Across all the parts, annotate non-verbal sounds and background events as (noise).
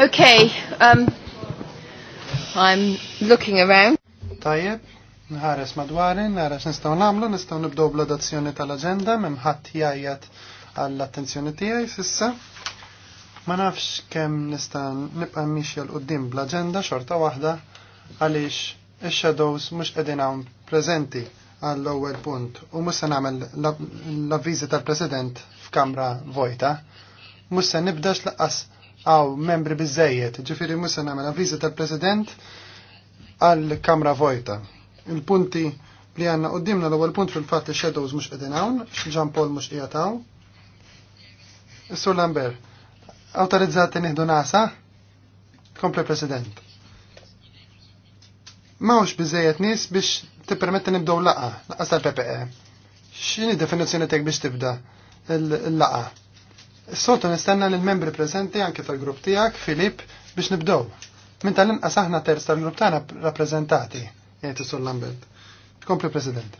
Okay, um, I'm looking around. Tajjeb, nħares madwarin, nħares nistaw namlu, nistaw nibdow bladazzjoni tal-agenda, memħat jajat għall-attenzjoni tijaj sissa. Ma nafx kem nista nibqa miexja l-qoddim bl-agenda xorta wahda għaliex il-shadows mux edin għan prezenti għall-ewwel punt u mhux se nagħmel l-avviżi tal-President f'kamra vojta, mhux se nibdax laqas għaw membri bizzejiet, ġifiri musa namel avvizi tal-President għal-Kamra Vojta. Il-punti li għanna u dimna l ewwel punt fil-fat li Shadows mux edin għawn, xġan Paul mux ijat għaw. Sur Lambert, autorizzati nihdu nasa? Komple President. Mawx bizzejiet nis biex tippermetti nibdow laqa, laqa tal-PPE. X'ini definizzjoni tek biex tibda l-laqa? Soltu nistenna l-membri prezenti anke tal-grupp tijak, Filip, biex nibdow. Min tal-inqas aħna terz tal-grupp tagħna rappreżentati, jgħid isur Lambert. Tkompli President.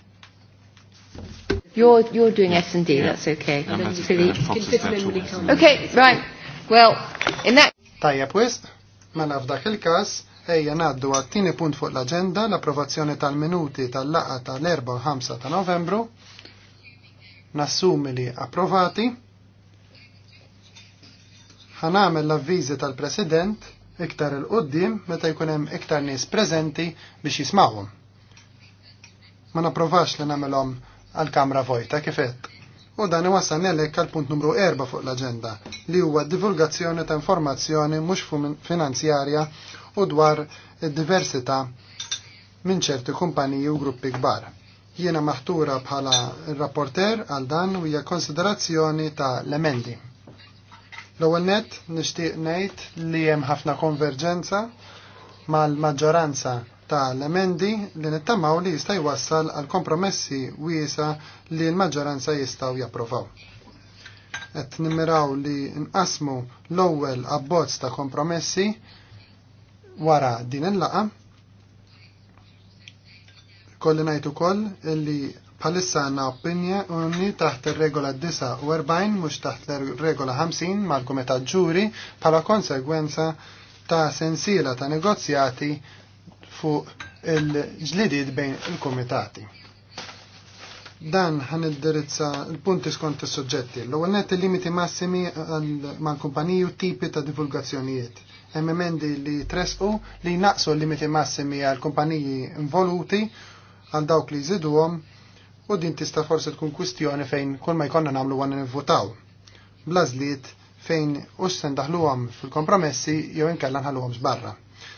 You're, you're doing S&D, yeah. that's okay. Okay, right. Well, in that... Tajja pwis, mela f'dak il-kas, ejja naddu għattini punt fuq l-agenda l-approvazzjoni tal-minuti tal-laqa tal-4 u 5 ta' novembru, nassumi li approvati, ħanamel l-avviżi tal-President iktar il-qoddim meta jkun hemm iktar nies prezenti biex jismawhom. Ma napprovax li nagħmelhom għall-Kamra Vojta kif U dan iwassal għalhekk għal punt numru 4 fuq l-aġenda li huwa divulgazzjoni ta' informazzjoni mhux finanzjarja u dwar id-diversità minn ċerti kumpaniji u gruppi kbar. Jiena maħtura bħala rapporter għal dan u hija konsiderazzjoni ta' l-emendi. L-ewwel nett nixtieq ngħid li hemm ħafna konverġenza mal-maġġoranza ta' l-emendi li nittamaw li jista' jwassal għal kompromessi wiesa li l-maġġoranza jistgħu japprovaw. Qed nimmiraw li nqasmu l-ewwel abbozz ta' kompromessi wara din il-laqa kolli ngħid ukoll li Palissa għanna unni taħt il-regola 49 mux taħt il-regola 50 mal kometa Ġuri pala konsegwenza ta' sensiela ta' negozjati fuq il-ġlidid bejn il-Kumitati. Dan ħan dirizza il punti skont is-suġġetti. L-ewwel net il-limiti massimi mal-kumpaniju tipi ta' divulgazzjonijiet. Hemm emendi li tresqu li naqsu l-limiti massimi għal kumpaniji involuti għal dawk li jżiduhom u din tista' forsi tkun kwistjoni fejn kull ma jkollna nagħmlu għan nivvotaw. Blażliet fejn ussen daħluhom fil-kompromessi jew inkella nħalluhom sbarra.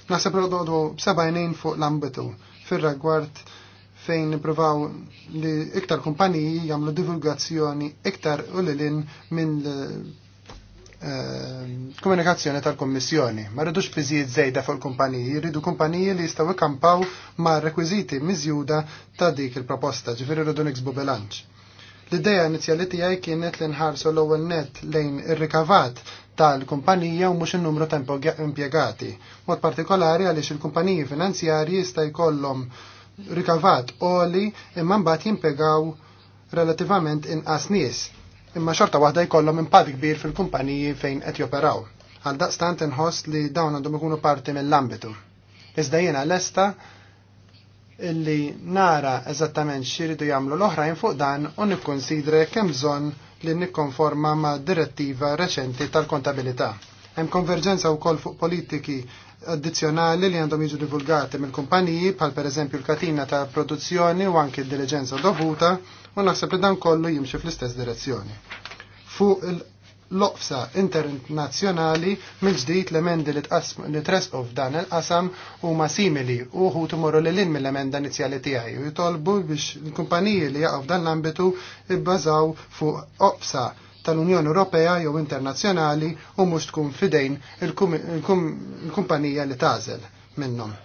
Naħseb l-għodu b'sebajnejn fuq l-ambitu fir ragward fejn nippruvaw li iktar kumpaniji jagħmlu divulgazzjoni iktar u lilin minn Ehm, komunikazzjoni tal-Kommissjoni. Ma rridux biżijiet żejda fuq il-kumpaniji, rridu kumpaniji li jistgħu ikkampaw ma' rekwiżiti miżjuda ta' dik il-proposta, ġifieri rridu niksbu bilanċ. L-idea inizjali tiegħi kienet li nħarsu l-ewwel net lejn ir-rikavat tal-kumpanija u mhux in-numru ta' impjegati. Mod partikolari għaliex il-kumpaniji finanzjarji jista' jkollhom rikavat oli imma mbagħad jimpjegaw relativament inqas nies imma xorta waħda jkollhom impatt kbir fil-kumpaniji fejn qed joperaw. Għal daqstant inħoss li dawn għandhom ikunu parti mill-ambitu. Iżda jiena lesta illi nara eżattament xiridu jagħmlu l-oħrajn fuq dan u nikkonsidre kemm bżonn li nikkonforma ma' direttiva reċenti tal-kontabilità. Hemm konverġenza wkoll fuq politiki addizzjonali li għandhom jiġu divulgati mill-kumpaniji bħal pereżempju l-katina ta' produzzjoni u anke d-diligenza dovuta u naħseb li dan kollu jimxi fl-istess direzzjoni. Fuq l-oqsa internazzjonali mill-ġdijt l-emendi li tresqu f'dan il-qasam u ma simili u hu timorru l lin mill-emenda inizjali tiegħi u jitolbu biex l-kumpaniji li jaqgħu f'dan l-ambitu ibbażaw fuq oqsa tal-Unjoni Ewropea jew internazzjonali u mhux tkun fidejn il-kumpanija li tażel minnhom.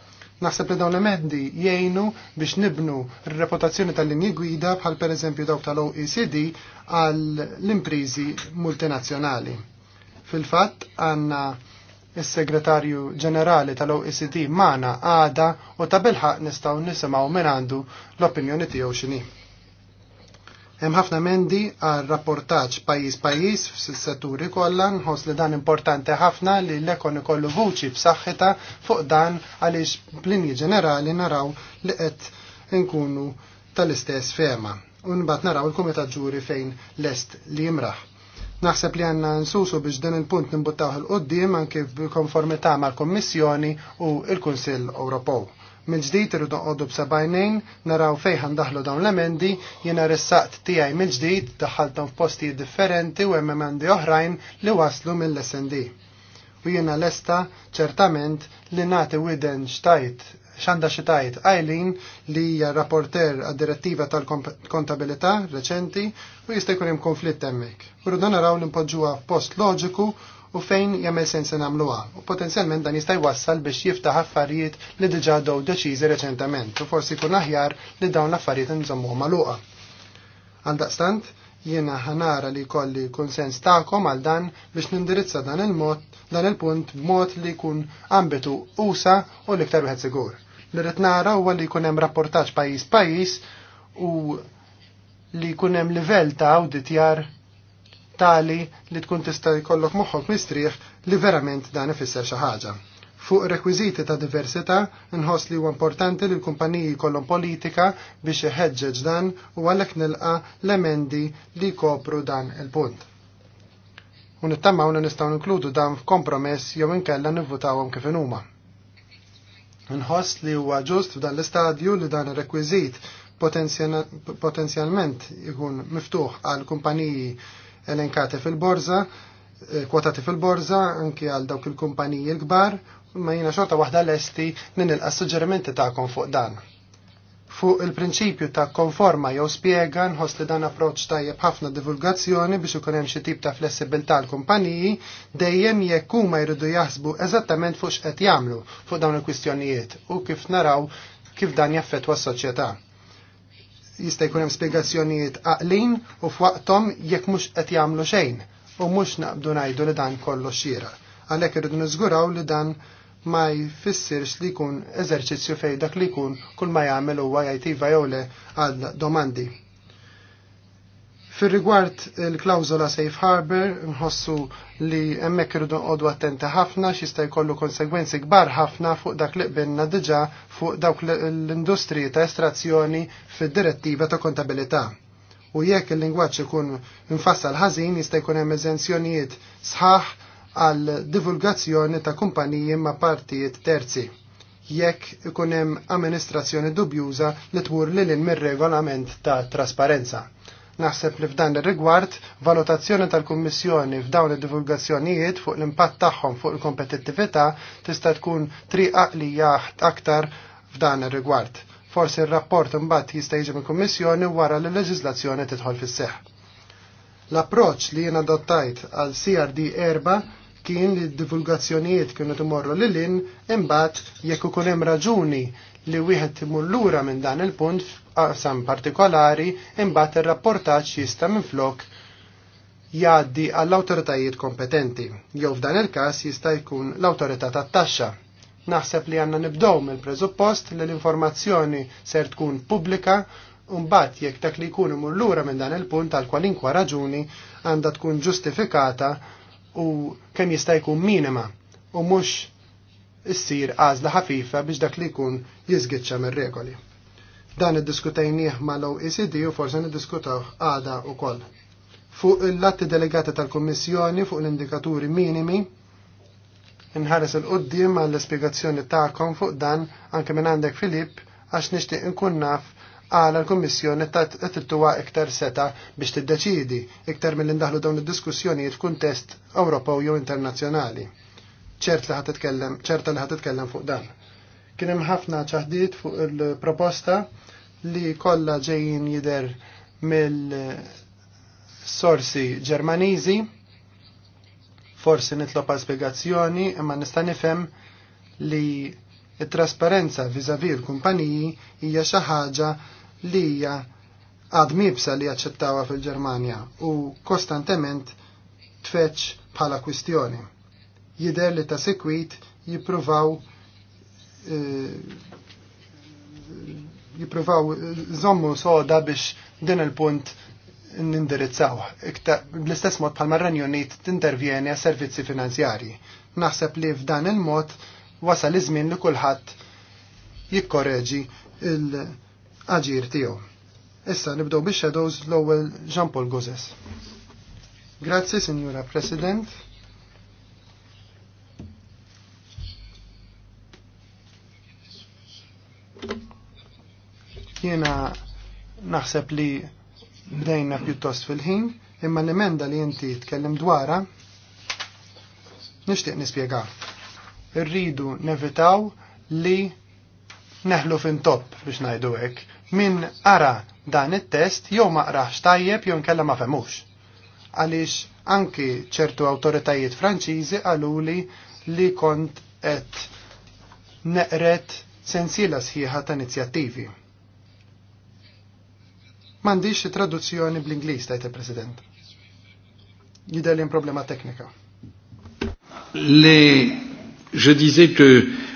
Naħseb li dawn l-emendi jgħinu biex nibnu r-reputazzjoni tal-linji gwida bħal per eżempju dawk tal-OECD għal l-imprizi multinazzjonali. Fil-fatt għanna il-segretarju ġenerali tal-OECD mana għada u ta' nistaw nisimaw minn għandu l-opinjoni tiegħu x'inhi. Hemm ħafna mendi għal rapportaġġ pajjiż pajjiż fis-setturi kollha nħoss li dan importanti ħafna li l-ekon ikollu vuċi b'saħħita fuq dan għaliex b'linji ġenerali naraw li qed nkunu tal-istess fema. U mbagħad naraw il-kumitat ġuri fejn lest li jimraħ. Naħseb li għanna nsusu biex dan il-punt nimbuttaw il-qoddim anke b'konformità mal-Kommissjoni u il-Kunsill Ewropew. Minn ġdid irridu noqogħdu b'sebajnejn naraw fejn daħlu dawn l-emendi, jiena ressaqt tiegħi minn ġdid daħħalthom f'postijiet differenti u hemm emendi oħrajn li waslu mill-SND. U jiena lesta ċertament li nagħti widen xtajt xanda xitajt Eileen li hija rapporter għad-direttiva tal-kontabilità reċenti u jista' jkun hemm konflitt hemmhekk. Urridu naraw li mpoġġuha f'post loġiku u fejn jagħmel sens nagħmluha. U potenzjalment dan jista' jwassal biex jiftaħ affarijiet li diġà dew deċiżi reċentament u forsi jkun aħjar li dawn l-affarijiet nżommuhom magħluqa. Għaldaqstant, jiena ħanara li kolli sens tagħkom għal dan biex nindirizza dan il-mod dan il-punt b'mod li jkun ambitu usa u l-iktar wieħed sigur. Li rid nara huwa li jkun hemm rapportaġġ pajjiż pajjiż u li jkun hemm livell ta' awditjar tali li tkun tista' jkollok moħħok mistrieħ li verament dan ifisser xi ħaġa. Fuq rekwiżiti ta' diversità nħoss li huwa importanti li l-kumpaniji jkollhom politika biex iħeġġeġ dan u għalhekk nilqa l-emendi li jkopru dan il-punt. U nittamaw nistgħu nkludu dan f'kompromess jew inkella nivvutawhom kif inhuma. Nħoss li huwa ġust f'dan l-istadju li dan ir-rekwiżit potenzjalment ikun miftuħ għal kumpaniji elenkati fil-borza, eh, kwotati fil-borza anki għal dawk il-kumpaniji l-kbar, ma jina xorta waħda l-esti ninilqa suġġerimenti ta'kom fuq dan. Fuq il-prinċipju ta' konforma jew spiega nħoss li dan approċ tajjeb ħafna divulgazzjoni biex ikun hemm xi tip ta' flessibilità l kumpaniji dejjem jekk huma jridu jaħsbu eżattament fuq x'qed jagħmlu fuq dawn il-kwistjonijiet u kif naraw kif dan jaffetwa s-soċjetà jista' jkun hemm spjegazzjonijiet aqlin u f'waqthom jekk mhux qed jagħmlu xejn u mhux naqbdu ngħidu li dan kollox xira. Għalhekk irridu niżguraw li dan ma jfissirx li jkun eżerċizzju fejn dak li jkun kull ma jagħmel huwa jgħid iva jew le għal domandi Fir rigward il-klawzola safe harbor, nħossu li hemmhekk irridu nqogħdu attenti ħafna x'jista' jkollu konsegwenzi kbar ħafna fuq dak li qbilna diġà fuq dawk l-industriji ta' estrazzjoni fid-direttiva ta' kontabilità. U jekk il-lingwaġġ ikun infassal ħażin jista' jkun hemm eżenzjonijiet sħaħ għal divulgazzjoni ta' kumpaniji ma' partijiet terzi jekk ikun hemm amministrazzjoni dubjuża li twur lil mir-regolament ta' trasparenza Naħseb li f'dan ir-rigward valutazzjoni tal-Kummissjoni f'dawn id-divulgazzjonijiet fuq l-impatt tagħhom fuq il-kompetittività tista' tkun triqaq li aktar f'dan ir-rigward. Forsi r-rapport imbagħad jista' jiġi mill-Kummissjoni wara li l-leġiżlazzjoni tidħol fis-seħħ. l approċċ li jien adottajt għal CRD erba' kien li d-divulgazzjonijiet kienu timorru l lin imbagħad jekk ikun hemm raġuni li wieħed imur lura minn dan il-punt qasam partikolari imbagħad ir-rapportaġġ jista' minflok jgħaddi għall-awtoritajiet kompetenti, jew f'dan il-każ jista' jkun l-awtorità tat-taxxa. Naħseb li għandna nibdew mill-preżuppost li l-informazzjoni ser tkun pubblika u mbagħad jekk dak li jkun imur lura minn dan il-punt għal kwalinkwa raġuni għandha tkun ġustifikata u kemm jista' jkun minima u mhux issir għażla ħafifa biex dak li jkun jiżgiċċa mir-regoli. Dan id-diskutajnieh mal-OECD u forse niddiskutaw għada u koll. Fuq il-latti delegati tal-Kommissjoni fuq l-indikaturi minimi, nħares il-qoddim għall-espiegazzjoni ta'kom fuq dan anke minn għandek Filip għax nixtieq nkun naf għala l-Kommissjoni t-tuwa iktar seta biex t-deċidi iktar mill-indaħlu dawn id-diskussjonijiet f'kuntest Ewropew jew internazzjonali. ċert li ħat ċerta li ħat fuq dan. Kien hemm ħafna ċaħdiet fuq il-proposta li kollha ġejjin jidher mill-sorsi Ġermaniżi. Forsi nitlob spiegazzjoni, spjegazzjoni imma nista' nifhem li it-trasparenza vis-à-vis il kumpaniji hija xi ħaġa li hija għad mibsa li jaċċettawa fil-Ġermanja u kostantement tfeċ bħala kwistjoni. Jider li ta' sekwit jippruvaw jipruvaw zommu soda biex din il-punt nindirizzaw. Bl-istess mod bħal marran jonit t-intervjeni għas servizzi finanzjari. Naħseb li f'dan il-mod wasal iż-żmien li kulħadd jikkoreġi l-aġir tiegħu. Issa nibdew biex shadows l-ewwel Jean Paul Gozes. Grazzi, Signora President. Jiena naħseb li bdejna pjuttost fil-ħin, imma l-emenda li inti tkellem dwara nixtieq nispiega. Irridu nevitaw li neħlu fin top biex ngħidu hekk. Min ara dan it-test jew ma tajjeb jew nkella ma femux. Għaliex anki ċertu awtoritajiet Franċiżi għaluli li kont qed neqret sensiela sħiħa ta' inizjattivi Mandiċ traduzzjoni bl-Inglis, tajt il-President. Jidher li problema teknika. Le, Je disais que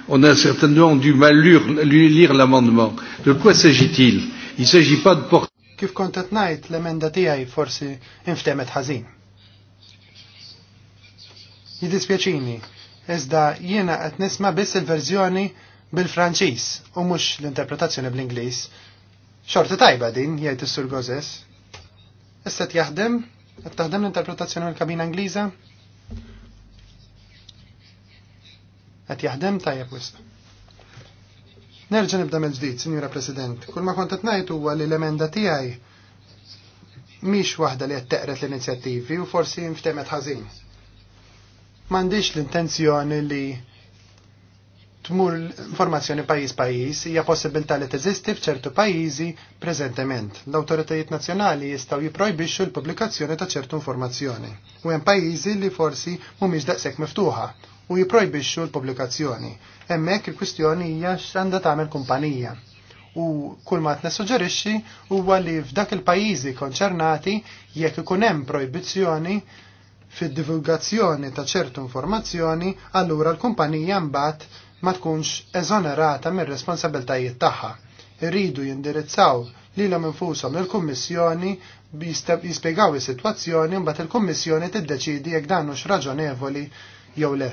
on a certainement du mal lire, lire l'amendement. De quoi s'agit-il Il s'agit pas de porter... Kif kontet najt l-emenda tijaj forsi inftemet ħazin. Jidispjaċini, ezda jiena qed nisma' biss il verzjoni bil franċis u mux l-interpretazzjoni bl inglis Xorta tajba din, jgħid is-sur Gozes. Issa jaħdem, qed taħdem l-interpretazzjoni mill-kabina Ingliża? Qed jaħdem tajjeb wisq. Nerġa' nibda mill-ġdid, Sinjura President. Kull ma kont qed ngħid huwa li l-emenda tiegħi mhix waħda li qed teqret l-inizjattivi u forsi nftemet ħażin. M'għandix l-intenzjoni li tmur informazzjoni pajis pajis hija possibilità li teżisti f'ċertu pajjiżi preżentement. L-awtoritajiet nazzjonali jistgħu jipprojbixxu l-pubblikazzjoni ta' ċertu informazzjoni. U hemm pajjiżi li forsi mhumiex daqshekk miftuħa u jipprojbixxu l-pubblikazzjoni. Hemmhekk il-kwistjoni hija x'għandha tagħmel kumpanija. U kull ma tnessuġġerixxi huwa li f'dak il-pajjiżi konċernati jekk ikun hemm projbizzjoni fid-divulgazzjoni ta' ċertu informazzjoni, allura l-kumpanija mbagħad ma tkunx eżonerata mir responsabiltajiet tagħha. Irridu jindirizzaw lilhom infushom il-Kummissjoni jispjegaw is-sitwazzjoni mbagħad il-Kummissjoni tiddeċidi jekk dan hux raġonevoli jew le.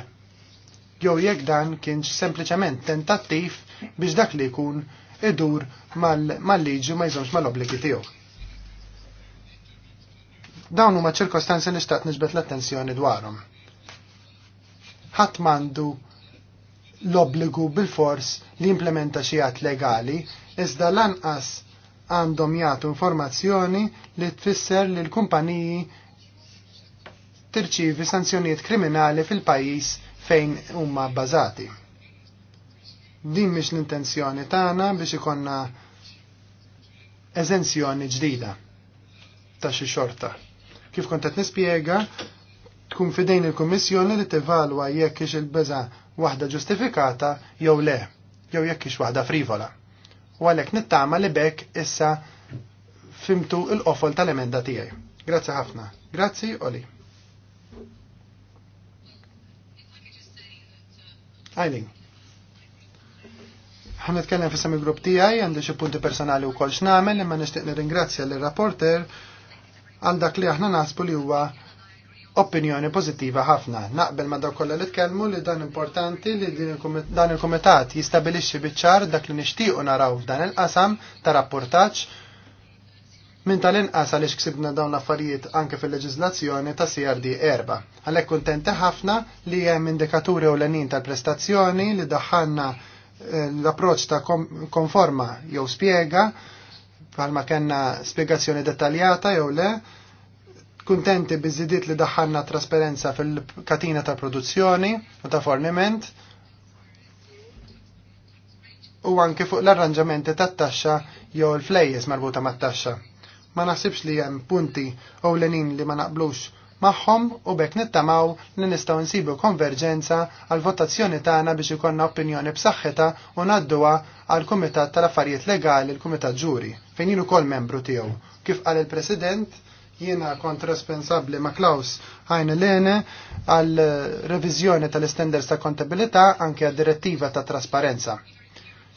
Jew jekk dan kienx sempliċement tentattiv biex dak li jkun idur mal-liġi ma jżomx mal-obbligi tiegħu. Dawn huma ċirkostanzi nixtaqt niġbed l-attenzjoni dwarhom. Ħadd m'għandu l-obbligu bil-fors li implementa xi legali, iżda lanqas għandhom jagħtu informazzjoni li tfisser li l-kumpaniji tirċivi sanzjonijiet kriminali fil-pajjiż fejn huma bbażati. Din mhix l-intenzjoni tagħna biex ikonna eżenzjoni ġdida ta' xi xorta. Kif kont qed nispjega, tkun fidejn il-Kummissjoni li tevalwa jekk ix il-beża' waħda ġustifikata jew le, jew jekk ix waħda frivola. U għalhekk nittama li bekk issa fimtu l-qofol tal-emenda tiegħi. Grazzi ħafna. Grazzi Oli. Eileen. Ħan nitkellem fissam il-grupp tiegħi għandi xi punti personali wkoll x'nagħmel imma nixtieq nirringrazzja lir rapporter għal dak li aħna nasbu li huwa opinjoni pozittiva ħafna. Naqbel ma daw kollha li tkellmu li dan importanti li dan il-kumitat jistabilixxi biċ-ċar dak li nixtiequ naraw f'dan il-qasam ta' rapportaġġ minn tal-inqas għaliex ksibna dawn l-affarijiet anke fil-leġiżlazzjoni ta' CRD erba. Għalhekk kuntenti ħafna li hemm indikaturi lenin tal-prestazzjoni li daħħalna eh, l-approċċ ta' konforma jew spjega bħalma kellna spjegazzjoni dettaljata jew le Kuntenti biżidiet li daħħalna trasparenza fil-katina ta' produzzjoni u ta' forniment u anke fuq l-arranġamenti tat-taxxa jew l-flejjes marbuta mat-taxxa. Ma naħsibx li hemm punti ewlenin li ma naqblux magħhom u bekk nittamaw li nistgħu nsibu konverġenza għal votazzjoni tagħna biex ikollna opinjoni b'saħħitha u ngħadduha għal kumitat tal-affarijiet legali l-kumitat ġuri fejn jien ukoll membru tiegħu. Kif qal il-President, Jiena kont responsabli ma' Klaus ħajna Lene għal reviżjoni tal-standards ta' kontabilità anke għad direttiva ta' trasparenza.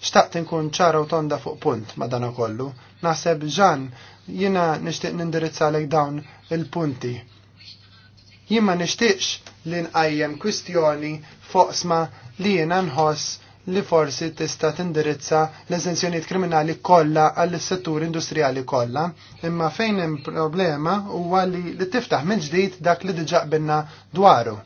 Xtaqt inkun ċara u tonda fuq punt ma' dan kollu. Naħseb ġan jiena nixtieq nindirizza għalek dawn il-punti. Jiena nishtiqx li nqajjem kwistjoni foqsma li jiena nħoss li forsi tista' tindirizza l-eżenzjonijiet kriminali kollha għall-settur industrijali kollha, imma fejn hemm problema huwa li tiftaħ minn ġdid dak li diġà binna dwaru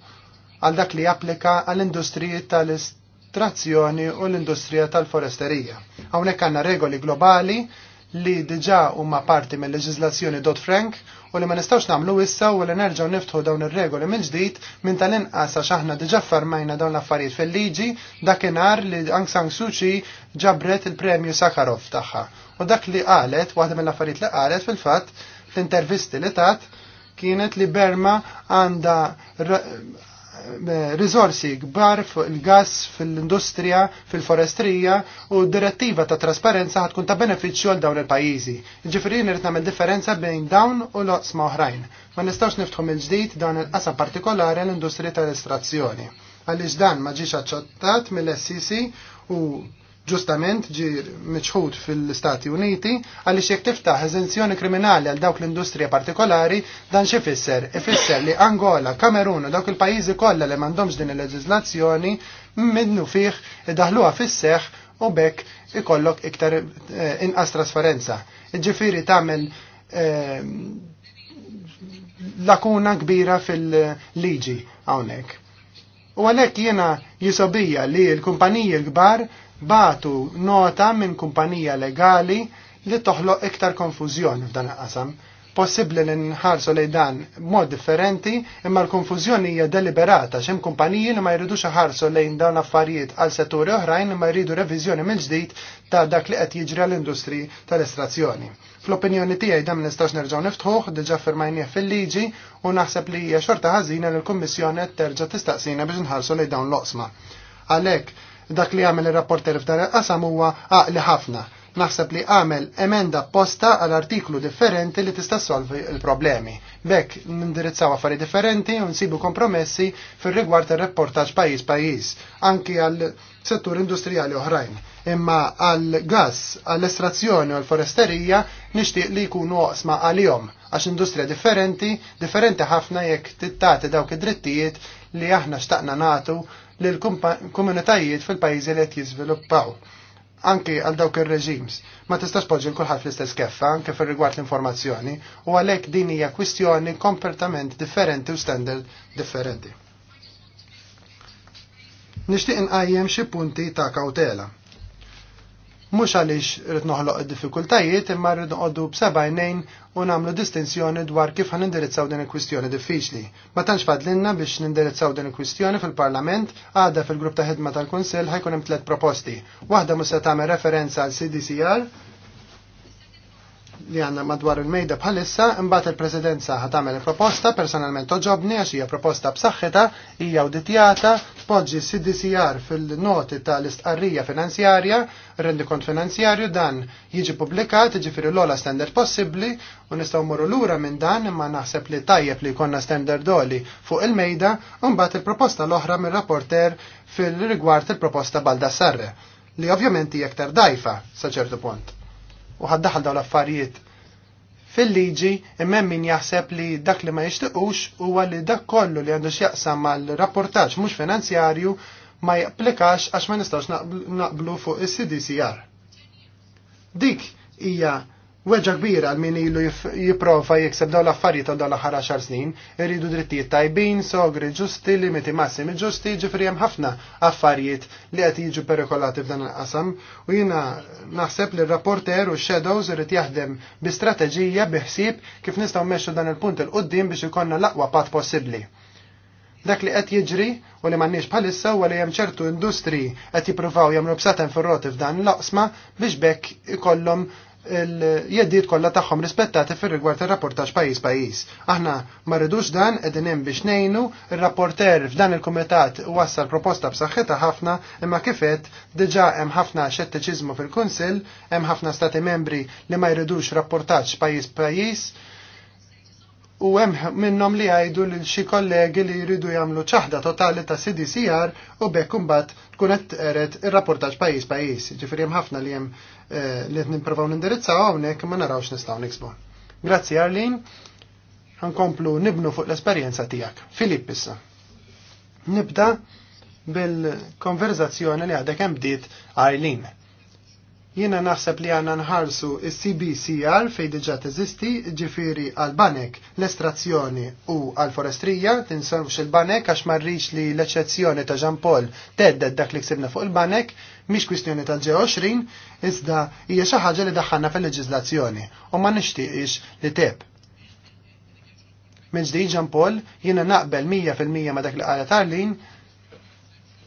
għal dak li applika għall-industriji tal-istrazzjoni u l-industrija tal-foresterija. Hawnhekk għandna regoli globali li diġà huma parti mill-leġiżlazzjoni Dodd Frank u li ma nistawx nagħmlu issa u li nerġgħu niftħu dawn ir-regoli minn ġdid minn tal-inqas għax aħna diġà farmajna dawn l-affarijiet fil-liġi dakinhar li Aung San Suu Kyi ġabret il-premju Sakharov tagħha. U dak li qalet, waħda mill-affarijiet li qalet fil-fatt fl-intervisti li tat kienet li Berma għanda risorsi kbar fuq il-gas, fil-industrija, fil-forestrija u direttiva ta' trasparenza ħatkun ta' beneficju għal dawn il-pajjiżi. Ġifieri nrid nagħmel differenza bejn dawn u loqsma oħrajn. Ma nistgħux niftħu mill-ġdid dawn il-qasam partikolari l industrija tal-estrazzjoni. Għaliex dan ma ġiex aċċettat mill-SCC e u ġustament ġi miċħud fil-Stati Uniti għaliex jekk tiftaħ eżenzjoni kriminali għal dawk l-industrija partikolari dan x'ifisser fisser ifisser li Angola, Kamerun u dawk il-pajjiżi kollha li m'għandhomx din il leġizlazzjoni minnu fiħ idaħluha fis-seħħ u bekk ikollok iktar eh, inqas trasparenza. Ġifieri tagħmel eh, lakuna kbira fil-liġi hawnhekk. U għalhekk jiena jisobija li l-kumpaniji l-kbar batu nota minn kumpanija legali li toħloq iktar konfużjoni f'dan il-qasam. Possibbli li nħarsu lejn dan mod differenti, imma l-konfużjoni hija deliberata x'hemm kumpaniji li ma jridux ħarsu lejn dawn affarijiet għal setturi oħrajn li ma jridu reviżjoni mill-ġdid ta' dak li qed jiġri għall-industri tal-estrazzjoni. Fl-opinjoni tiegħi dan nistax nerġgħu niftħuh, diġà firmajnieh fil-liġi u naħseb li hija xorta ħażina li l-Kummissjoni terġa' tistaqsina biex nħarsu lejn dawn l-oqsma. Għalhekk Dak li għamel il-rapporter f'dar qasam huwa għaqli ħafna. Naħseb li għamel emenda posta għal artiklu differenti li tista' solvi l-problemi. Bekk nindirizzaw affari differenti u nsibu kompromessi fir-rigward ir reportaġ pajjiż pajjiż, anki għal settur industrijali oħrajn. Imma għal gas, għall estrazzjoni u għall-foresterija nixtieq li jkunu oqsma għalihom għax industrija differenti, differenti ħafna jekk tittati dawk id-drittijiet li aħna xtaqna natu l komunitajiet fil-pajjiżi li qed jiżviluppaw anki għal dawk ir-reġims. Ma tistax l kulħadd fl-istess keffa anke fir-rigward l-informazzjoni u għalhekk din hija kwistjoni kompletament differenti u standard differenti. Nixtieq inqajjem xi punti ta' kawtela mhux għaliex rrit noħloq id-diffikultajiet imma rrit noqogħdu b'seba' u nagħmlu distinzjoni dwar kif ħanindirizzaw din il-kwistjoni diffiċli. Ma tantx fadlinna biex nindirizzaw din il-kwistjoni fil-Parlament għadha fil-grupp ta' ħidma tal-Kunsill ħajkun hemm tliet proposti. Waħda mhux se tagħmel referenza għal CDCR li għanna madwar il-mejda bħalissa, imbagħad il-Presidenza ħat tagħmel proposta personalment oġobni għax hija proposta b'saħħitha, hija awditjata, tpoġġi CDCR fil-noti tal-istqarrija finanzjarja, rendikont finanzjarju dan jiġi publikat, jiġifieri l-ola standard possibbli u nistgħu mmorru lura minn dan imma naħseb li tajjeb li jkollna standard doli fuq il-mejda, u mbagħad il-proposta l-oħra mir-rapporter fil-rigward il-proposta Balda Sarre li ovvjament hija aktar dajfa sa ċertu punt u ħaddaħal daw l-affarijiet fil-liġi imma min jaħseb li dak li ma jixtiequx huwa li dak kollu li għandu x'jaqsam mal-rapportaġġ mhux finanzjarju ma japplikax għax ma nistgħux naqblu fuq is-CDCR. Dik hija Weġġa kbira għal min ilu jiprofa jikseb dawn l-affarijiet għal dawn l-aħħar għaxar snin, irridu drittijiet tajbin, sogri ġusti, limiti massimi ġusti, ġifri hemm ħafna affarijiet li qed jiġu perikolati f'dan il-qasam u jiena naħseb li r-rapporter u shadows irid jaħdem bi strateġija ħsieb kif nistgħu mmexxu dan il-punt il qudiem biex ikollna l-aqwa pat possibbli. Dak li qed jiġri u li m'għandniex bħalissa u li hemm ċertu industri qed jippruvaw jagħmlu bsatem fir-roti f'dan l-oqsma biex bekk ikollhom il-jeddit kollha tagħhom rispettati fir-rigward ir rapportax pajjiż pajjiż. Aħna ma rridux dan qegħdin hemm biex ngħinu il rapporter f'dan il-kumitat wassal proposta b'saħħitha ħafna imma kifet diġà hemm ħafna xettiċiżmu fil-Kunsill, hemm ħafna stati membri li ma jridux rapportaġġ pajjiż pajjiż. U hemm minnhom li jgħidu lil xi kollegi li jridu jagħmlu ċaħda totali ta' CDCR u bekk imbagħad tkun qed eret ir-rapportaġġ pajjiż pajjiż. jiġifieri hemm ħafna li hemm eh, li qed nippruvaw nindirizzaw hawnhekk ma narawx nistgħu niksbu. Grazzi Arlin, ħankomplu nibnu fuq l-esperjenza tiegħek. Filipp issa. Nibda bil-konverzazzjoni li għadek hemm bdiet Arlin Jiena naħseb li għanna nħarsu il-CBCR fej diġa teżisti, ġifiri għal-banek, l-estrazzjoni u għal-forestrija, tinsarfx il-banek għax marriċ li l-eċezzjoni ta' Ġampol tedded dak li ksibna fuq il-banek, miex kwistjoni tal-G20, iżda hija xi ħaġa li daħħalna fil leġizlazzjoni u ma nixtieqx li teb. Minn Ġampol jiena naqbel 100% ma dak li qalet Arlin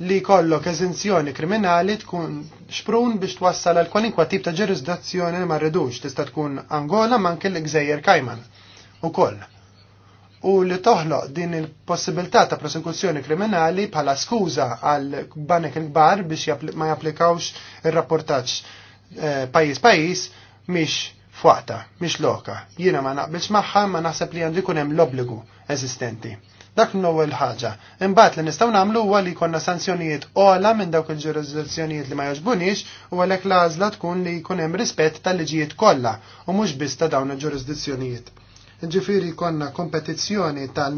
li kollok eżenzjoni kriminali tkun xprun biex twassal għal kwalinkwa tip ta' ġurisdizzjoni ma rridux tista' tkun Angola ma anke l-Gżejjer Kajman koll. U li toħloq din il-possibilità ta' prosekuzzjoni kriminali bħala skuża għal banek il-kbar biex ma japplikawx il rapportaġġ eh, pajjiż pajjiż miex fuqta, miex loka. Jiena ma naqbilx magħha ma naħseb li għandikunem jkun hemm l-obbligu eżistenti. Dak n ewwel ħaġa. Imbagħad li nistgħu nagħmlu huwa li jkollna sanzjonijiet ola minn dawk il-ġurisdizzjonijiet li ma jogħġbunix u għalhekk l-għażla tkun li jkun hemm rispett tal-liġijiet kollha u mhux biss ta' dawn il-ġurisdizzjonijiet. Ġifiri konna kompetizzjoni tal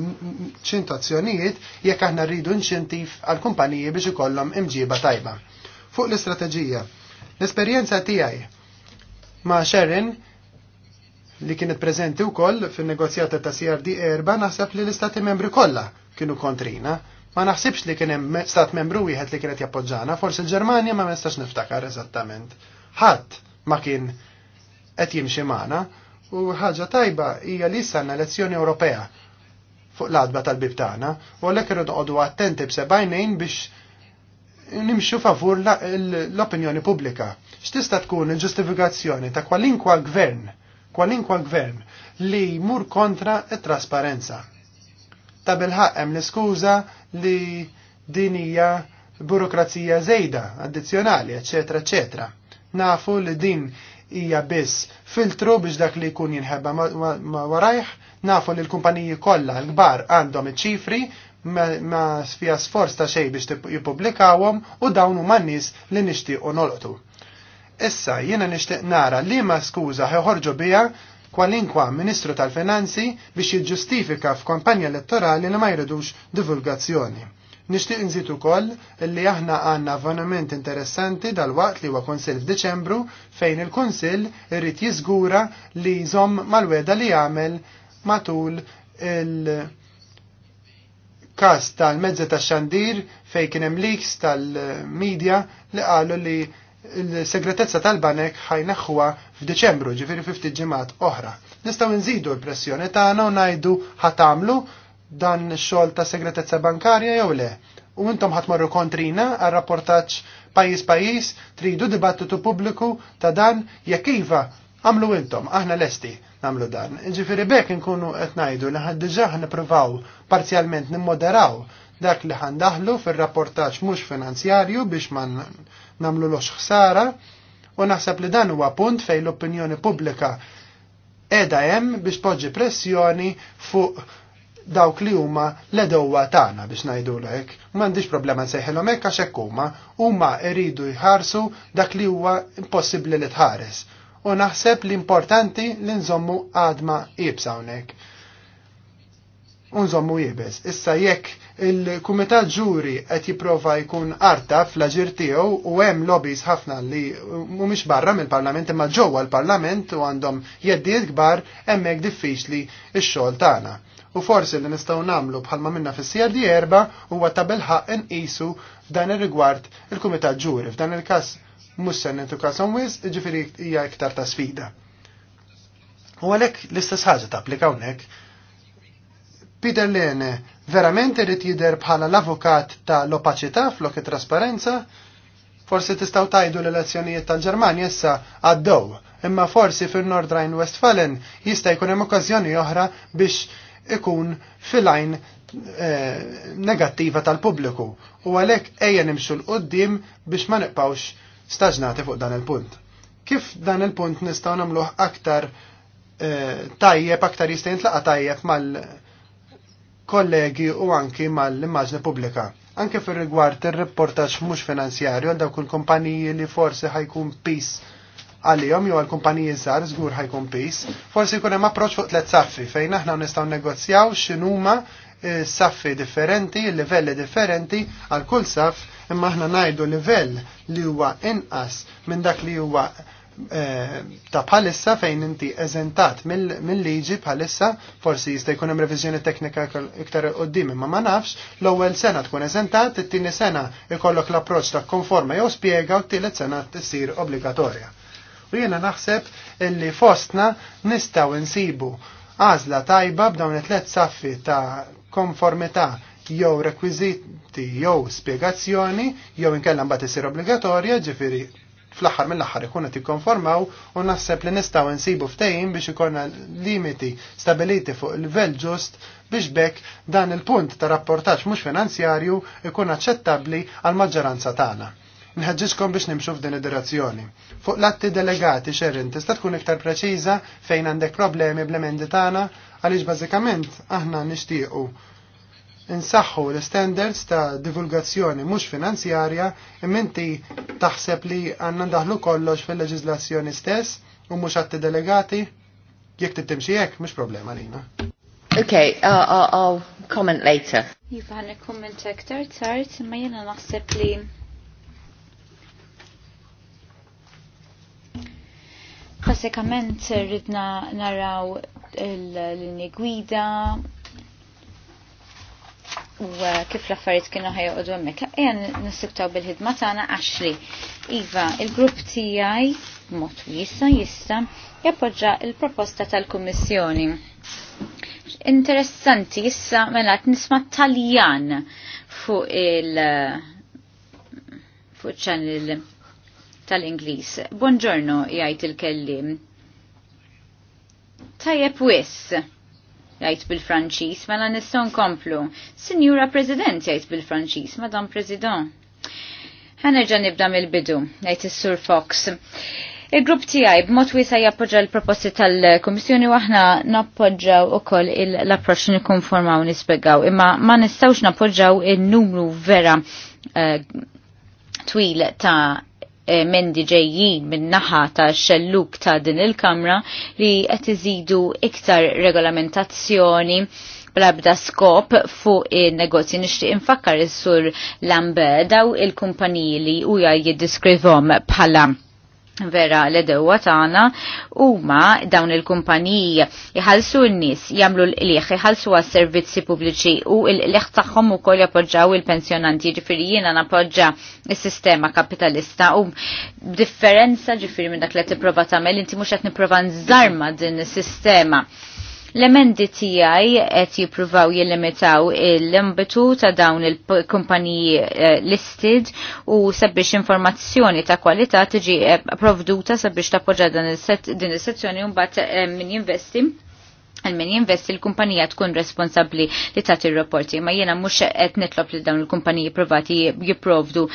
azzjonijiet jekk aħna rridu inċentiv għal-kumpaniji biex ikollhom imġiba tajba. Fuq l-istrateġija, l-esperjenza tiegħi ma' Sharon li kienet preżenti wkoll fin-negozjata ta' CRD erba' naħseb li l-istati membri kollha kienu kontrina. Ma naħsibx li kien hemm stat membru wieħed li kienet jappoġġana, forsi l-Ġermanja ma nistax niftakar eżattament. Ħadd ma kien qed jimxi magħna u ħaġa tajba hija li issa għandna elezzjoni Ewropea fuq l-adba tal-bib tagħna u għalhekk irid noqogħdu attenti b'sebajnejn biex nimxu favur l-opinjoni pubblika. X'tista' tkun il-ġustifikazzjoni ta' kwalinkwa gvern kwalinkwa gvern li jmur kontra il trasparenza Ta' ħaqem l-iskuża li din hija burokrazija żejda, addizzjonali, eċetera, eċetera. Nafu li din hija biss filtru biex dak li jkun jinħebba ma warajħ, nafu li l-kumpaniji kollha l-kbar għandhom iċ-ċifri ma fija sforz ta' xej biex jippubblikawhom u dawn huma nies li nixtiequ nolqtu. Issa jiena nixtieq nara li ma skuża ħeħorġu biha kwalinkwa Ministru tal-Finanzi biex jiġġustifika f'kampanja elettorali li ma jridux divulgazzjoni. Nixtieq nżid ukoll li aħna għandna avveniment interessanti dal-waqt li huwa Kunsill f'Diċembru fejn il-Kunsill irrid jiżgura li jżomm mal-weda li jagħmel matul il- kas tal-mezzi tax xandir fejn kien hemm leaks tal-medja li qalu li il-segretezza tal-banek ħajneħħuha f'Deċembru, ġifiri 50 ġimgħat oħra. Nistgħu nżidu l-pressjoni tagħna u ngħidu ħatamlu dan xol xogħol ta' segretezza bankarja jew le. U intom ħatmorru kontrina għal rapportaċ pajjiż pajjiż tridu dibattitu pubbliku ta' dan jekk iva għamlu intom, aħna lesti namlu dan. Ġifiri bekk nkunu qed ngħidu li ħaddiġa nippruvaw parzjalment nimmoderaw dak li ħandaħlu fil-rapportaċ mhux finanzjarju biex ma namlu lox ħsara u naħseb li dan huwa punt fejn l-opinjoni pubblika edha hemm biex poġġi pressjoni fuq dawk li huma l-edowa tagħna biex ngħidu hekk. M'għandix problema nsejħilhom hekk għax hekk huma huma jridu jħarsu dak li huwa impossibbli li tħares. U naħseb li importanti li nżommu għadma jibsa hawnhekk. Unżommu jibes. Issa jekk il-kumitat ġuri qed jipprova jkun arta fl-aġir tiegħu u hemm lobbies ħafna li mhumiex barra mill-Parlament imma ġewwa l-Parlament u għandhom jeddiet kbar hemmhekk diffiċli x-xogħol tagħna. U forsi li nistgħu nagħmlu bħalma minna fis di erba huwa tabel ħaq inqisu f'dan ir-rigward il-kumitat ġuri. F'dan il-każ mhux se nintu kasom wis, ġifieri hija iktar ta' sfida. U għalhekk l-istess ħaġa tapplika hawnhekk Peter Lene verament irid jidher bħala l-avukat ta' l-opaċità flok it-trasparenza? Forsi tistgħu tajdu l-elezzjonijiet tal-Ġermanja issa għaddew, imma forsi fin-Nord Rhine-Westfalen jista' jkun hemm okkażjoni oħra biex ikun fil-għajn eh, negattiva tal-pubbliku u għalhekk ejja nimxu l-qoddim biex ma nibqgħux staġnati fuq dan il-punt. Kif dan il-punt nistgħu nagħmluh aktar eh, tajjeb, aktar jista' jintlaqa tajjeb mal- kollegi u anki mal-immaġni pubblika. Anke fir rigward ir-reportaġġ mhux finanzjarju għal dawk il-kumpaniji li forsi ħajkun pis għalihom jew għall-kumpaniji żgħar żgur ħajkun pis, forsi jkun hemm approċċ fuq tliet saffi fejn aħna nistgħu negozjaw x'inhuma eh, saffi differenti, livelli differenti għal kull saff imma aħna ngħidu livell li huwa inqas minn dak li huwa Eh, ta' bħalissa fejn inti eżentat mill-liġi bħalissa, forsi jista' jkun hemm reviżjoni teknika iktar qoddim imma ma nafx, l-ewwel sena tkun eżentat, it-tieni sena ikollok l-approċċ ta' konforma jew spjega u t-tielet sena tissir obbligatorja. U jiena naħseb li fostna nistgħu insibu għażla tajba b'dawn it tlet saffi ta' konformità jew rekwiżiti jew spjegazzjoni jew inkella mbagħad isir obbligatorja ġifieri fl-axar mill-axar ikun qed jikkonformaw u naħseb li nistgħu nsibu ftehim biex ikolna limiti stabiliti fuq il-livell ġust biex bekk dan il-punt ta' rapportaġġ mhux finanzjarju ikun aċċettabbli għal maġġoranza tagħna. Nħeġġiskom biex nimxu f'din id-direzzjoni. Fuq l-atti delegati xerrin tista' tkun iktar preċiża fejn għandek problemi bl-emendi tagħna għaliex bażikament aħna nixtiequ insaħħu l-standards ta' divulgazzjoni mhux finanzjarja imminti taħseb li għandna ndaħlu kollox fil-leġiżlazzjoni stess u mhux għatti delegati jekk tittimxi hekk mhux problema lina. Okay, uh, uh, I'll comment later. Jiva ħana komment aktar tard, ma jena naħseb li Basikament ridna naraw l-linja gwida, u eh, kif l-affarijiet kienu ħajoqgħodu hemmhekk. Ejja nissibtaw bil-ħidma tagħna għaxli. Iva, il-grupp tiegħi mod jissa jista jappoġġa il-proposta tal-Kummissjoni. Interessanti issa mela nisma Taljan fuq il fuq ċanil tal-Ingliż. Buongiorno jajt il-kellim. Tajjeb wis jgħid bil-Franċis, mela nistgħu nkomplu. Sinjura President jgħid bil-Franċis, Madam President. Ħanerġa' nibda mill-bidu, jgħid is-Sur Fox. Il-grupp tiegħi b'mod wisa jappoġa l-proposti tal-Kummissjoni u aħna nappoġġaw ukoll l-approċċ nikkonformaw nispegaw, imma ma nistgħux nappoġġaw in-numru vera eh, twil ta' Eh, mendi ġejjin minn naħa ta' xelluk ta' din il-kamra li qed iżidu iktar regolamentazzjoni blabda skop fuq il-negozji nixtieq infakkar is-sur Lambert daw il-kumpaniji li huja jiddiskrivhom bħala vera l-edewa tagħna huma dawn il-kumpaniji jħallsu n-nies jagħmlu l liħ jħalsu għas-servizzi pubbliċi u l-qliq tagħhom ukoll jappoġġaw il-pensjonanti ġifiri jiena napoġġa s-sistema kapitalista u b'differenza ġifiri minn dak li qed tipprova tagħmel inti mhux qed nipprova nżarma din is-sistema. L-emendi tiegħi qed jippruvaw jillimitaw il-limbitu ta' dawn il-kumpaniji eh, listed u sabiex informazzjoni ta' kwalità tiġi eh, provduta sabiex tappoġġa din is-sezzjoni un mbagħad eh, min jinvesti għal-min jinvesti l-kumpanija tkun responsabli li tagħti r-rapporti, ma jiena mhux qed nitlob li dawn il-kumpaniji privati jipprovdu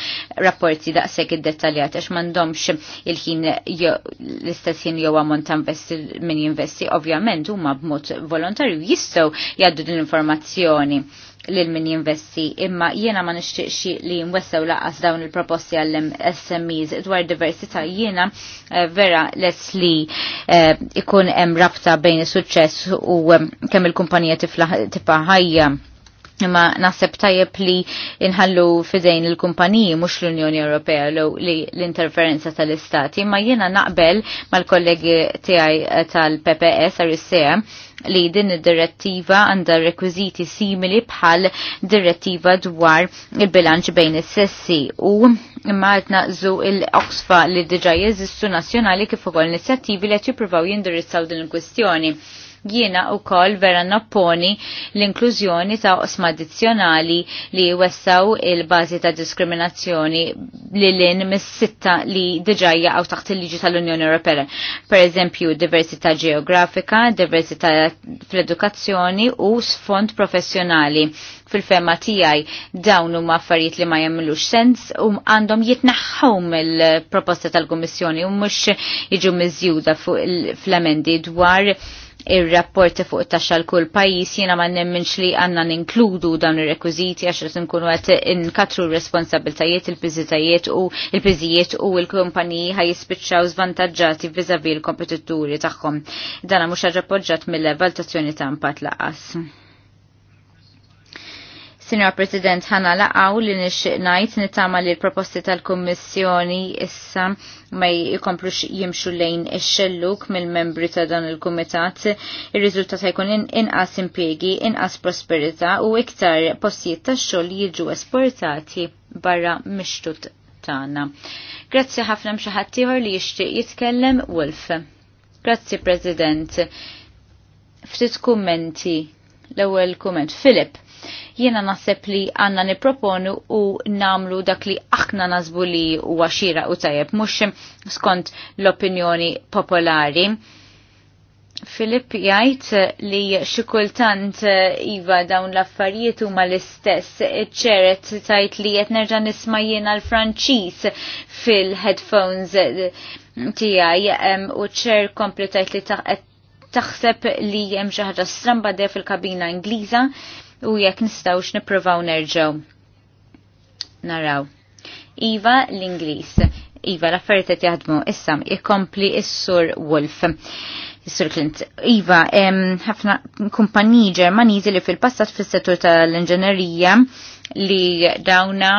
rapporti daqshekk iddettaljat għax m'għandhomx il-ħin l-istess ħin jew ammont ta' min jinvesti, ovvjament huma b'mod volontarju jistgħu jgħaddu din l-informazzjoni lil min jinvesti, imma jiena ma nixtieqx li nwessew laqas dawn il-proposti għall SMEs dwar diversità jiena eh, vera les li eh, ikun hemm rabta bejn is-suċċess u eh, kemm il-kumpanija tifla ħajja Imma naħseb tajjeb li inħallu fidejn il-kumpaniji mhux l-Unjoni Ewropea li l-interferenza tal-istati. Imma jiena naqbel mal-kollegi tiegħi eh, tal-PPS Arissea li din id-direttiva għandha rekwiżiti simili bħal direttiva dwar il-bilanċ bejn is-sessi u imma qed naqżu l-oqsfa li diġà jeżistu nazzjonali kif ukoll inizjattivi li qed jippruvaw jindirizzaw din il-kwistjoni jiena u koll vera napponi l-inklużjoni ta' osma addizzjonali li wessaw il-bazi ta' diskriminazzjoni li l-in mis-sitta li diġajja għaw taħt il-liġi tal-Unjoni Ewropea. Per eżempju, diversità ġeografika, diversità fl-edukazzjoni u sfond professjonali fil-fema tijaj dawn u maffariet li ma jemmilux sens u um għandhom jitnaħħom il proposta tal-Komissjoni u um mux jiġu mizjuda fl-emendi dwar ir-rapporti fuq taxxa l-kull pajjiż jiena ma nemminx li għandna ninkludu dawn ir-rekwiżiti għax qed nkunu qed inkatru responsabiltajiet il-biżitajiet u l-biżijiet u l-kumpaniji ħajispiċċaw żvantaġġati viżavi l-kompetituri tagħhom. Dana mhux poġġat mill-valutazzjoni ta' impatt laqas. Sinjor President, ħana laqaw li nixxiq najt nittama li l-proposti tal kummissjoni issa ma jkomplux jimxu lejn ix-xelluk mill-membri ta' dan il-Kumitat. Ir-riżultat jkun inqas impjegi, inqas prosperità u iktar postijiet tax-xogħol jiġu esportati barra mixtut tagħna. Grazzi ħafna xi ħadd li jixtieq jitkellem Wolf. Grazzi President. Ftit kummenti. L-ewwel kumment Filip Jiena naħseb li għanna niproponu u namlu dak li aħna nazbu li huwa għaxira u tajjeb mhux skont l-opinjoni popolari. Filipp jgħid li xikultant iva dawn l-affarijiet huma l-istess, ċeret tajt li qed nerġa' nisma' jiena l-Franċiż fil-headphones tiegħi u ċer kompli tajt li taħseb li hemm xi ħaġa stramba def fil-kabina Ingliża u jekk nistawx nipprovaw nerġaw. Naraw. Iva l-Inglis. Iva l-affarijiet qed jaħdmu issa jkompli is-sur Wolf. Sir Clint, Iva, ħafna kumpaniji ġermaniżi li fil-passat fis-settur tal-inġenerija li dawna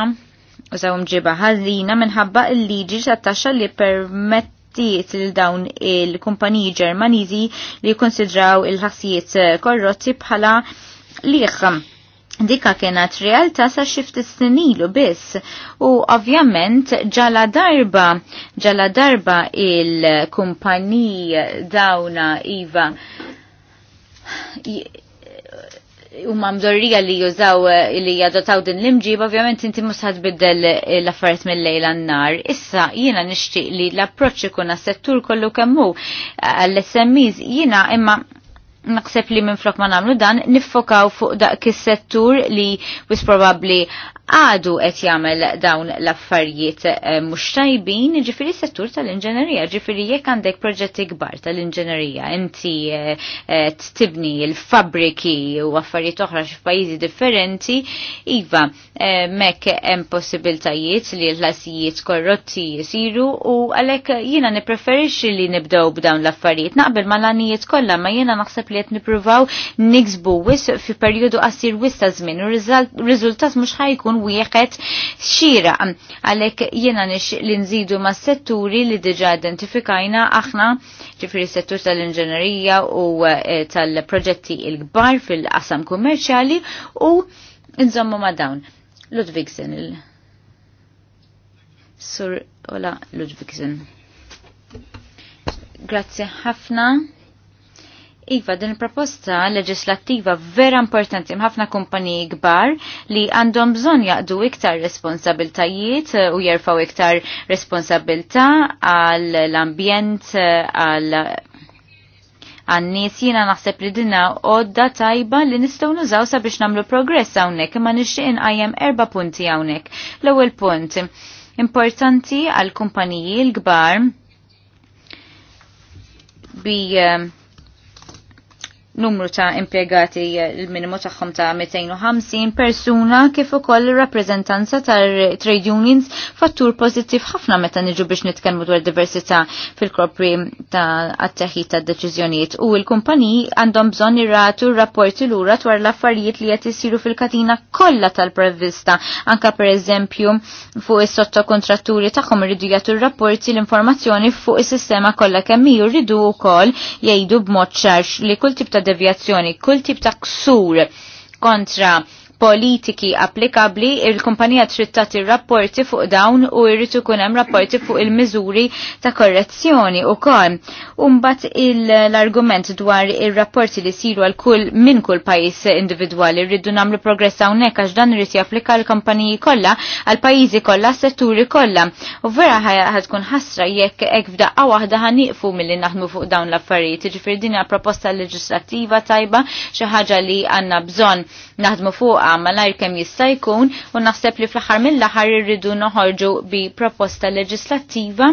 użawhom ġiba ħażina minħabba l-liġi tat-taxxa li permettiet il dawn il-kumpaniji ġermaniżi li jkonsidraw il-ħassijiet korrotti bħala liħ. Dika kienet realtà sa s istinilu biss u ovvjament ġala darba ġala darba il-kumpaniji dawna Iva u mamdorrija li jużaw li jadotaw din l-imġib, ovvjament inti musħad biddel l-affarijiet mill-lejl għannar. Issa jiena nixtieq li l-approċċ ikun settur kollu kemmu għall-SMEs jiena imma naħseb li minn flok ma namlu dan, niffokaw fuq dak is-settur li wis probabbli għadu qed jagħmel dawn l-affarijiet eh, mhux tajbin, ġifieri settur tal-inġenerija, ġifiri jekk għandek proġetti kbar tal-inġenerija, inti eh, eh, tibni l-fabriki u affarijiet oħra f'pajjiżi differenti, iva mek hemm possibiltajiet li l lasijiet korrotti jisiru u għalhekk jiena nippreferixxi li nibdew b'dawn l-affarijiet naqbel l għanijiet kollha ma jiena naħseb li qed nippruvaw niksbu wis fi perjodu qasir wis ta' żmien u riżultat mhux ħajkun wieħed xira. Għalhekk jiena nix li nżidu ma' setturi li diġà identifikajna aħna ġifieri settur tal-inġenerija u e, tal-proġetti il-kbar fil-qasam kummerċjali u nżommu ma' dawn. Ludwigsen il- Sur Ola Ludwigsen. Grazie ħafna. Iva, din proposta leġislattiva vera importanti mħafna kumpaniji kbar li għandhom bżon jaqdu iktar responsabiltajiet eh, u jerfaw iktar responsabilta għal l-ambjent, għal għannis jina naħseb li dinna odda tajba li nistaw nużaw sabiex namlu progress għawnek, imma nixtieq għajem erba punti għawnek. L-ewwel punt, importanti għal kumpaniji l-kbar bi eh, numru ta' impiegati il-minimu tagħhom ta' 250 persuna kif ukoll rappreżentanza tar trade unions fattur pozittiv ħafna meta niġu biex nitkellmu dwar diversità fil-korpri ta' attaħi ta' deċiżjonijiet u l kumpani għandhom bżonn irratu rapporti lura dwar l-affarijiet li qed isiru fil-katina kollha tal-prevista anka pereżempju fuq is-sottokontratturi tagħhom iridu jagħtu rapporti l-informazzjoni fuq is-sistema kollha kemm rridu wkoll jgħidu b'mod ċarx li kull tip ta' devjazzjoni, kull tip ta' ksur kontra politiki applikabli, il-kumpanija trid tagħti rapporti fuq dawn u jrid ikun hemm rapporti fuq il-miżuri ta' korrezzjoni ukoll. Umbat l-argument dwar ir-rapporti li siru għal kull minn kull pajjiż individwali rridu nagħmlu progress hawnhekk għax dan irid japplika l-kumpaniji kollha għal pajjiżi kollha setturi kollha. U vera ħadkun ħasra jekk hekk f'daqqa waħda ħaniqfu milli naħdmu fuq dawn l-affarijiet. Ġifier din proposta leġislattiva tajba xi ħaġa li għandna bżonn naħdmu fuq xewqa malajr kemm jista' jkun u naħseb li fl-aħħar mill-aħħar irridu noħorġu bi proposta leġislattiva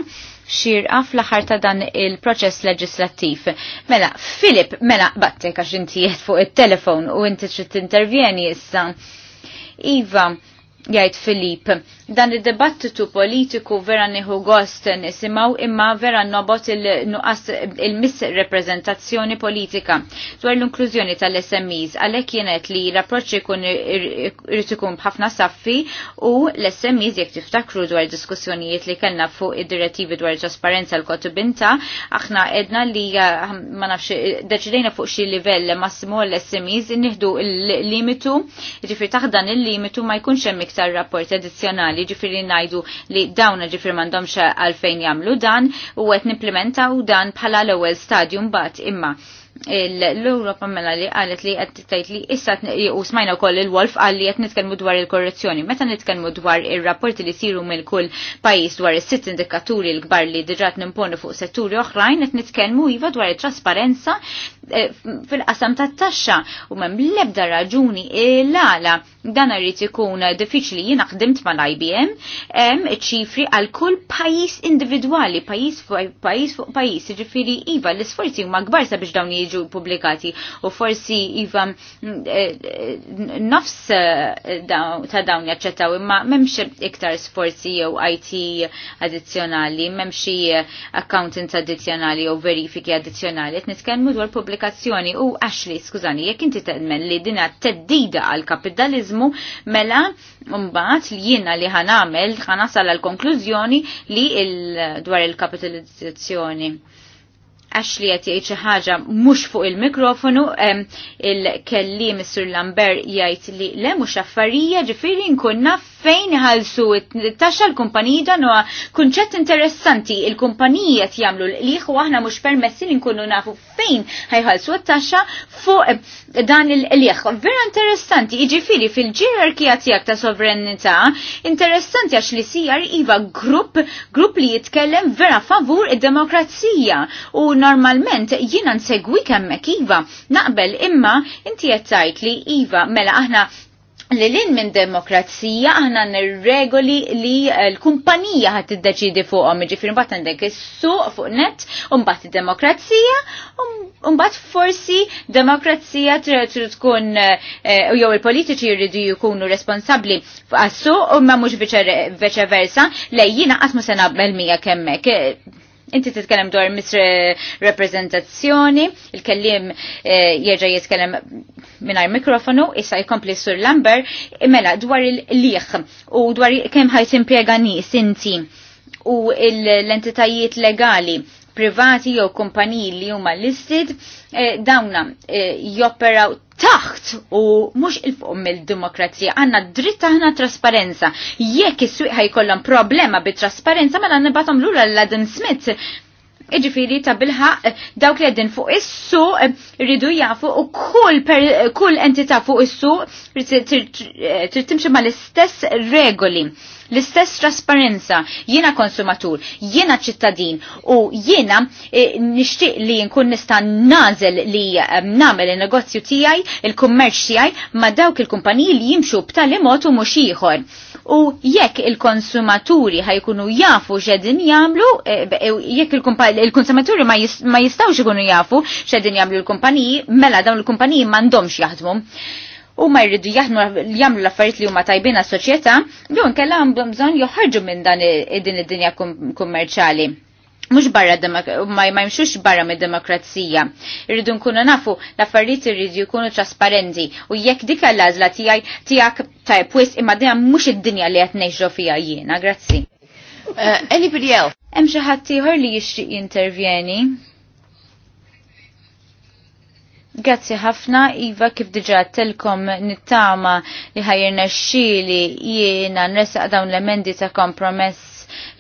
xirqa fl-aħħar ta' dan il-proċess leġislattiv. Mela, Filip, mela, battek għax inti fuq il-telefon u inti trid intervjeni issa. Iva, jgħid Filip. Dan id-debattitu politiku vera nieħu gost nisimgħu imma vera nobot il nuqas il il-mis-reprezentazzjoni politika dwar l-inklużjoni tal-SMEs għalhekk jenet li l-approċċ ikun irid ikun b'ħafna saffi u l-SMEs jekk tiftakru dwar diskussjonijiet li kellna fuq id-direttivi dwar trasparenza l kotubinta aħna edna li ma nafx deċidejna fuq xi livell massimo l-SMEs nieħdu il-limitu, ġifier taħdan il-limitu ma jkunx hemm iktar rapport addizzjonali ġifiri najdu li dawna ġifiri xa għalfejn jamlu dan u għet nimplementaw dan bħala l-ewel stadium bat imma l-Europa mela li għalet li għed tajt li issa u smajna koll il-Wolf għal li għed nitkelmu dwar il-korrezzjoni. Meta nitkelmu dwar il-rapporti li siru mill kull pajis dwar il-sitt indikaturi l-gbar li diġat nimponu fuq setturi oħrajn, għed nitkelmu jiva dwar il-trasparenza eh, fil-qasam ta' taxxa u mem lebda raġuni il-għala dan għarrit ikun diffiċ diffiċli jiena ħdimt mal-IBM hemm ċifri għal kull pajjiż individwali, pajjiż fuq pajjiż fuq pajis, jiġifieri iva l-isforzi huma kbar sabiex dawn jiġu pubblikati u forsi iva eh, eh, nofs eh, ta' dawn jaċċettaw imma m'hemmx iktar sforzi jew IT addizzjonali, memx xi accountant addizzjonali jew verifiki addizzjonali, qed nitkellmu dwar pubblikazzjoni u għaxli, skużani, jekk inti temmen li dina teddida għal kapitalizmu mela Mbagħad li jina li ħan għasal għal konklużjoni li il dwar il-kapitalizzazzjoni. Għax li qed jgħid xi ħaġa mhux fuq il-mikrofonu, il-kellim Sur Lambert jgħid li le mhux affarija ġifieri nkun naf fejn ħalsu it-taxxa l-kumpaniji dan huwa kunċett interessanti. Il-kumpaniji qed jagħmlu l-qliq u aħna mhux permessi li nkunu nafu fejn ħajħalsu it-taxxa fuq eh, dan il-qliq. Vera interessanti, jiġifieri fil-ġerarkija tiegħek ta' sovranità, interessanti għax li sijar iva grupp grupp li jitkellem vera favur id-demokrazija u normalment jiena nsegwi kemm iva naqbel imma inti qed tgħid li iva mela aħna li l-in minn demokrazija aħna n regoli li eh, l-kumpanija ħat id-deċidi għom, ġifir mbatt għandek il-suq fuq net, mbatt demokrazija, um, mbatt forsi demokrazija trid tkun u eh, jew il-politiċi jridu jkunu responsabli fuq għassu, u ma mux versa, lejjina għasmu sena bel-mija kemmek Inti titkellem dwar misrepresentazzjoni, il-kellim eh, jerġa' jitkellem mingħajr mikrofonu, issa jkompli sur Lamber, mela dwar il-liħ u dwar kemm ħajt impjega nies inti u l-entitajiet legali privati jew kumpaniji li huma listed eh, dawna eh, jopperaw taħt u mux il-fuq mill-demokrazija, għanna dritt aħna trasparenza. Jekk is-suq ħajkollhom problema bit-trasparenza mela nibatom lura l-Adam Smith Iġifiri ta' bilħa eh, dawk li għeddin fuq issu eh, rridu jafu u kull, kull entita fuq issu trid eh, timxi ma l-istess regoli, l-istess trasparenza. Jiena konsumatur, jiena ċittadin u jiena nixtieq li nkun nista' nazel li nagħmel in-negozju tiegħi, il-kummerċ tiegħi ma' dawk il-kumpaniji li jimxu b'tali motu muxiħor. mhux ieħor u jekk il-konsumaturi ħajkunu jafu xedin jamlu, e, e, jekk il-konsumaturi ma jistawx ikunu jafu xedin jamlu l-kumpaniji, mela dawn l-kumpaniji mandomx jaħdmu u ma jridu jamlu l-affarijiet li huma tajbin għas-soċjetà, jew għandhom bżonn joħarġu minn dan din id-dinja kummerċali mux barra ma jimxux barra mid demokrazija Irridu nkunu nafu, l-affarijiet irridu jkunu trasparenti u jekk dika l-għażla tiegħek taj pwis imma dina mhux id-dinja li qed ngħixu fiha jiena, grazzi. Eh, anybody else? Hemm xi ħadd ieħor li jixri intervjeni. Grazzi ħafna, Iva, kif diġa telkom nittama li ħajirna xili jiena nresa dawn l-emendi ta' kompromess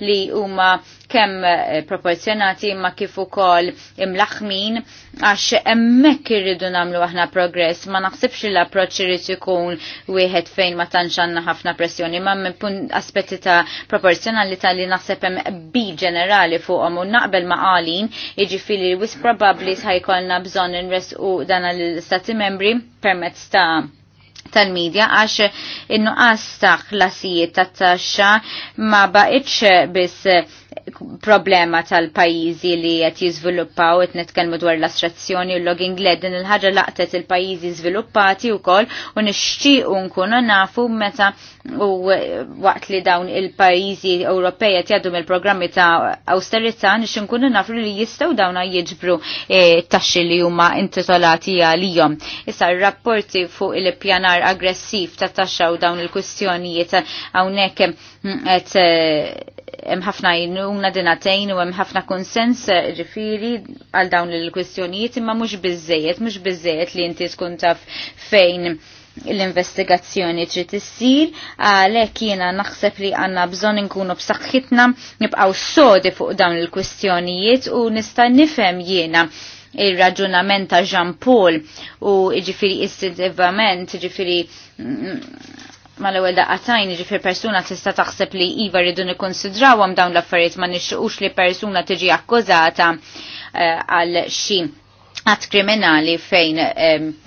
li huma kemm eh, proporzjonati ma kif ukoll imlaħmin għax hemmhekk irridu nagħmlu aħna progress ma naħsibx li l-approċċ irid ikun wieħed fejn ma tantx għandna ħafna pressjoni ma minn aspetti ta' proporzjonalità li naħseb hemm bi ġenerali fuqhom u naqbel ma qalin jiġifieri wis probabbli jkollna bżonn inresqu dan l-istati membri permezz ta' tal-medja għax innu għastax l-asijiet tat-taxxa ma baqitx biss problema tal-pajizi li qed jiżviluppaw qed nitkellmu dwar l-astrazzjoni u l-logging led din il-ħaġa laqtet il-pajjiżi żviluppati wkoll u nixtiequ nkunu nafu meta u waqt li dawn il-pajjiżi Ewropej qed jgħaddu mill-programmi ta' austerità nix nkunu nafu li jistgħu dawn jiġbru e, taxxi li huma intitolati għalijom. Issa r-rapporti fuq il-pjanar aggressiv ta' taxxa u dawn il-kwistjonijiet hawnhekk mm, hemm ħafna jnuna dinatejn u hemm ħafna konsens ġifiri għal dawn il-kwistjonijiet imma mhux biżejjed, mhux biżejjed li inti tkun taf fejn l-investigazzjoni trid issir, għalhekk jiena naħseb li għandna bżonn inkunu b'saħħitna nibqgħu sodi fuq dawn il-kwistjonijiet u nista' nifhem jiena il-raġunament ta' Jean Paul u ġifiri istintivament ġifiri mm, ma l-ewel daqqatajn ġifir persuna tista taħseb li iva ridu nikkonsidrawhom dawn l-affarijiet ma nixxuqux li persuna tiġi akkużata eh, għal xi għat kriminali fejn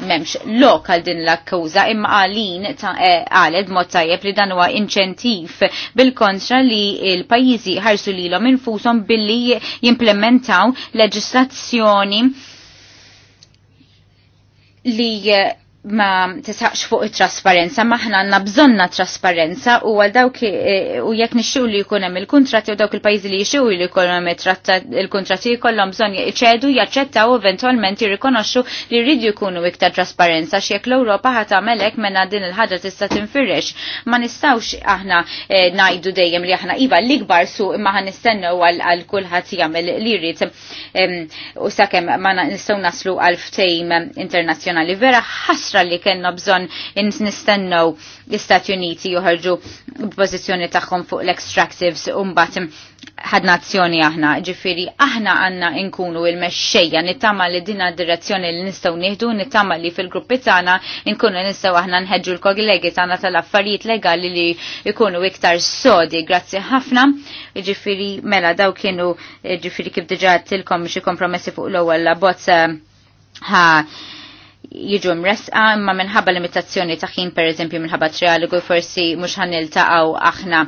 memx lok għal din l-akkuża imma għalin eh, għaled mod tajjeb li dan huwa inċentiv bil-kontra li l-pajjiżi ħarsu lilhom infushom billi jimplementaw leġislazzjoni li eh, ma tisaqx fuq it-trasparenza, maħna għanna bżonna trasparenza u għal dawk e, u jekk nixxu li jkun hemm il-kuntratti u dawk il pajzi li jixxu li jkun il-kuntratti jkollhom bżonn jiċedu jaċċettaw eventwalment jirrikonoxxu li jridu jkunu iktar trasparenza xiek l-Ewropa ħat għamelek menna din il ħadra tista' tinfirrex. Ma nistawx aħna e, ngħidu dejjem li aħna iva l-ikbar su imma ħan nistennew għal kulħadd jagħmel li jrid u sakemm ma nistgħu naslu għal ftejm internazzjonali vera ħasra ħasra li kellna bżonn nistennew l-Istati Uniti joħarġu b'pożizzjoni tagħhom fuq l-extractives u mbagħad ħad-nazzjoni aħna, ġifiri aħna għanna inkunu il-mexxejja nittama li dina direzzjoni li nistaw nieħdu, nittama li fil-gruppi tagħna inkunu nistaw aħna nħeġġu l-kollegi tagħna tal-affarijiet legali li ikunu iktar sodi. Grazzi ħafna. Ġifiri mela daw kienu ġifiri kif diġà tilkom xi kompromessi fuq l-ewwel la bozza ha jiġu mresqa imma minħabba limitazzjoni ta' ħin pereżempju minħabba trialogu forsi mhux ħaniltaqgħu aħna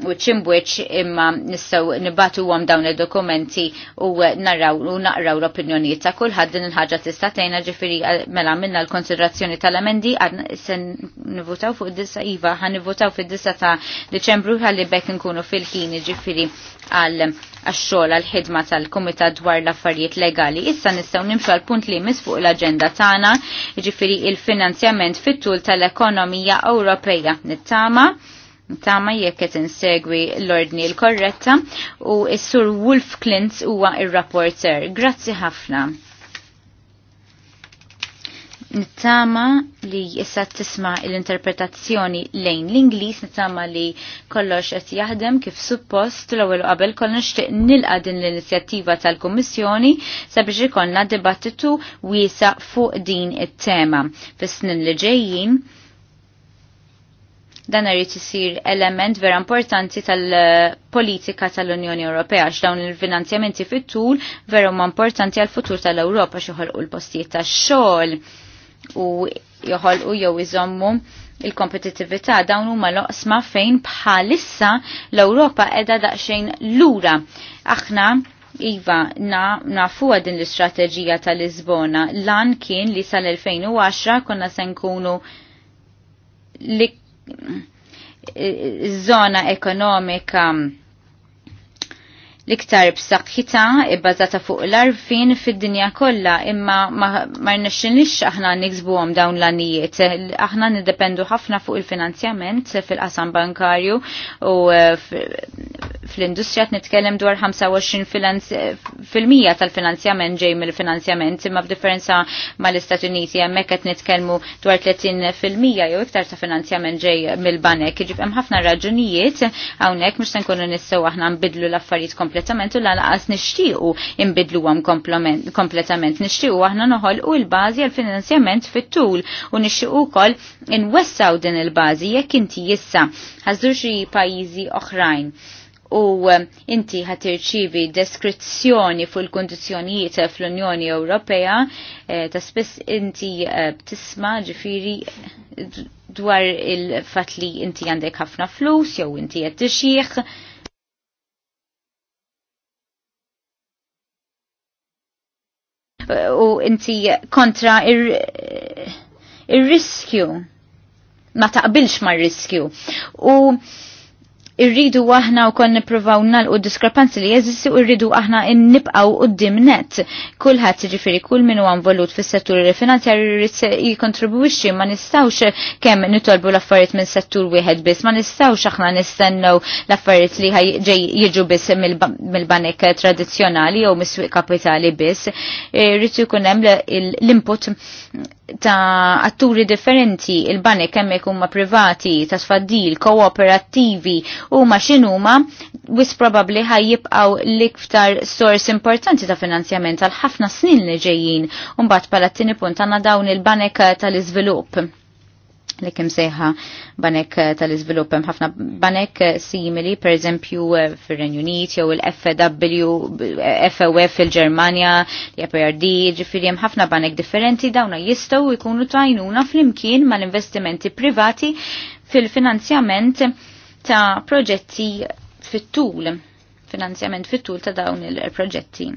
u in imma nistgħu nibatu għom dawn id-dokumenti u narraw u naqraw l-opinjonijiet ta' kulħadd din il-ħaġa tista' tgħinha ġifieri mela minna l-konsiderazzjoni tal-emendi għad se nivutaw fuq id-disa iva ħan nivutaw fid-disa ta' Deċembru ħalli bekk nkunu fil-ħin ġifieri għal għax-xogħol għall-ħidma tal-Kumitat dwar l-affarijiet legali. Issa nistgħu nimxu għal punt li jmiss fuq l-aġenda tagħna, jiġifieri il-finanzjament fit-tul tal-ekonomija Ewropeja. Nittama tama jekk qed insegwi l-ordni l-korretta u s-sur Wolf Klintz huwa ir-rapporter. Grazzi ħafna. Nittama li issa tisma l-interpretazzjoni lejn l-Inglis, nittama li kollox qed jaħdem kif suppost l-ewwel qabel kollox nixtieq nilqa din l-inizjattiva tal-Kummissjoni sabiex ikollna dibattitu wiesa fuq din it-tema. Fis-snin li ġejjin dan irid isir element vera importanti tal-politika tal-Unjoni Ewropea għax dawn il-finanzjamenti fit-tul vera ma' importanti għal-futur tal-Ewropa xi u l-postijiet tax-xogħol u joħolqu jew iżommu il-kompetitività dawn huma loqsma fejn bħalissa l-Ewropa qiegħda daqsxejn lura. Aħna Iva, na, din l-istrateġija tal-Lisbona. Lan kien li sal-2010 konna se nkunu li zona ekonomika l-iktar b'saqħita bbażata fuq l-arfin fid-dinja kollha imma ma rnexxinix aħna niksbuhom dawn l-anijiet. Aħna niddependu ħafna fuq il-finanzjament fil-qasam bankarju u eh, fl-industrija nitkellem dwar 25% tal-finanzjament ġej mill-finanzjament imma f'differenza mal-Istati Uniti hemmhekk qed nitkellmu dwar 30% jew iktar ta' finanzjament ġej mill-banek. Iġib hemm ħafna raġunijiet hawnhekk mhux se nkunu nistgħu aħna nbidlu l-affarijiet kompletament kompletament u nishtiqu nixtiequ inbidluhom kompletament nixtiequ aħna noħolqu l-bażi għal finanzjament fit-tul u kol wkoll wessaw din il-bażi jekk inti issa ħażur xi pajjiżi oħrajn u eh, inti ħatirċivi deskrizzjoni fuq il-kondizjonijiet fl-Unjoni Ewropea eh, ta' spess inti eh, tisma ġifiri dwar il-fat li inti għandek ħafna flus jew inti qed tixjih u inti kontra ir-riskju. ma taqbilx ma' riskju. U irridu aħna u kon niprovaw nalqu diskrepanzi li jeżisti u irridu aħna innibqaw u net. Kulħadd ġifiri kull minu għan volut fis settur finanzjarju rrit jikontribuixi ma nistawx kemm nitolbu l-affarijiet minn settur wieħed biss, ma nistawx aħna nistennew l-affarijiet li ġej jiġu biss mill-banek tradizzjonali jew mis-swieq kapitali biss. Rritu ikun hemm l-input ta' atturi differenti il bane kemm huma privati, ta' sfaddil, kooperattivi huma x'inhuma wis probabbli ħajjibqgħu l-iktar sors importanti ta' finanzjament għal ħafna snin li ġejjin u mbagħad bħala t-tieni punt għandna dawn il-banek tal-iżvilupp li kim seħħa banek eh, tal-izvilupp hemm ħafna banek eh, simili per eżempju eh, fir-Renju Unit jew il-FW FOF fil-Ġermanja, l-EPRD, ġifieri hemm ħafna banek differenti dawna jistgħu jkunu tajnuna flimkien mal-investimenti privati fil-finanzjament ta' proġetti fit-tul, finanzjament fit-tul ta' dawn il-proġetti.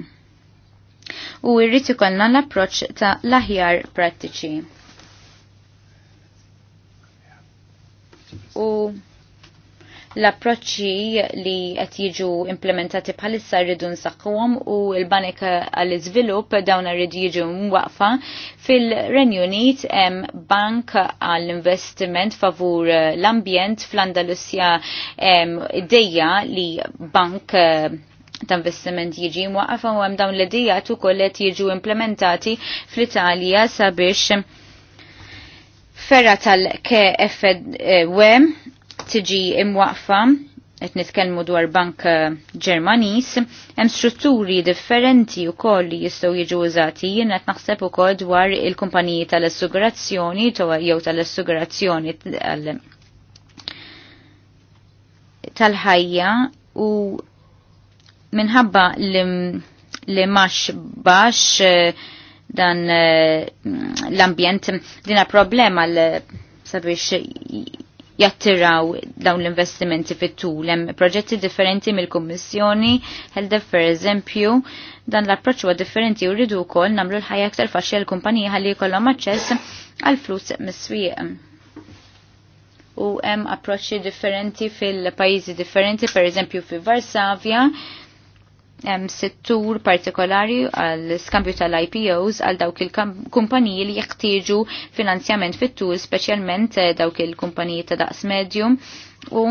U irrid ikollna l-approċċ ta' l-aħjar prattiċi u l-approċċi li qed jiġu implementati bħalissa rridu nsaqquhom u l-banek għall-iżvilupp dawn rridu jiġu mwaqfa fil-Renju Unit hemm bank għall-investiment favur l-ambjent fl-Andalusja dejja li bank ta' investiment jiġi mwaqfa u hemm dawn l-idejat ukoll qed jiġu implementati fl-Italja sabiex ferra tal-KFW tiġi imwaqfa qed nitkellmu dwar bank eh, Ġermanis, hemm strutturi differenti wkoll li jistgħu jiġu użati jien qed naħseb ukoll dwar il-kumpaniji tal-assigurazzjoni jew tal-assigurazzjoni tal-ħajja u minħabba li max bax eh, dan eh, l-ambjent dina problema l sabiex jattiraw dawn l-investimenti fit-tul. Hemm proġetti differenti mill-Kummissjoni, ħeldef per eżempju, dan l-approċċ huwa differenti u rridu wkoll nagħmlu l-ħajja aktar faċli l kumpanija ħalli jkollhom aċċess għal flus mis U hemm approċċi differenti fil-pajjiżi differenti, per eżempju fi Varsavja, hemm settur partikolari għal skambju tal-IPOs għal dawk il-kumpaniji li jeħtieġu finanzjament fit-tul, speċjalment eh, dawk il-kumpaniji ta' daqs medium u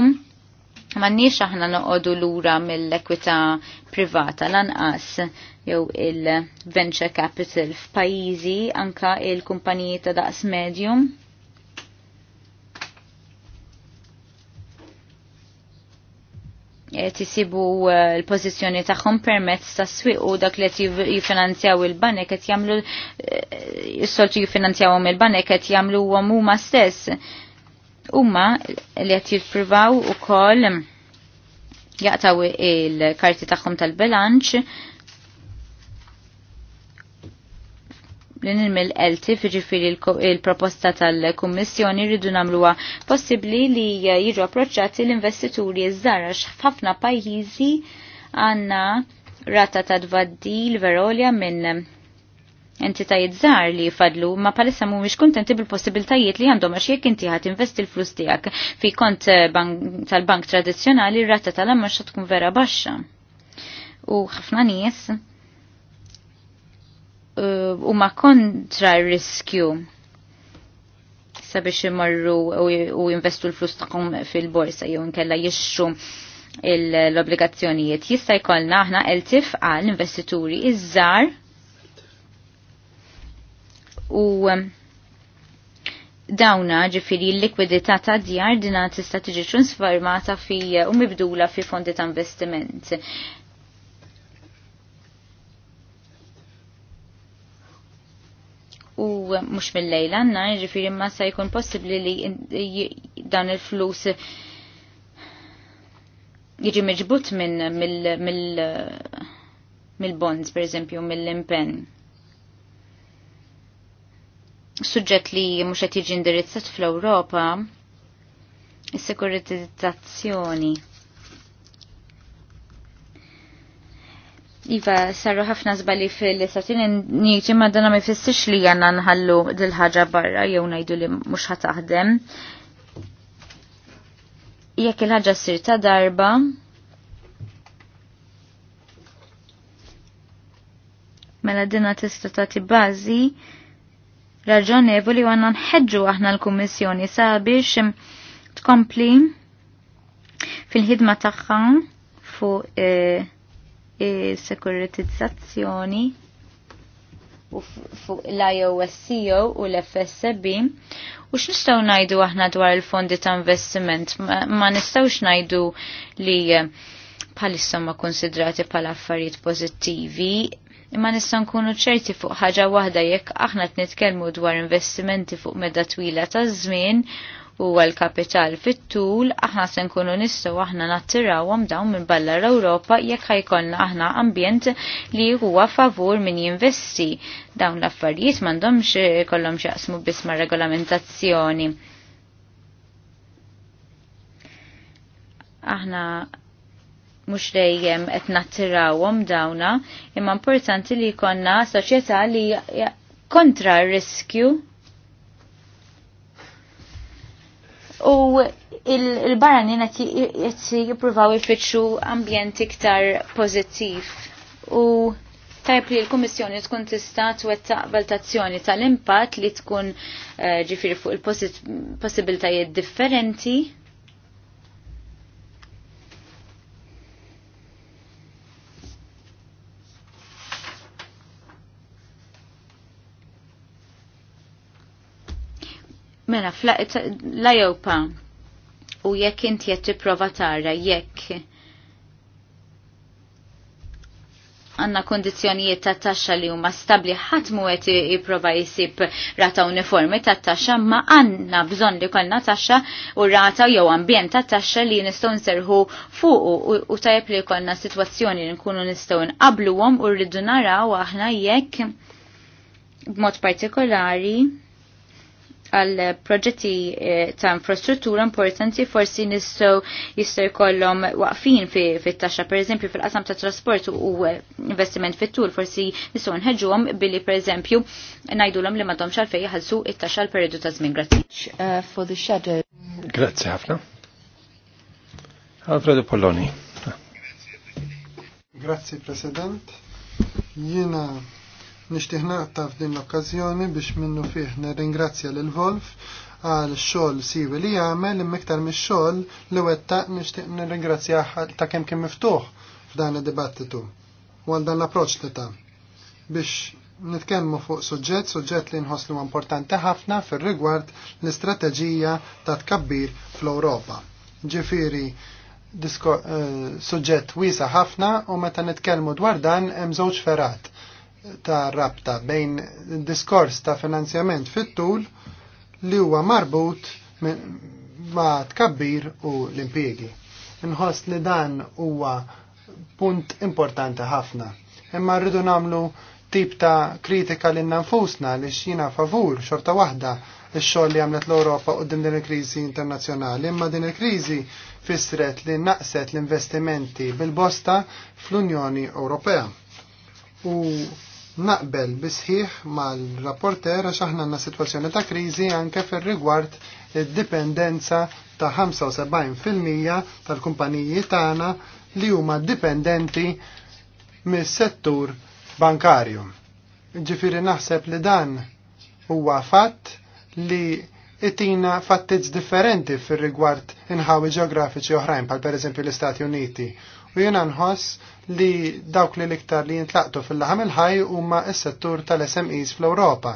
Mannix aħna noqodu lura mill-ekwita privata lanqas jew il-venture capital f'pajjiżi anka il-kumpaniji ta' daqs medium Eh, tisibu eh, l-pozizjoni tagħhom permezz ta' swieq u dak li qed jiffinanzjaw il-banek qed jagħmlu eh, s-soltu jiffinanzjawhom il-banek qed jagħmluhom huma stess. Huma li qed jippruvaw ukoll jaqtaw il-karti tagħhom tal-bilanċ l-in elti fiġifiri il-proposta tal-Kommissjoni rridu namluwa possibli li jiġu approċċati l-investituri iż-żara ħafna pajjiżi għanna rata ta' dvaddil verolja minn entitajiet żgħar li fadlu ma palissa mhumiex kuntenti bil-possibiltajiet li għandhom għax jekk inti ħadd investi l-flus tiegħek fi kont tal-bank tradizzjonali r-rata tal-ammax tkun vera baxxa. U ħafna nies Eh, ma kontra riskju sabiex imorru u investu l-flus taqom fil-borsa jew nkella jixxu l-obbligazzjonijiet. Jista' jkollna aħna eltif għal investituri iż-żar u eh, dawna ġifiri l-likwidità ta' djar dina tista' tiġi transformata fi u mibdula fi fondi ta' investiment. u mux mill-lejla għanna, ġifiri ma sa jkun possibli li dan il-flus jiġi miġbut minn mill-bonds, per eżempju, mill-impen. Suġġett li mux qed jiġi indirizzat fl-Ewropa, il sekuritizzazzjoni Iva, sarru ħafna zbali fil-istatin njieġi ma dana ma li għanna nħallu dil-ħagġa barra jew najdu li mux ħataħdem. Jekk il-ħagġa sirta ta' darba, mela dina tista tagħti bażi raġonevoli u għandna nħeġġu aħna l-Kummissjoni sabiex tkompli fil-ħidma tagħha fuq eh, sekuritizzazzjoni fuq l-IOSCO u l-FSB u x'nistgħu ngħidu aħna dwar il-fondi ta' investiment ma nistgħux ngħidu li bħalissa ma konsidrati bħala affarijiet pożittivi imma nista' nkunu ċerti fuq ħaġa waħda jekk aħna qed nitkellmu dwar investimenti fuq medda twila ta' żmien huwa l-kapital fit-tul aħna se nkunu nistgħu aħna nattirawhom dawn minn balla l-Ewropa jekk ħajkollna aħna ambjent li huwa favur min jinvesti. Dawn l-affarijiet m'għandhomx eh, kollhom x'jaqsmu biss regolamentazzjoni. Aħna mux dejjem qed nattirawhom dawna, imma importanti li jkollna soċjetà li kontra r-riskju u il-barranin għet jipruvaw ifittxu ambjent iktar pozittiv. U tajb li l-Komissjoni tkun tista' twettaq valtazzjoni tal-impatt li tkun eh, ġifiri fuq il-possibilitajiet differenti Mela, la jopa u jekk inti qed tipprova tara jekk għanna kondizjonijiet ta' taxxa li huma stabli ħadd mu qed jipprova jsib rata uniformi ta' taxxa ma għandna bżonn li kollna taxxa u rata jew ambjent ta' taxxa li nistgħu nserħu fuq u tajjeb li jkollna sitwazzjoni li nkunu nistgħu nqabluhom u rridu naraw aħna jekk b'mod partikolari għal proġetti eh, ta' infrastruttura importanti forsi nistgħu jistgħu jkollhom waqfin fit-taxxa, pereżempju fil-qasam ta' trasport u eh, investiment fit-tul forsi nistgħu nħeġuhom billi pereżempju ngħidulhom li m'għandhomx għalfejn jħallsu it-taxxa l periodu ta' żmien. Grazie. Uh, Grazie ħafna. Alfredo Polloni. Grazie President. Jiena Nixtieq naqtaf din l-okkażjoni biex minnu fih nirringrazzja l volf għal xogħol siwi li jagħmel imma iktar mix-xogħol li wettaq nixtieq nirringrazzja ta' kemm kien miftuħ f'dan id-dibattitu u għal dan l-approċċ li ta' biex nitkellmu fuq suġġett, suġġett li nħosslu importanti ħafna fir-rigward l-istrateġija ta' tkabbir fl-Ewropa. Ġifiri, eh, suġġett wiesa ħafna u meta nitkellmu dwar dan hemm żewġ ferat ta' rabta bejn diskors ta' finanzjament fit-tul li huwa marbut ma' tkabbir u l impiegi Nħoss li dan huwa punt importanti ħafna. Imma rridu nagħmlu tip ta' kritika li nanfusna li xina favur xorta waħda il-xogħol li għamlet l-Ewropa u din il-kriżi internazzjonali, imma din il-kriżi fissret li naqset l-investimenti bil-bosta fl-Unjoni Ewropea. U Naqbel bisħiħ mal-rapporter għax aħna għandna sitwazzjoni ta' kriżi anke fir-rigward id-dipendenza ta' 75% tal-kumpaniji tagħna li huma dipendenti mis-settur bankarju. Ġifiri naħseb li dan huwa fatt li itina fattiz differenti fir rigward inħawi ġeografiċi oħrajn, pal per l-Istati Uniti u jena nħoss li dawk li liktar li jintlaqtu fil-laħam il-ħaj huma s-settur tal-SMEs fl-Ewropa.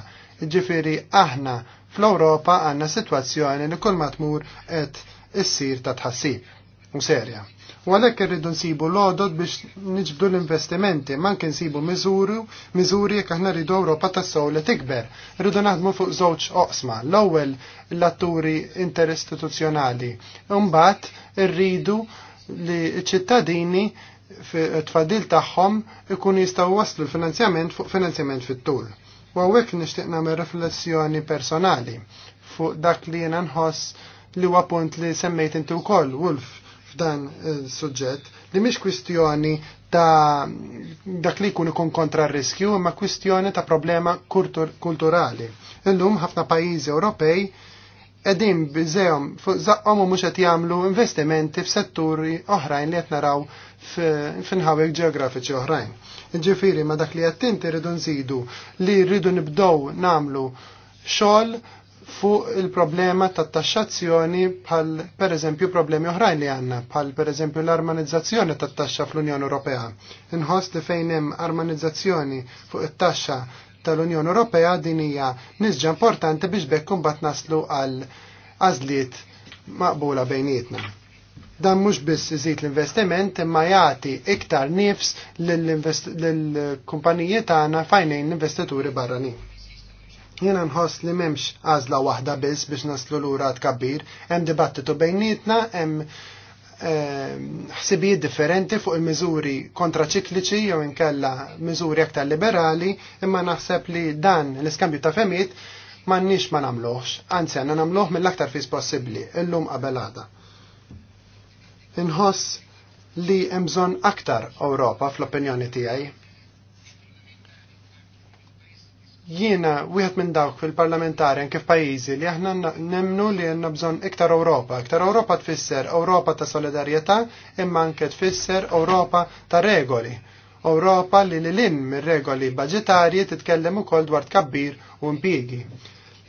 Ġifiri aħna fl-Ewropa għanna situazzjoni li kull matmur qed issir ta' tħassib u serja. U għalhekk irridu nsibu l biex nġbdu l-investimenti, manke nsibu mizuri miżuri jekk aħna rridu Ewropa tas-sow li tikber. Rridu naħdmu fuq żewġ oqsma. L-ewwel l-atturi interistituzzjonali. Imbagħad irridu li ċittadini tfadil tagħhom ikun jistgħu waslu l-finanzjament fuq finanzjament fit-tul. U għawek nishtiq nagħmel riflessjoni personali fuq dak li jiena nħoss li huwa punt li semmejt inti wkoll Wolf f'dan is-suġġett li mhix kwistjoni ta' dak li jkun ikun kontra r-riskju imma kwistjoni ta' problema kulturali. Illum ħafna pajjiżi Ewropej edin bizzejom fuq zaqqom u mux qed jagħmlu investimenti f'setturi oħrajn li qed naraw nħawek ġeografiċi oħrajn. Ġifiri ma dak li jattinti rridu nżidu li rridu nibdow namlu xogħol fuq il-problema ta' taxxazzjoni bħal per eżempju problemi oħrajn li għanna, bħal per eżempju l-armanizzazzjoni ta' taxxa fl-Unjoni Ewropea. Inħoss li fejn hemm armanizzazzjoni fuq it-taxxa tal-Unjoni Ewropea din hija nisġa importanti biex bekk mbagħad naslu għal għażliet maqbula bejnietna. Dan mhux biss iżid l-investiment imma jagħti iktar nifs lill-kumpaniji tagħna fajnejn l-investituri barrani. Jiena nħoss li m'hemmx għażla waħda biss biex naslu lura tkabbir, hemm dibattitu bejnietna, hemm Ehm, ħsibijiet differenti fuq il-miżuri kontraċikliċi jew inkella miżuri aktar liberali, imma naħseb li dan l-iskambju ta' femijiet m'għandniex ma nagħmluhx, anzi għandna nagħmluh mill-aktar fis possibbli illum qabelada. Inħoss li hemm bżonn aktar Ewropa fl-opinjoni tiegħi jiena wieħed minn dawk fil-parlamentari anke f'pajjiżi li aħna nemnu li għandna bżonn iktar Ewropa. Iktar Ewropa tfisser Ewropa ta' solidarjetà imma anke tfisser Ewropa ta' regoli. Ewropa li li lin mir-regoli budġetarji titkellem ukoll dwar tkabbir u impjiegi.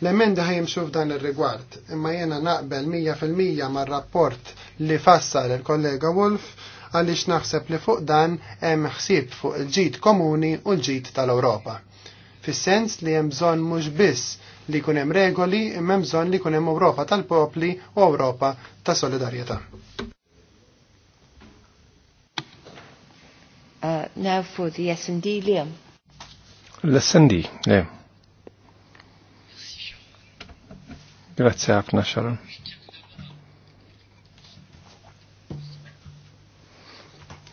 L-emendi ħajimxu f'dan ir-rigward, imma jiena naqbel 100% mar-rapport li fassar il-kollega Wolf għaliex naħseb li fuq dan hemm ħsieb fuq il-ġid komuni u l-ġid tal-Ewropa fis-sens li hemm bżonn mhux biss li jkun hemm regoli imma hemm bżonn li jkun hemm Ewropa tal-popli u Ewropa ta' solidarjetà. Uh, now for the S&D, Liam. L-S&D, Liam. Grazie Afna, Sharon.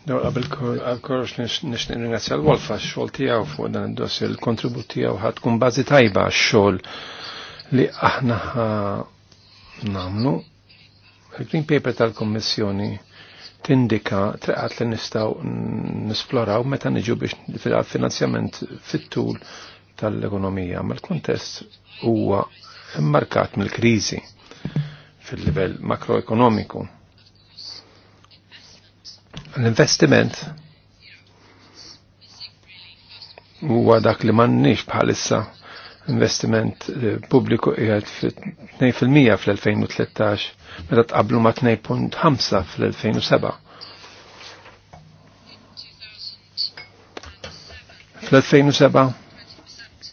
Daw qabel korx nix ringrazzja l-Wolfa x xogħol tiegħu fuq dan id dossi il-kontribut tiegħu ħadd tkun bażi tajba x xogħol li aħna nagħmlu. Il-Green Paper tal-Kommissjoni tindika treqat li nistgħu nisploraw meta niġu biex finanzjament fit-tul tal-ekonomija. Ma l-kontest huwa immarkat mill kriżi fil-livell makroekonomiku l-investiment huwa dak li m'għandniex bħalissa investiment eh, pubbliku qiegħed fi fil fl-2013 meta tqablu ma' 2.5 fl-2007. Fl-2007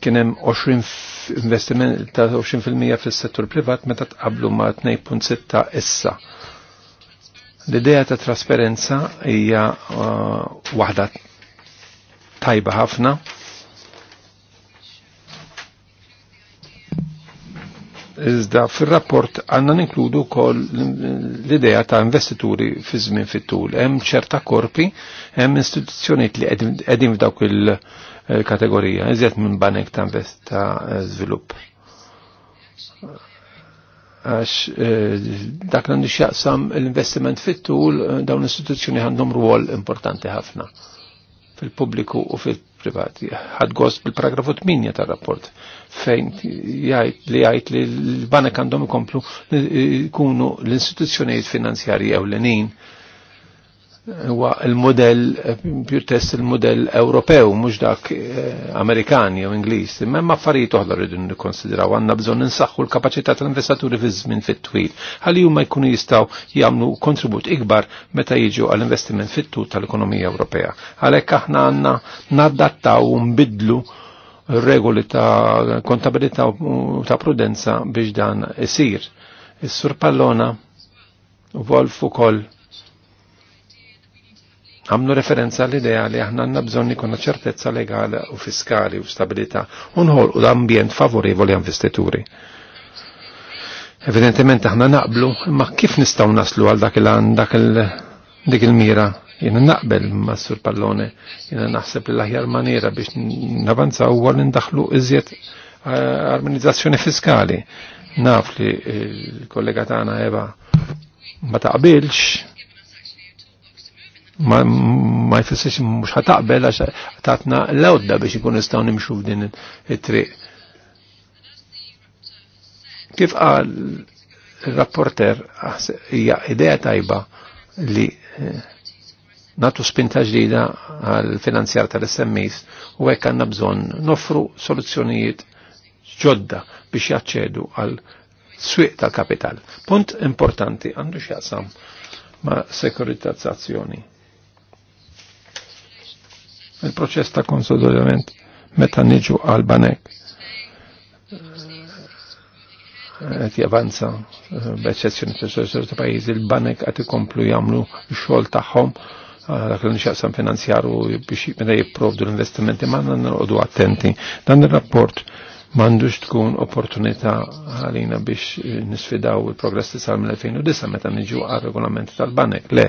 kien hemm 20 investiment ta' 20% fil-settur privat meta tqablu ma' 2.6 issa L-idea ta' trasparenza hija uh, waħda tajba ħafna. Iżda fil-rapport għanna ninkludu kol l-idea ta' investituri fi żmien fit-tul. Hemm ċerta korpi, hemm istituzzjonijiet li qegħdin f'dawk il-kategorija, iżjed minn banek ta' invest ta' żvilupp għax eh, dak għandu xjaqsam l-investiment fit-tul eh, dawn l-istituzzjoni għandhom ruol importanti ħafna fil-pubbliku u fil-privat. Ħad gost bil-paragrafu 8 tar-rapport fejn jgħid li jgħid li l-banek għandhom ikomplu jkunu eh, l-istituzzjonijiet finanzjarji ewlenin l huwa l-modell pjuttess il-modell Ewropew mhux dak eh, Amerikan jew Ingliż. Imma affarijiet oħra rridu nikkonsidraw għandna bżonn insaħħu l-kapaċità tal-investaturi fi żmien fit-twil ħalli huma jkunu jistgħu jagħmlu kontribut ikbar meta jiġu għall-investiment fit-tul tal-ekonomija Ewropea. Għalhekk aħna għandna nadattaw u nbidlu regoli ta' kontabilità u ta' prudenza biex dan isir. Is-sur Pallona Wolf ukoll għamlu referenza l-idea li aħna għanna bżon ikonna ċertezza legali u fiskali u stabilita unħol u l-ambjent favorevoli investituri. Evidentement aħna naqblu, imma kif nistaw naslu għal dak il-għan dak dik il-mira? Jena naqbel ma' sur pallone, jena naħseb li l-aħjar maniera biex navanza u għal ndaħlu iżjed eh, armonizzazzjoni fiskali. Naf li il-kollega tagħna Eva ma taqbilx, ma jfessiex mhux ħataqbel għax tatna l-ewda biex ikun nistgħu nimxu f'din it-triq. Kif qal il-rapporter hija idea tajba li eh, natu spinta ġdida għal finanzjar tal-SMEs u hekk għandna bżonn noffru soluzzjonijiet ġodda biex jaċċedu għal swieq tal-kapital. Punt importanti għandu x'jaqsam ma' sekuritazzazzjoni il-proċess ta' konsolidament meta niġu għal banek. Għet javanza b'eċezzjoni ta' s-sorsor ta' pajiz il-banek għet ikomplu jamlu xol taħħom ah, dak li nixaqsam finanzjaru biex meta jipprovdu l-investimenti ma' nanna n attenti. Dan il-rapport mandux tkun opportunita għalina biex nisfidaw il-progress tisal mill-2009 meta niġu għal regolamenti tal-banek. Le,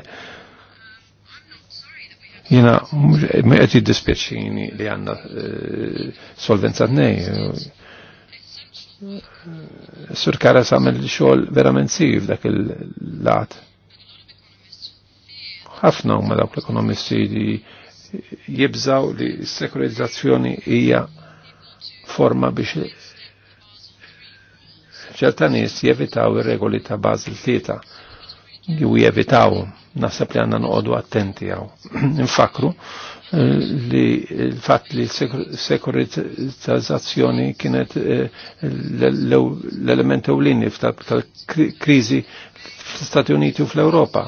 Jena, għet jiddispieċini li għanna eh, solvenza t-nej. Sur Karas li xol verament siv dak il-lat. ħafna huma dawk l-ekonomisti li jibżaw li s-sekurizzazzjoni hija forma biex ċerta nies jevitaw ir-regoli ta' Basel tita' u jevitaw nasab li għanna nuqodu attenti għaw. Infakru (clears throat) eh, li l-fat li sekuritizzazzjoni kienet eh, l-element ewlini tal-krizi fl-Stati Uniti u fl-Europa.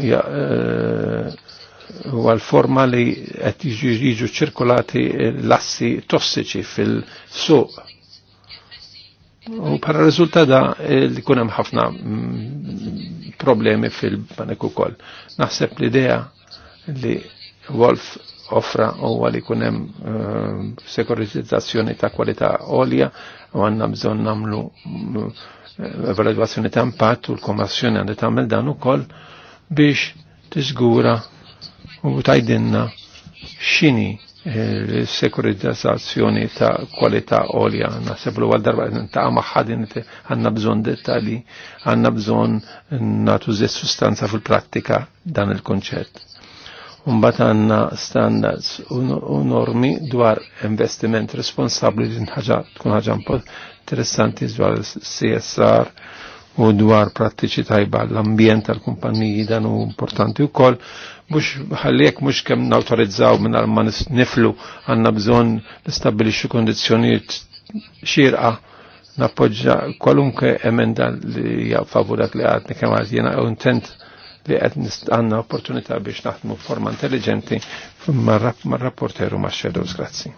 Eh, u għal-forma li għet jiġu ċirkolati l-assi tossiċi fil-suq U para rizulta da eh, li kunem ħafna mm, problemi fil-banek u koll. Naħseb l-idea li Wolf offra u li kunem uh, eh, sekurizzazzjoni ta' kwalità olja u għanna bżon namlu uh, eh, evaluazzjoni ta' impatt u l-kommissjoni għandet tagħmel dan ukoll biex tiżgura u tajdinna x'inhi l-sekuritizzazzjoni ta' kwalità olja. Naseblu għal darba ta' maħħadin għanna bżon dettali, għanna bżon natu zess sustanza fil-prattika dan il-konċert. Umbat għanna standards u normi dwar investiment responsabli din ħaġa tkun ħaġa interessanti dwar CSR, u dwar prattiċi tajba l-ambjent tal-kumpanniji dan u importanti u koll, mux ħallek mux kem nautorizzaw minn ma niflu għanna bżon nistabilixu kondizjoniet xirqa nappoġġa kwalunke emenda li favur favurat li għadni kem għad jena intent li għed għanna opportunità biex naħdmu forma intelligenti mar-rapporteru ma' shadows, grazzi.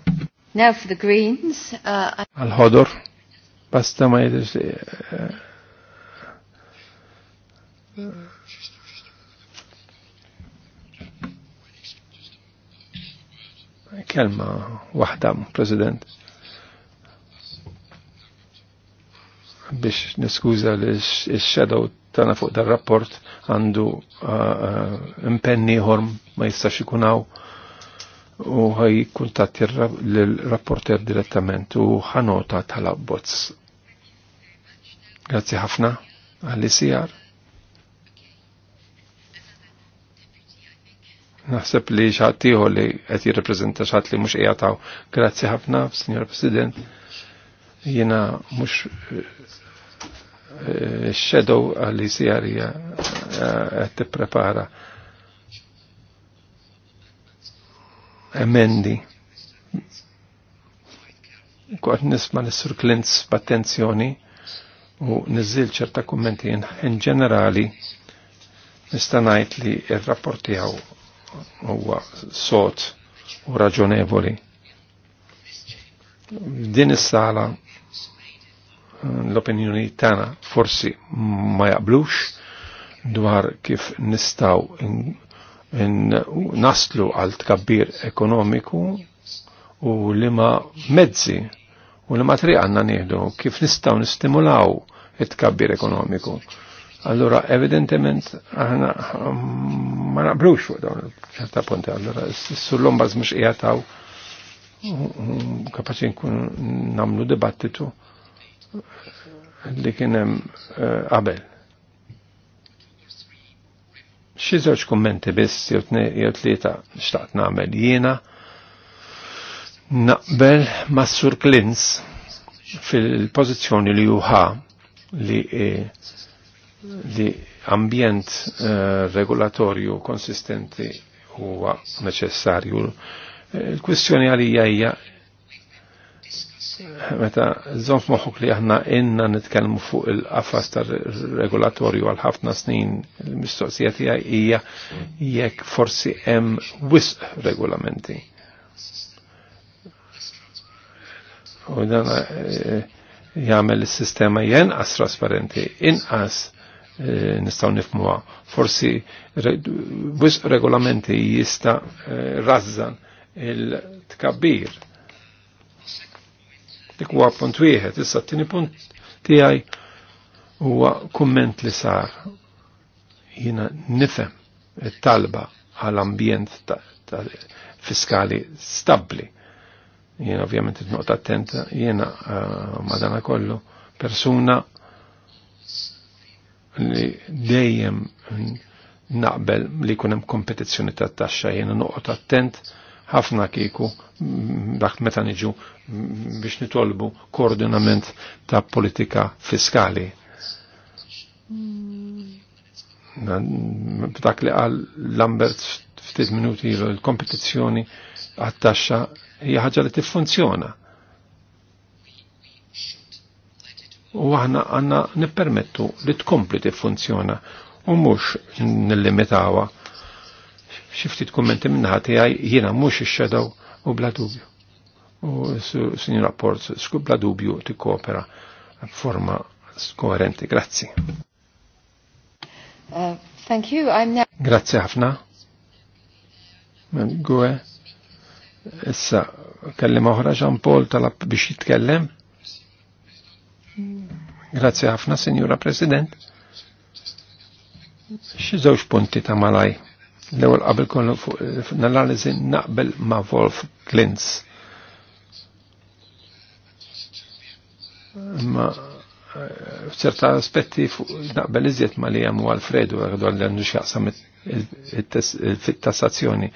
Now for the Greens. Uh, Għal-ħodor, basta ma jidix Kelma waħda, President. Biex niskuża li x-shadow tana fuq dar rapport għandu uh, uh, impenni horm ma jistax ikunaw u ħaj kuntatti l-rapporter direttament u ħanota tal-abbozz. Grazzi ħafna għall-ICR. naħseb li xaħtiħu li għet jirreprezenta xaħt li mux ijataw. Grazie ħafna, Signor President. Jena mux xedow eh, għalli sijarija għet eh, prepara emendi. Kwa nisma l nissur Klintz b'attenzjoni u nizzil ċerta kommenti in ġenerali nistanajt li il-rapportijaw huwa sot u raġonevoli. Din is-sala l-opinjoni tagħna forsi ma jaqblux dwar kif nistaw naslu għal tkabbir ekonomiku u li ma mezzi u li ma triq għanna nieħdu kif nistaw nistimulaw it-tkabbir ekonomiku Allora, evidentement, aħna ma naqbrux fuq dawn ċerta punti, allora, s lombaz mux jgħataw kapaxi nkun namlu dibattitu li kienem qabel. Xi żewġ kummenti biss jew tlieta xtaqt nagħmel jiena naqbel ma' Sur Klins fil-pożizzjoni li juha li li ambjent eh, regolatorju konsistenti huwa neċessarju. Il-kwistjoni għalija hija meta żon f'moħħok li aħna inna nitkellmu fuq il-qafas tar-regolatorju għal ħafna snin, il-mistoqsija tiegħi hija jekk forsi hemm wisq regolamenti. U dan eh, jagħmel is-sistema jenqas trasparenti, inqas Eh, nistaw nifmuwa. Forsi wisq regolamenti jista eh, razzan il-tkabbir. Dik huwa punt wieħed, issa t-tieni punt tiegħi huwa kumment li sar. Jiena nifhem it-talba għal ambjent fiskali stabbli. Jiena ovvjament id-noqta attenta, jiena eh, madana kollu persuna li dejjem naqbel li kun hemm kompetizzjoni ta' taxxa jiena noqgħod attent ħafna kieku mm, dak meta niġu mm, biex nitolbu koordinament ta' politika fiskali. Dak li qal Lambert ftit minuti l-kompetizzjoni għat-taxxa hija ħaġa li tiffunzjona u aħna għanna nippermettu li tkompli tiffunzjona u mhux nillimitawa. Xi ftit kummenti minnaħa tiegħi jiena mhux ix-xedow u bla dubju. U sin rapport sku bla dubju tikkopera forma koherenti. Grazzi. Uh, thank you. I'm now... Grazzi ħafna. Gwe. Issa, kellima oħra Jean Paul talab biex jitkellem. Grazie ħafna, Signora President. Xi żewġ punti ta' malaj. L-ewwel qabel kollu fuq l-analiżi naqbel ma' Wolf Klintz. Ma eh, f'ċerta aspetti naqbel iżjed ma li jamu Alfredu għadu għal għandu x'jaqsam fit-tassazzjoni.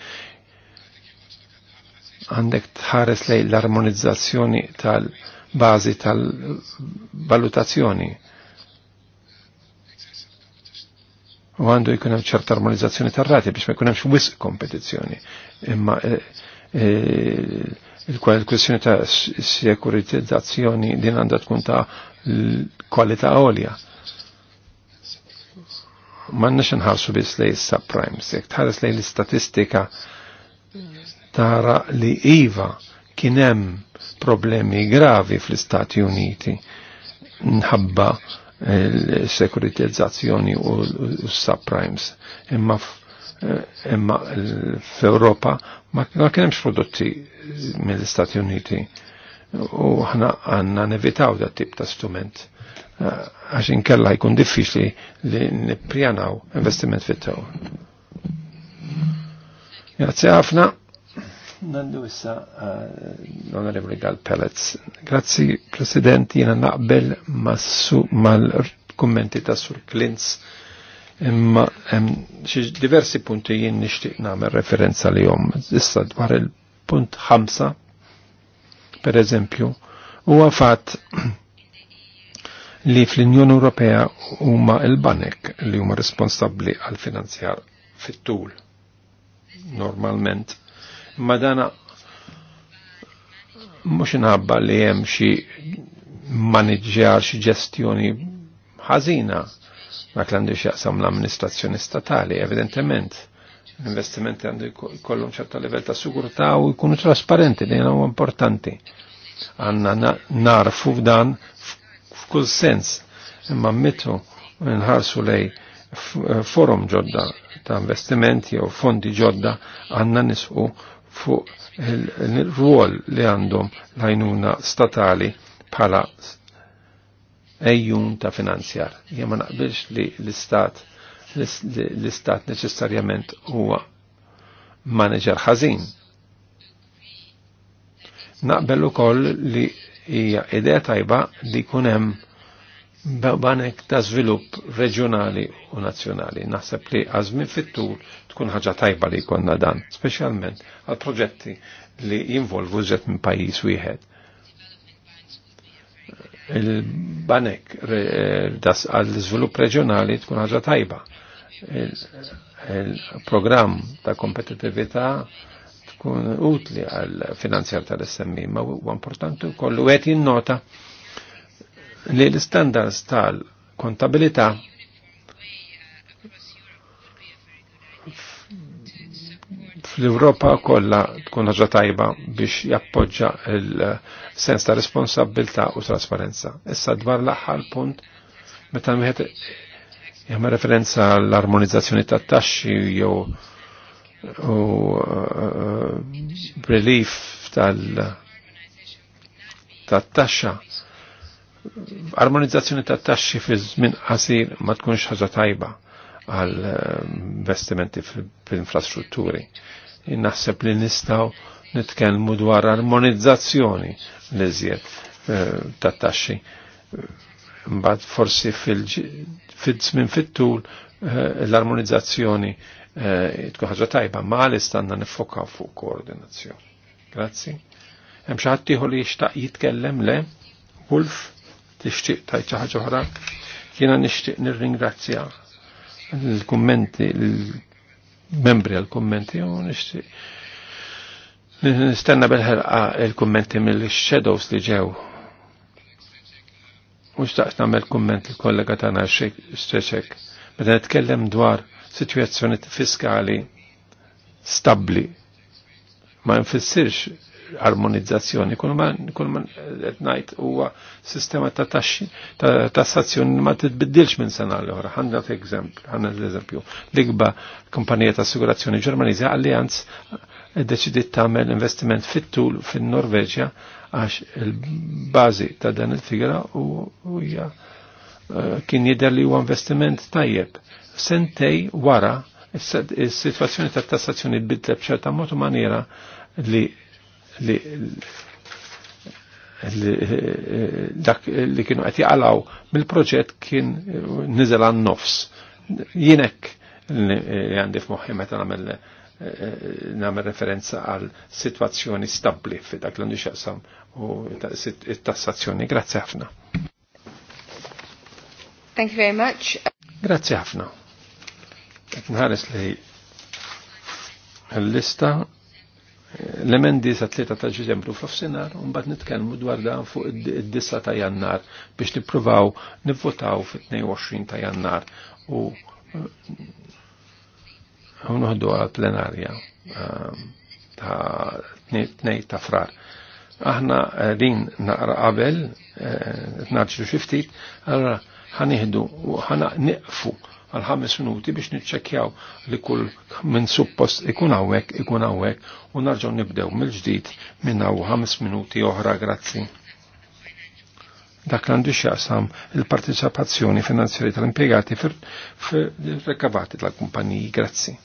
Għandek tħares lej l-armonizzazzjoni tal- bazi tal-valutazzjoni. U għandu jkun hemm ċerta armonizzazzjoni tar-rati biex ma jkun hemmx kompetizzjoni. Imma eh, eh, il-kwestjoni ta' sekuritizzazzjoni din għandha tkun ta' kwalità għolja. M'għandniex nħarsu biss lej subprimes, jekk tħares lej l-istatistika tara li iva kienem problemi gravi fl-Istati Uniti nħabba l-sekuritizzazzjoni u s-subprimes. Imma eh, imma f'Europa ma kienemx prodotti mill-Istati Uniti u ħna għanna nevitaw da tip ta' strument eh, għax inkella jkun diffiċli li nipprijanaw investiment fit-taw. Grazie ħafna. Nandu issa l-Onorevoli eh, Gal Pellets. Grazzi, President, jena naqbel mal-kommenti ta' Sur Klintz imma xi diversi punti jien nixtieq nagħmel referenza li jom. Issa dwar il-punt 5, per eżempju, huwa fatt li fl-Unjoni Ewropea huma l-banek li huma responsabbli għal finanzjar fit-tul normalment Madana mux nħabba li jem xi maniġġjar xi ġestjoni ħażina ma klandi jaqsam l-amministrazzjoni statali, evidentement. Investimenti għandu jkollhom ċerta livell ta' sigurtà u jkunu trasparenti li huwa importanti. Għanna narfu f'dan f'kull sens imma mitu nħarsu lej forum ġodda ta' investimenti jew fondi ġodda għanna nisqu fuq il-rwol li għandhom l-ħajnuna statali bħala ejjun ta' finanzjar. Jien ma naqbilx li l-istat l-istat neċessarjament huwa manager ħażin. Naqbel ukoll li hija idea tajba li jkun hemm banek ta' svilup reġjonali u nazjonali. Naħseb li għazmin fit-tul tkun ħaġa tajba li konna dan, specialment għal proġetti li jinvolvu zet minn pajis u jħed. Il-banek għal svilup reġjonali tkun ħaġa tajba. il program ta' kompetitivita tkun utli għal finanzjar tal-SMI, ma' u importanti kollu għet jinnota nota li l-standards tal-kontabilità fl-Europa kollha tkun ħaġa tajba biex jappoġġa il-sens ta' responsabilità u trasparenza. Issa dwar l-aħħar punt meta wieħed jagħmel referenza l-armonizzazzjoni tat-taxxi jew u uh, relief tal tat-taxxa armonizzazzjoni ta' taxxi fi żmien qasir ma tkunx ħaġa tajba għal eh, investimenti fl-infrastrutturi. Naħseb li nistgħu nitkellmu dwar armonizzazzjoni li żjed eh, ta' taxxi. Mbagħad forsi fil-żmien fit-tul eh, l-armonizzazzjoni tkun ħaġa tajba, ma għalis istanna nifokaw fuq koordinazzjoni. Grazzi. Hemm xi ħadd li jixtaq jitkellem le? Wolf? tixtieq tajt xi ħaġa oħra. Jiena nixtieq nirringrazzja l-kummenti l-membri għal-kummenti u nixtieq nistenna bil-ħelqa l kummenti mill-shadows li ġew mux taqt nagħmel kumment il-kollega tana Streċek, meta nitkellem dwar situazzjoni fiskali stabbli. Ma nfissirx armonizzazzjoni. Kull ma qed ngħid huwa sistema ta' taxxi ta' tassazzjoni ma titbiddilx minn sena l-oħra. Ħanna eżempju, ħanna l-eżempju. L-ikba kumpanija ta' assigurazzjoni Ġermaniża Allianz deċidiet tagħmel investiment fit-tul fin-Norveġja għax il-bażi ta' dan il-figra u hija eh, kien jidher li huwa investiment tajjeb. Sentej wara is-sitwazzjoni tat tassazzjoni bidlet b'ċerta mod maniera li li dak li kienu qed għalaw mill-proġett kien nizel għan nofs. Jienek li għandi f'moħħi meta nagħmel nagħmel referenza għal sitwazzjoni stabbli fi dak li xaqsam u it-tassazzjoni. Grazzi ħafna. Thank you very much. Grazzi ħafna. Nħares li l-lista l-emendi sa' 3 ta' fuq sinar, un bat nitkelmu dwar dan fuq id dissa ta' jannar biex nipruvaw nivvotaw fit-22 ta' jannar u eh, unuħdu għal plenarja eh, ta' 2 ta' frar. Aħna din naqra qabel, t-narċu eh, xiftit, għarra ħaniħdu u ħana niqfu għal ħames minuti biex niċċekjaw li kull minn suppost ikun hawnhekk ikun hawnhekk u narġgħu nibdew mill-ġdid minn hawn ħames minuti oħra grazzi. Dak l-għandu xjaqsam il-partiċipazzjoni finanzjari tal-impiegati fir-rekavati tal-kumpaniji. Grazzi.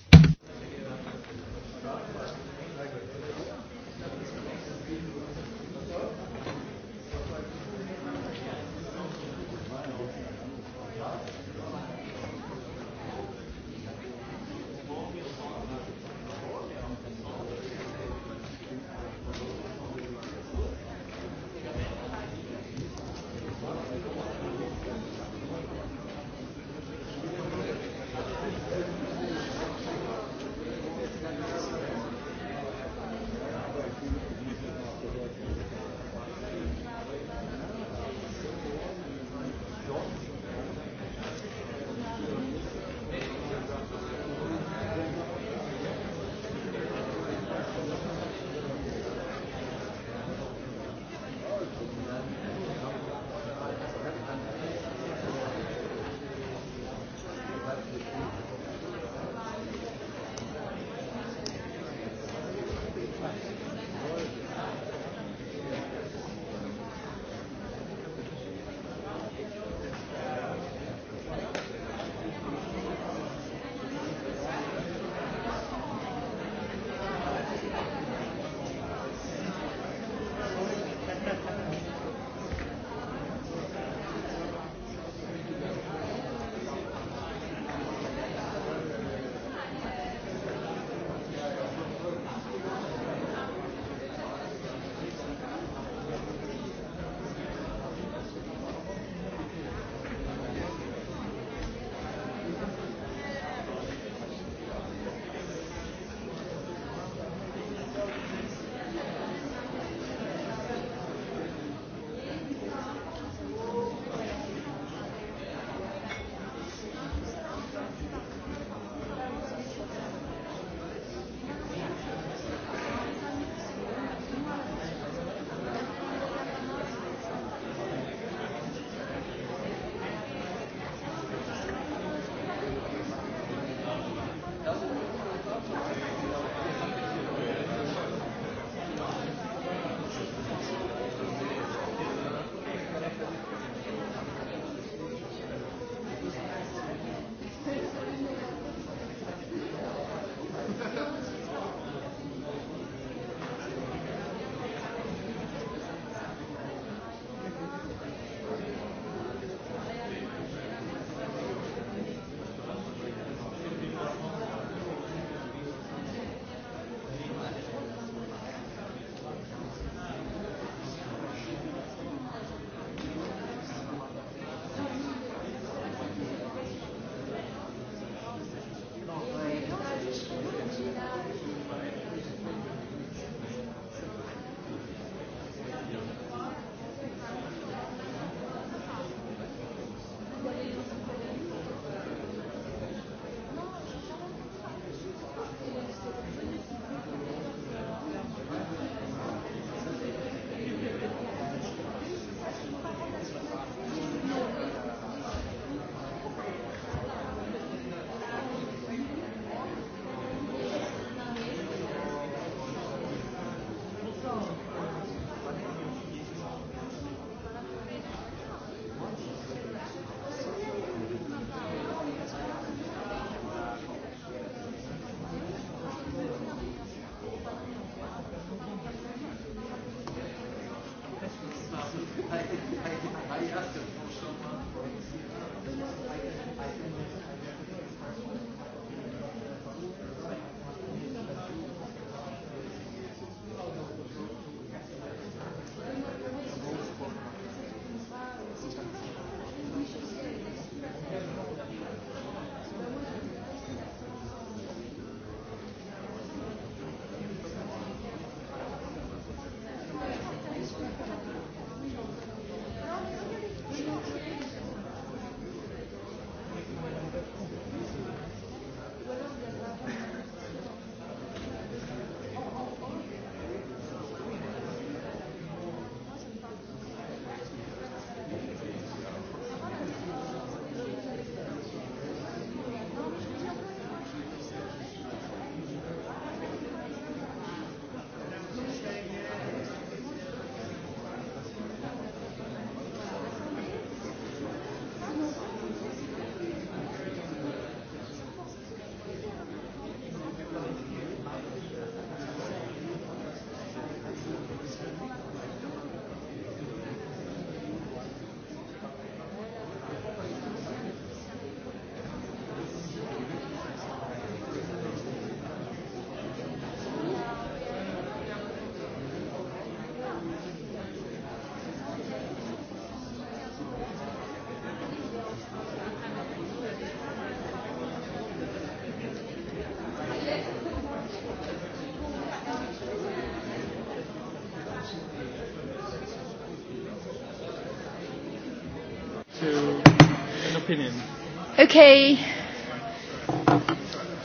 Okay.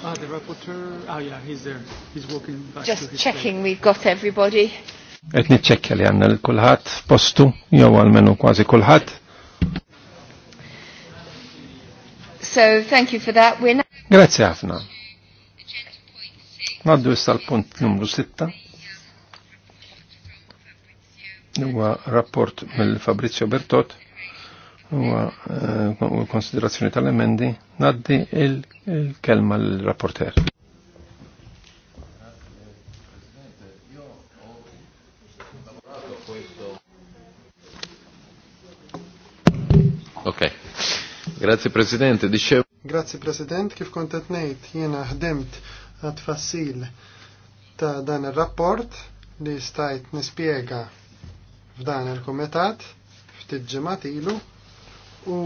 Ah, the rapporteur. Ah, yeah, he's there. He's walking back Just to his checking place. we've got everybody. Et niċċekkja li għanna l-kulħat postu, jew għalmenu kważi kulħat. So, thank you for that. Grazie għafna. Naddu issa l-punt numru 6. Nuwa rapport mill-Fabrizio Bertot Eh, u konsiderazzjoni tal-emendi, naddi il-kelma l-rapporter. Ok, grazie Presidente, dicevo... Grazie President, kif kontet nejt, jena ħdemt għat-fassil ta' dan il-rapport li stajt nispiega f'dan il-komitat ftit ġemat ilu u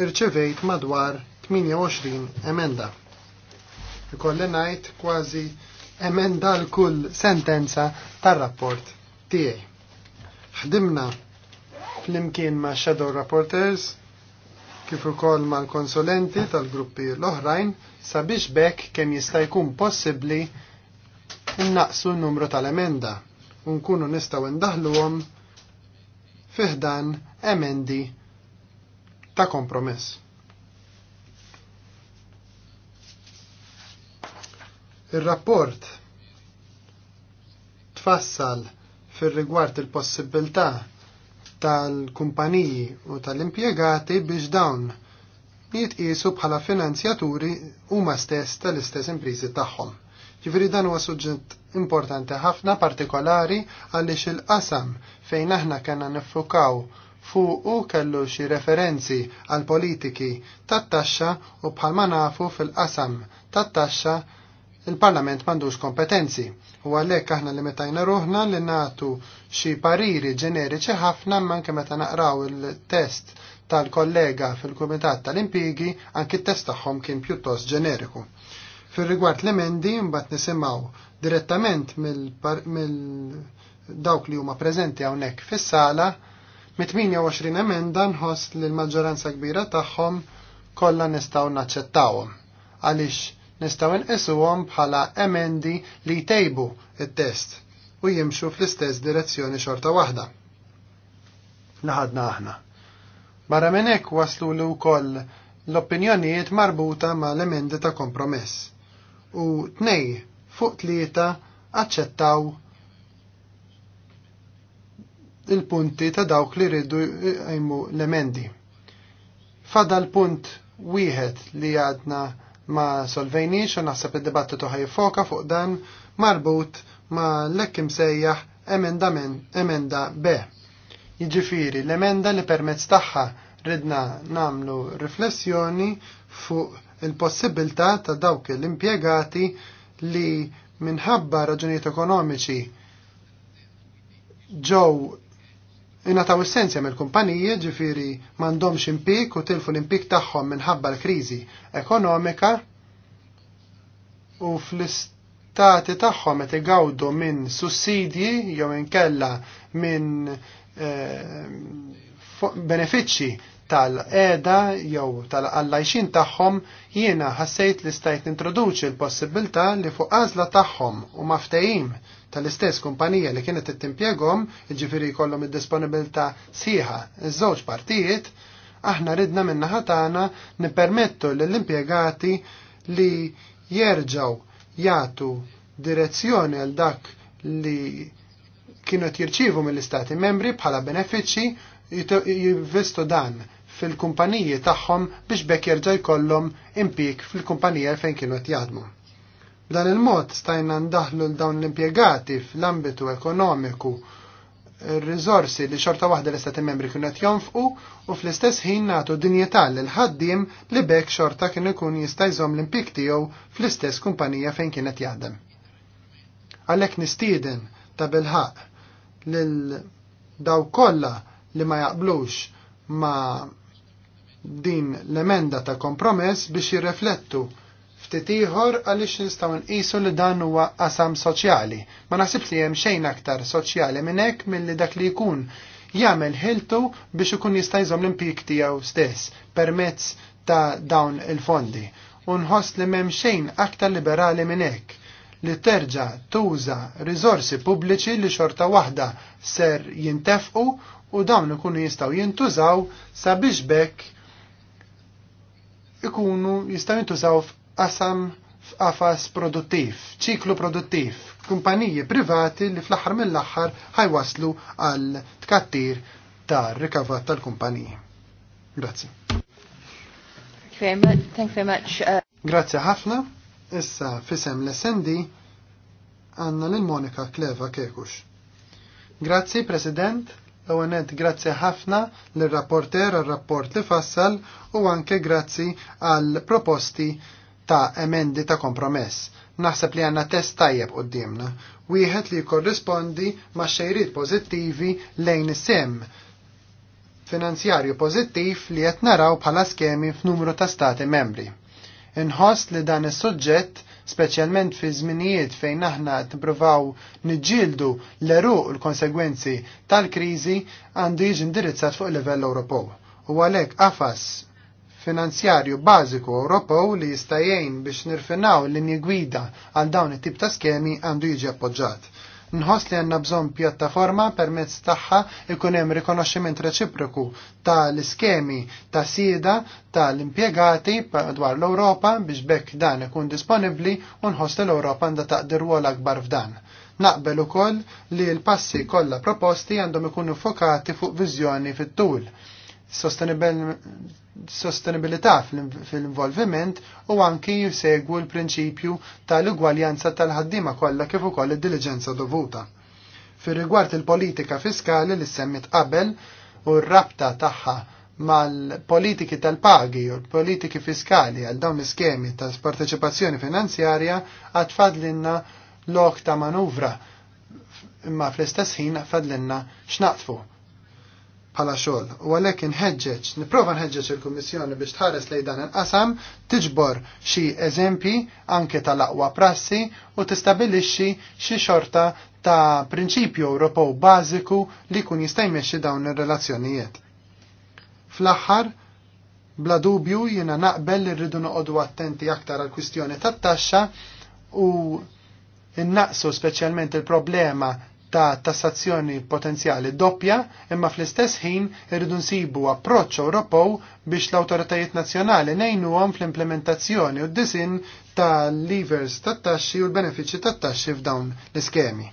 irċevejt madwar 28 emenda. Ikolli ngħid kważi emenda l-kull sentenza tar-rapport tiegħi. Ħdimna flimkien ma' Shadow Rapporters kif ukoll mal-konsulenti tal-gruppi l-oħrajn sabiex bekk kemm jista' jkun possibbli innaqsu n-numru tal-emenda u nkunu nistgħu ndaħluhom fiħdan emendi ta' kompromess. Il-rapport tfassal fil-rigward il-possibilità tal-kumpaniji u tal-impjegati biex dawn jitqisu bħala finanzjaturi huma stess tal-istess imprizi tagħhom. Ġifieri dan huwa suġġett importanti ħafna partikolari għaliex il-qasam fejn aħna kellna niffukaw fuq u kellu xi referenzi għal politiki tat-taxxa u bħalma nafu fil-qasam tat-taxxa il-Parlament mandux kompetenzi u għalhekk aħna li metajna ruħna li natu xi pariri ġeneriċi ħafna manke meta naqraw il-test tal-kollega fil-Kumitat tal-Impigi anki t-test tagħhom kien pjuttost ġeneriku. Fil-rigward l-emendi mbagħad nisimgħu direttament mill dawk li huma preżenti hawnhekk fis-sala Mit-28 emenda nħoss li l-maġġoranza kbira tagħhom kollha nistgħu naċċettawhom għaliex nistgħu nqisuhom bħala emendi li jtejbu it-test u jimxu fl-istess direzzjoni xorta waħda. Naħadna aħna. Barra minn hekk waslu li wkoll l-opinjonijiet marbuta ma l-emendi ta' kompromess u tnej fuq tlieta aċċettaw il-punti ta' dawk li rridu jgħajmu l-emendi. Fada l-punt wieħed li għadna ma solvejniex u naħseb id-dibattitu ħajfoka fuq dan marbut ma l-ekkim sejjaħ emenda B. Jiġifieri l-emenda li permezz tagħha ridna namlu riflessjoni fuq il possibilta ta' dawk l-impjegati li minħabba raġunijiet ekonomiċi ġew Inna is-sens mill kumpaniji ġifiri m'għandhomx impik u tilfu l-impik tagħhom minħabba l-kriżi ekonomika u fl-istati tagħhom qed igawdu minn sussidji jew inkella minn eh, benefiċċji tal-eda jew tal-għallajxin tagħhom jiena ħassejt li stajt introduċi l-possibilità li fuq għażla tagħhom u maftejim tal-istess kumpanija li kienet tittimpjegom, ġifiri kollom id-disponibilta siħa, iż-żewġ partijiet, aħna ridna minna ħatana nipermettu l-impiegati li jerġaw jatu direzzjoni għal dak li kienet jirċivu mill-istati membri bħala benefiċċji jivvestu dan fil-kumpaniji tagħhom biex bekk jerġa' jkollhom impik fil-kumpanija fejn kienu qed jaħdmu. B'dan il-mod stajna ndaħlu l-dawn l-impiegati fl-ambitu ekonomiku r-rizorsi li xorta waħda l-istati membri kienet jonfqu u fl-istess ħin nagħtu dinjeta lil ħaddiem li bekk xorta kien ikun jista' jżomm l-impik tiegħu fl-istess kumpanija fejn kienet qed jaħdem. Għalhekk nistieden ta' bilħaq lil daw kollha li ma jaqblux ma' din l-emenda ta' kompromess biex jirreflettu ftit ieħor għaliex nistgħu nqisu li dan huwa qasam soċjali. Ma naħsibx li hemm xejn aktar soċjali minn hekk milli dak li jkun jagħmel ħiltu biex ikun jista' jżomm l-impjik tiegħu stess permezz ta' dawn il-fondi. U nħoss li m'hemm xejn aktar liberali minn hekk li terġa tuża riżorsi pubbliċi li xorta waħda ser jintefqu u dawn ikunu jistgħu jintużaw sabiex bekk ikunu jistgħu jintużaw qasam f'qafas produttiv, ċiklu produttiv, kumpaniji privati li fl-aħħar mill-aħħar ħajwaslu għal tkattir ta' rikavat tal-kumpaniji. Grazzi. Thank very much. Uh, grazzi ħafna. Issa fisem l-SND għanna l-Monika Kleva Kekux. Grazzi, President. l grazie grazzi ħafna l-rapporter, l rapport li fassal u anke grazzi għal proposti ta' emendi ta' kompromess. Naħseb li għanna test tajjeb qoddimna, wieħed li korrispondi ma' xejriet pożittivi lejn sem finanzjarju pożittiv li qed naraw bħala skemi f'numru ta' stati membri. Inħoss li dan is-suġġett speċjalment fi żminijiet fejn aħna tippruvaw niġġieldu l-eruq l-konsegwenzi tal-kriżi għandu jiġi indirizzat fuq livell Ewropew. U għalhekk qafas finanzjarju bażiku Ewropew li jista' jgħin biex nirfinaw l-linji gwida għal dawn it-tip ta' skemi għandu jiġi appoġġjat. Nħoss li għandna bżonn pjattaforma permezz tagħha ikun hemm rikonoxximent reċiproku ta' l-iskemi ta' sieda ta' l-impjegati dwar l-Ewropa biex bekk dan ikun disponibbli u nħoss li l-Ewropa għandha taqdir wol akbar f'dan. Naqbel ukoll li l-passi kollha proposti għandhom ikunu fokati fuq viżjoni fit-tul sostenibilità fil-involviment u anki jisegwu l-prinċipju tal-ugwaljanza tal-ħaddima kollha kif ukoll id-diligenza dovuta. Fir rigward il-politika fiskali li semmit qabel u r-rabta tagħha mal-politiki tal-pagi u l-politiki fiskali għal dawn l-iskemi ta' partecipazzjoni finanzjarja għad fadlinna lok ta' manuvra imma fl-istess ħin fadlinna x'naqfu bħala xogħol. U għalhekk inħeġġeġ, nipprova nħedġeċ il-Kummissjoni biex tħares lejn dan il-qasam, tiġbor xi eżempi anke tal-aqwa prassi u tistabilixxi xi xorta ta' prinċipju Ewropew bażiku li jkun jista' jmexxi dawn ir-relazzjonijiet. Fl-aħħar, bla dubju jiena naqbel li rridu noqogħdu attenti aktar għal kwistjoni tat-taxxa u innaqsu speċjalment il-problema ta' tassazzjoni potenzjali doppja, imma fl-istess ħin irridu nsibu approċċ Ewropew biex l-awtoritajiet nazzjonali nejnuhom fl-implementazzjoni u d-disin ta' levers tat taxxi u l-benefiċċji tat taxxi f'dawn l-iskemi.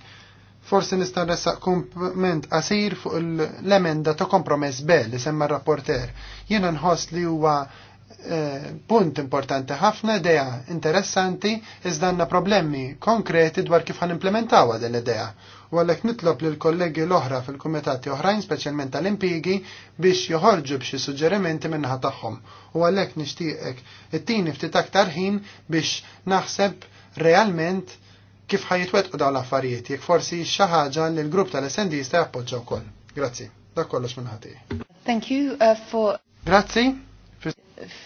Forsi nista' nressaq kumment qasir fuq l-emenda ta' kompromess B li semma rapporter Jiena nħoss li huwa eh, punt importanti ħafna, idea interessanti, iżda għandna problemi konkreti dwar kif ħan implementawa din l-idea u għalhekk nitlob lil kollegi l-oħra fil-kumitati oħrajn speċjalment tal impigi biex joħorġu b'xi suġġerimenti minnaħa tagħhom. U għalhekk nixtieqek it-tieni ftit aktar ħin biex naħseb realment kif ħajitwetqu dawn l-affarijiet, jekk forsi xi ħaġa li l-grupp tal-SND jista' jappoġġa wkoll. Grazzi, dak kollox minn ħati. Thank you uh, for Grazzi.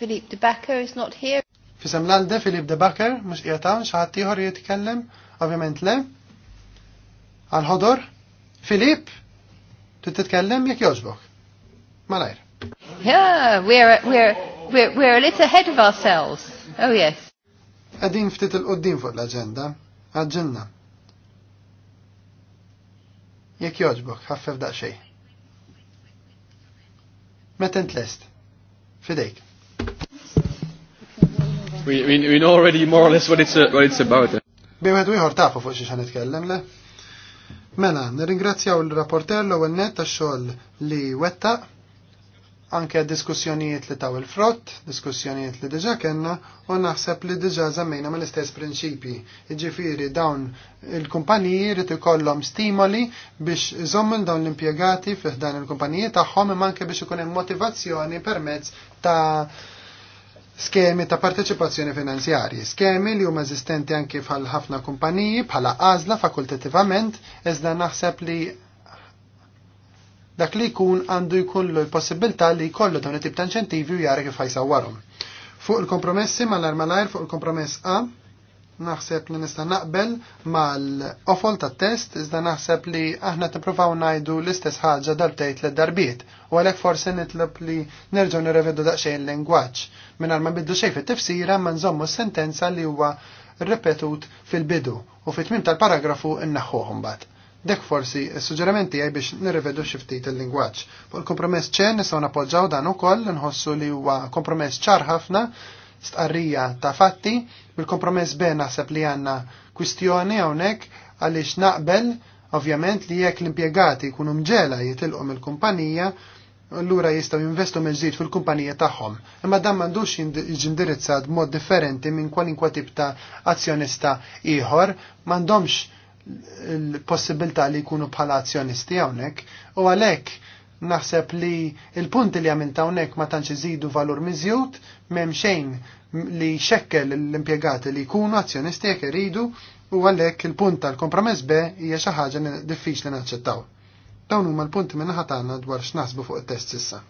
Philippe de Backer is not here. Fisem l-għalde Philippe de Bakker, mux jgħata, xaħat tiħor jitkellem, ovvjament le. Għal-ħodor? Filip? Titkellem jek jozbok? Malajr. Yeah, we're, we're, we're, we're a little ahead of ourselves. Oh, yes. Għadin ftit il-qoddim fuq l-agenda. Għadġenna. Jek joġbok, ħaffef daqxej. t lest? Fidejk. We, we, we know already more or less what it's, uh, what it's about. Bimet we hortafu fuq xiex għan itkellem le? Mela, nirringrazzjaw il-rapporter l net tax-xogħol li wettaq, anke diskussjonijiet li taw il-frott, diskussjonijiet li diġa kenna, u naħseb li diġa żammejna mal istess prinċipi. Iġifiri dawn il-kumpaniji rritu ikollhom stimoli biex zommun dawn l-impjegati fih dan il-kumpaniji tagħhom imman anke biex ikun hemm motivazzjoni permezz ta' skemi ta' parteċipazzjoni finanzjarji, skemi li huma eżistenti anke bħal ħafna kumpaniji bħala għażla fakultattivament iżda naħseb li dak li jkun għandu jkun l-possibilità li jkollu dawn it-tip ta' inċentivi u jara kif ħajsawwarhom. Fuq il-kompromessi mal-armalajr fuq il-kompromess A, naħseb li nista' naqbel mal-qofol ta' test iżda naħseb li aħna tippruvaw ngħidu l-istess ħaġa darbtejt l darbiet u għalhekk forsi nitlob li nerġgħu nirrevedu daqsxejn il-lingwaġġ mingħajr ma nbiddu xejn fit-tifsira ma nżommu s-sentenza li huwa ripetut fil-bidu u fit-tmim tal-paragrafu innaħħuhom bad. Dek forsi s-suġġerimenti għaj biex xi xiftit il lingwaġġ Fuq il-kompromess ċen nisaw napoġġaw dan ukoll, nħossu li huwa kompromess ċar ħafna stqarrija ta' fatti, bil-kompromess bejn naħseb li għanna kwistjoni hawnhekk għaliex naqbel ovvjament li jekk l-impjegati jkunu mġela jitilqom il-kumpanija l-lura jistaw investu meġżid fil-kumpanija tagħhom. Imma dan m'għandux jiġindirizzat b'mod differenti minn kwalinkwa tip ta' azzjonista ieħor, m'għandhomx l-possibilità li jkunu bħala azzjonisti hawnhekk u għalhekk Naħseb li il-punti li għamilta hawnhekk ma tantx iżidu valur miżjud m'hemm xejn li xekkel l-impjegati li jkunu azzjonisti jekk iridu u għalhekk il-punt tal-kompromess B hija xi ħaġa diffiċli naċċettaw. Dawn huma l-punti minn ħatana dwar x'naħsbu fuq it-test issa.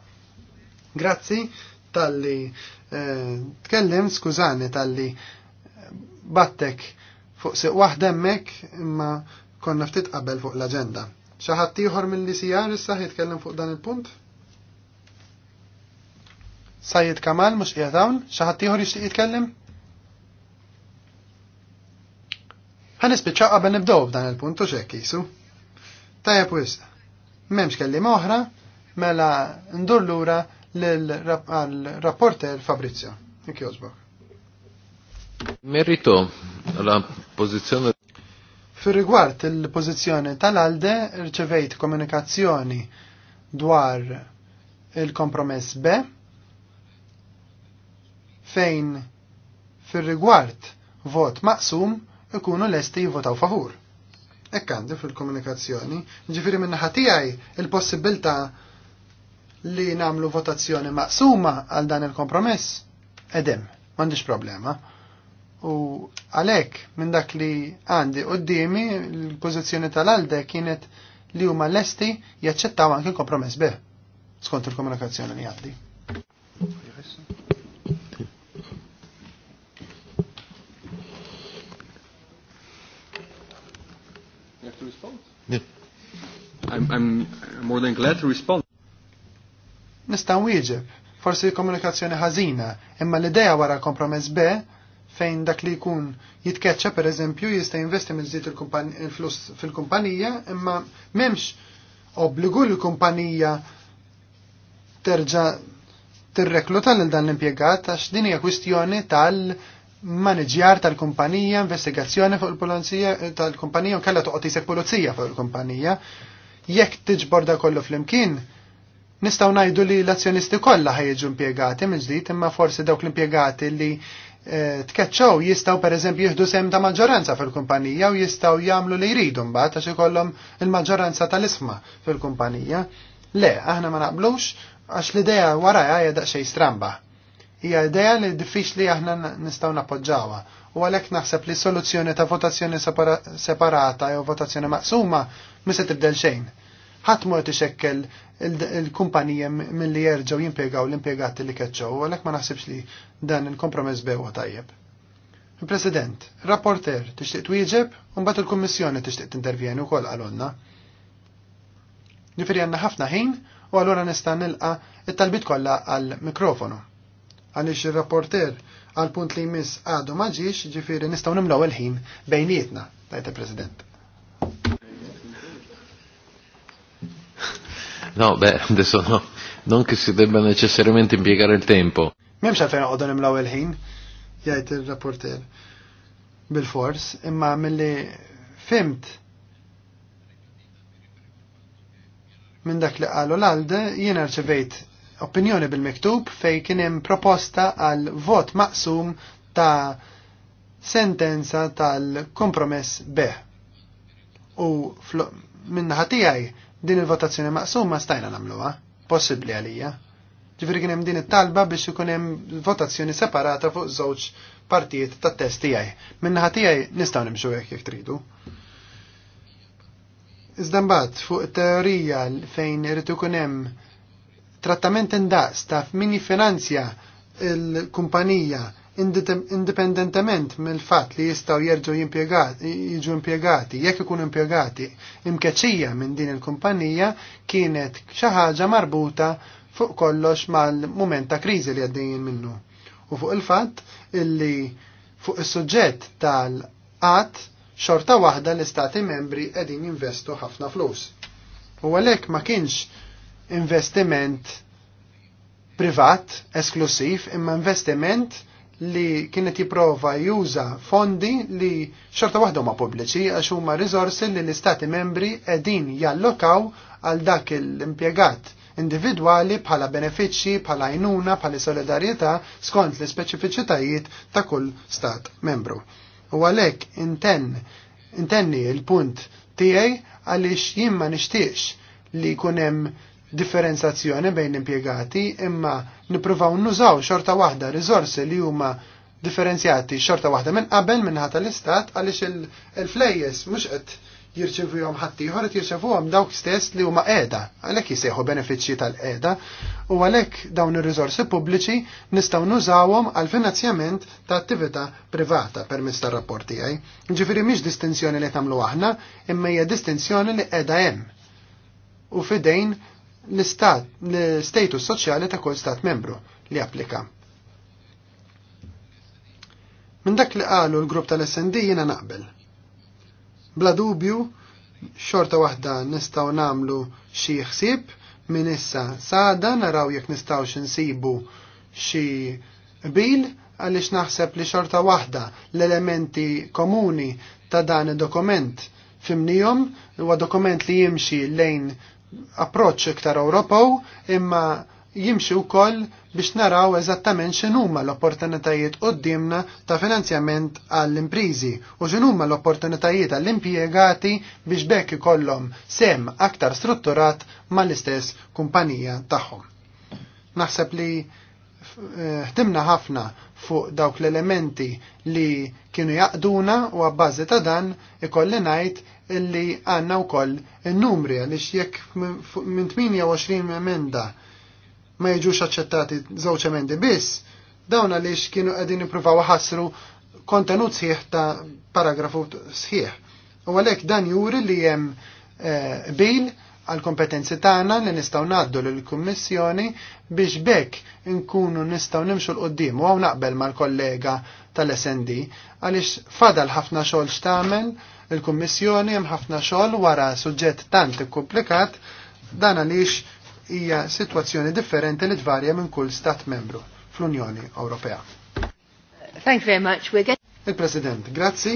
Grazzi tal-li eh, tkellem, skużani tal-li battek fuq siq waħda imma konna ftit qabel fuq l-aġenda. Xi ieħor mill-ICR issa jitkellem fuq dan il-punt? Sajid Kamal mhux qiegħed hawn, xi ħadd ieħor jixtieq jitkellem? Ħanispiċċa qabel nibdew b'dan il-punt u x'hekk Tajab u jissa, M'hemmx kelli oħra, mela ndur lura l-rapporter Fabrizio. Jek Merito la posizione Fir rigward il-pożizzjoni tal-Alde rċevejt komunikazzjoni dwar il-kompromess B fejn fir rigward vot maqsum ikunu lesti jivvotaw favur. Ekk għandi fil-komunikazzjoni, ġifiri minna ħatijaj il-possibilta li namlu votazzjoni maqsuma għal dan il-kompromess, edem, mandiġ problema. U għalek minn dak li għandi d-dimi l-pożizzjoni tal-Alde kienet li huma lesti jaċċettaw anki kompromess bih skont il-komunikazzjoni li għaddi. I'm, I'm more than glad to respond. Nistan wieġeb, forsi komunikazzjoni ħażina, imma l-idea wara kompromess B fejn dak li jkun jitkeċċa per eżempju jista' jinvesti mill żid il-flus fil-kumpanija imma m'hemmx obbligu l-kumpanija terġa' tirrekluta lil dan l-impjegat għax din hija kwistjoni tal- maniġjar tal-kumpanija, investigazzjoni fuq il pulizija tal-kumpanija u kellha toqgħod isek pulizija fuq il-kumpanija. Jekk tiġbor da kollu flimkien, nistgħu ngħidu li l-azzjonisti kollha ħejġu impjegati minn ġdid, imma forsi dawk l-impjegati li E, tkeċċaw jistaw per eżempju jihdu sem ta' maġġoranza fil-kumpanija u jistaw jagħmlu li jridu mbagħad għax ikollhom il-maġġoranza tal-isma fil-kumpanija. Le, aħna ma naqblux għax l-idea waraja hija daqsxejn stramba. Hija idea li diffiċli aħna nistgħu nappoġġawha u għalhekk naħseb li soluzzjoni ta' votazzjoni separata jew votazzjoni maqsuma ma se tibdel xejn. Ħadd mod ixekkel il-kumpanija mill-li jerġaw jimpiegaw l impiegat li keċċaw, u għalek ma naħsibx li dan il-kompromess bewa tajjeb. Il-President, rapporter, tixtiq twieġeb, un bat il-Kommissjoni tixtiq t-intervjeni u kol għalonna. Nifiri għanna ħafna ħin, u għallura nista' nilqa il talbit kollha għal-mikrofonu. Għalix il-rapporter għal-punt li jmiss għadu maġiex, ġifiri nistaw nimlaw il-ħin bejnietna, tajt il-President. No, beh, (laughs) adesso no. Non che si debba necessariamente impiegare il tempo. Memx għalfejn għodu nimlaw il-ħin, jgħajt il-rapporter, bil-fors, imma mill-li fimt minn dak li qalu l-għalde, jiena rċevejt opinjoni bil-miktub fej kienem proposta għal vot maqsum ta' sentenza tal-kompromess B. U minnaħatijaj Din il-votazzjoni maqsuma stajna namluha, possibbli għalija. Ġifieri kien hemm din it-talba biex ikun hemm votazzjoni separata fuq żewġ partijiet tat-test tiegħi. min tiegħi nistgħu nimxu hekk jekk tridu. Iżda mbagħad fuq teorija fejn irid ikun hemm trattament indaqs ta' min jiffinanzja il-kumpanija indipendentement mill-fatt li jistaw jerġu jiġu impiegati, jekk ikunu impiegati, imkeċija minn din il-kumpanija kienet xi ħaġa marbuta fuq kollox mal-mument ta' kriżi li għaddejjen minnu. U fuq il-fatt illi fuq is-suġġett tal-qatt xorta waħda l-istati membri qegħdin jinvestu ħafna flus. U għalhekk ma kienx investiment privat, esklusiv, imma investiment li kienet jipprova juża fondi li xorta waħda ma pubbliċi għax huma rizorsi li l-istati membri qegħdin jallokaw għal dak l-impjegat individwali bħala benefiċċji, bħala għajnuna, bħala solidarjetà skont l speċifiċitajiet ta' kull stat membru. U għalhekk intenni il-punt tiegħi għaliex jien ma li jkun hemm differenzazzjoni bejn impjegati imma nippruvaw nużaw xorta waħda risorsi li huma differenzjati xorta waħda minn qabel minn ħata l-istat għaliex il-flejjes mhux qed jirċevuhom ħaddieħor qed jirċevuhom dawk stess li huma qiegħda għalhekk jisejħu benefiċċji tal-qiegħda u għalhekk dawn ir-riżorsi pubbliċi nistgħu nużawhom għal finanzjament ta' attività privata permezz tar-rapport tiegħi. Ġifieri mhix distinzjoni li tagħmlu aħna, imma hija distinzjoni li qiegħda hemm. U fidejn l-istat, l-status soċjali ta' kull stat membru li applika. Minn dak li qalu l-grupp tal-SND jiena naqbel. Bla dubju, xorta waħda nistgħu nagħmlu xi ħsieb minn issa saħda naraw jekk nistgħu x'insibu xi bil għaliex naħseb li xorta waħda l-elementi komuni ta' dan id-dokument fimnijom huwa dokument li jimxi lejn approċċ iktar Ewropew imma jimxi wkoll biex naraw eżattament x'inhuma l-opportunitajiet qudiemna ta' finanzjament għall-imprizi u x'inhuma l-opportunitajiet għall-impjegati biex bekk ikollhom sem aktar strutturat mal-istess kumpanija tagħhom. Naħseb li ħtimna ħafna fuq dawk l-elementi li kienu jaqduna u għabbażi ta' dan ikolli ngħid illi għanna u koll il-numri għalix jekk minn 28 emenda ma jġux aċċettati żewġ emendi biss, dawn għalix kienu għedin ipruvaw ħassru kontenut sħiħ ta' paragrafu sħiħ. U għalek dan juri li jem e, eh, bil għal kompetenzi tagħna li nistgħu ngħaddu lill-Kummissjoni biex bekk inkunu nistgħu nimxu l-qoddim u hawn naqbel mal-kollega tal-SND għaliex fadal ħafna xogħol x'tagħmel Il-Kummissjoni hemm ħafna xogħol wara suġġett tant ikkomplikat dan għaliex hija sitwazzjoni differenti li tvarja minn kull stat membru fl-Unjoni Ewropea. Thank you very much. We're getting... Il-President, grazzi.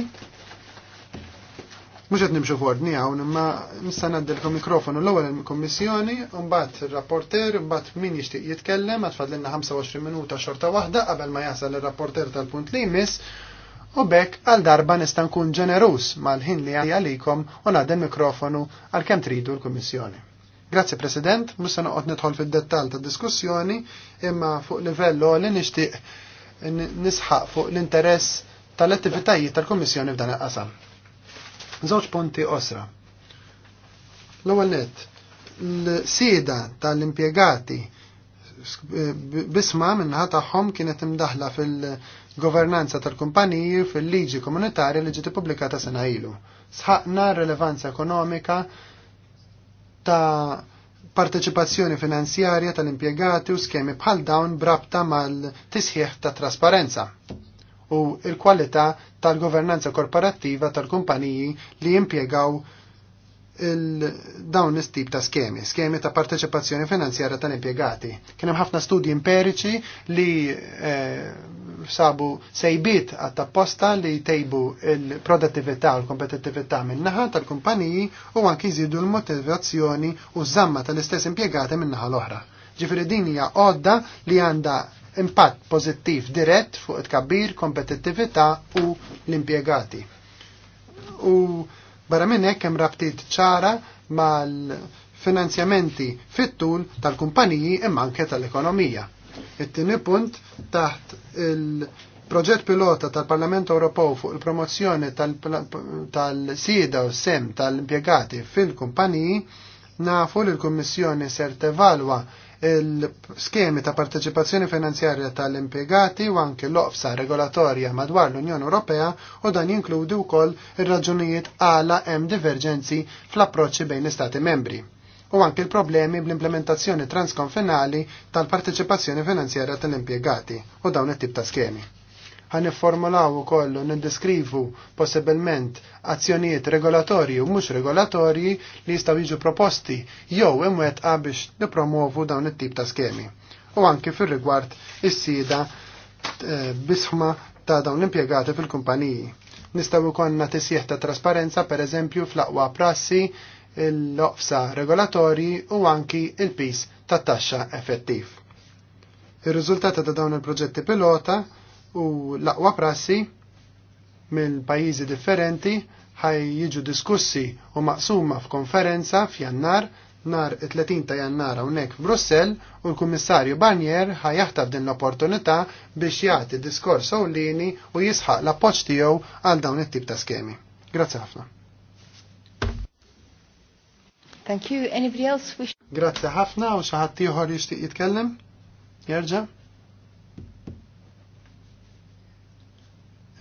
Mux għed nimxu fordni għawn, imma nista naddilkom mikrofonu l ewwel il-Kommissjoni, mbagħad il-rapporter, mbagħad min jixtieq jitkellem, għatfadlinna 25 minuta xorta waħda qabel ma jasal il-rapporter tal-punt li jmiss, u bekk għal darba nista' kun ġenerus mal-ħin li għalikom u nagħden mikrofonu għal kem tridu l-Kummissjoni. Grazzi President, Musa noqot noqgħod nidħol fid-dettall ta' diskussjoni imma fuq livello li nixtieq nisħaq fuq l-interess tal-attivitajiet tal-Kummissjoni f'dan il-qasam. Żewġ punti osra. L-ewwel nett, l-sieda tal-impjegati eh, bisma minnaħat tagħhom kienet imdaħla fil- governanza tal-kumpaniji fil-liġi komunitarja li ġiet ippubblikata sena ilu. Sħaqna rilevanza ekonomika ta' parteċipazzjoni finanzjarja tal-impjegati u skemi bħal dawn brabta mal-tisħiħ ta' trasparenza u il-kwalità tal-governanza korporattiva tal-kumpaniji li il dawn is-tip ta' skemi, skemi ta' parteċipazzjoni finanzjarja tal-impjegati. Kien hemm ħafna studji imperiċi li eh, sabu sejbiet għat apposta li jtejbu il-produttività u l-kompetittività minnaħa tal-kumpaniji u anki jżidu l-motivazzjoni u żamma tal-istess impjegati minnaħa l-oħra. Ġifiri din hija għodda li għandha impatt pożittiv dirett fuq it-kabbir, kompetittività u l-impjegati. U barra minn hekk hemm rabtiet ċara mal-finanzjamenti fit-tul tal-kumpaniji imma anke tal-ekonomija It-tieni punt taħt il-proġett pilota tal-Parlament Ewropew fuq il-promozzjoni tal-sida u sem tal-impjegati fil-kumpaniji nafu li l-Kummissjoni ser tevalwa il-skemi ta' parteċipazzjoni finanzjarja tal-impiegati u anke l-oqsa regolatorja madwar l-Unjoni Ewropea u dan jinkludi wkoll ir-raġunijiet għala hemm diverġenzi fl-approċċi bejn l-Istati membri u anke l-problemi bl-implementazzjoni transkonfinali tal-parteċipazzjoni finanzjera tal-impjegati u dawn it-tip ta' skemi. Għan formulaw u kollu n-deskrivu possibilment azzjonijiet regolatorji u mux regolatorji li jistaw jiġu proposti jew imwet biex nipromovu dawn it-tip ta' skemi. U anke fil-rigward is-sida eh, bisħma ta' dawn l-impjegati fil-kumpaniji. Nistaw konna tisjeħ ta' trasparenza per eżempju fl-aqwa prassi il-loqsa regolatorji u anki il-pis tat-taxxa effettiv. Ir-riżultati ta' dawn il-proġetti pilota u l-aqwa prassi mill-pajjiżi differenti ħaj jiġu diskussi u maqsuma f'konferenza f'jannar nar 30 ta' jannar hawnhekk f'Brussell u l-Kummissarju Barnier ħaj jaħtaf din l-opportunità biex jagħti diskors ewlieni u jisħaq l-appoġġ tiegħu għal dawn it-tip ta' skemi. Grazzi ħafna. Thank you. Anybody else wish? Grazzi ħafna u xi ħadd ieħor jixtieq jitkellem? Jerġa'?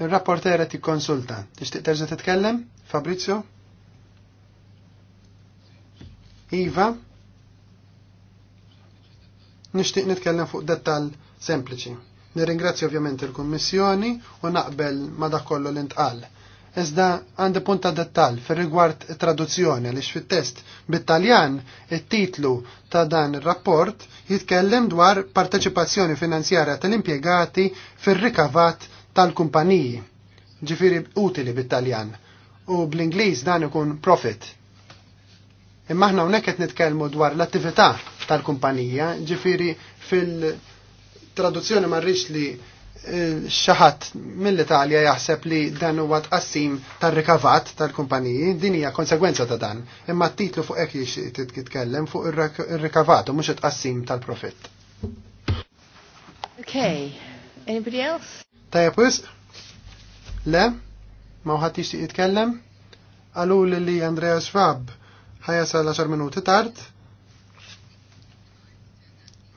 Il-rapportera ti konsulta. Tixtieq terġa' titkellem? Fabrizio? Iva? Nixtieq nitkellem fuq dettal sempliċi. Nirringrazzja ovvjament il-Kummissjoni u naqbel ma dak kollu l-intqal iżda għandi punta dettal fir rigward traduzzjoni għaliex fit-test bit-Taljan it-titlu ta' dan ir-rapport jitkellem dwar parteċipazzjoni finanzjarja tal-impjegati fir-rikavat tal-kumpaniji. Ġifieri utili bit-Taljan u bl-Ingliż dan ikun profit. Imma aħna hawnhekk qed nitkellmu dwar l-attività tal-kumpanija, ġifieri fil-traduzzjoni ma li xaħat mill-Italja jaħseb li dan huwa tqassim tar-rikavat tal-kumpaniji, din hija konsegwenza ta' dan, imma t-titlu fuq hekk jixtieq titkellem fuq ir-rikavat u mhux it-qassim tal-profitt. Okay, anybody else? Tajab wisq? Le? Ma wħat jixtieq jitkellem? Għalu li Andrea Schwab ħajasal 10 minuti tard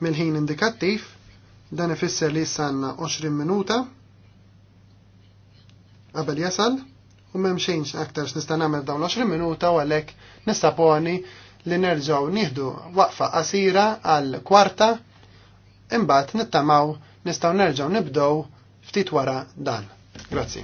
mill-ħin indikattiv Dan ifisser li għandna 20 minuta qabel jasal u memxejn aktar nista' nagħmel dawn 20 minuta u għalhekk nistaponi li nerġgħu nieħdu waqfa qasira għal kwarta imbagħad nittamaw nistgħu nerġgħu nibdew ftit wara dan. Grazzi.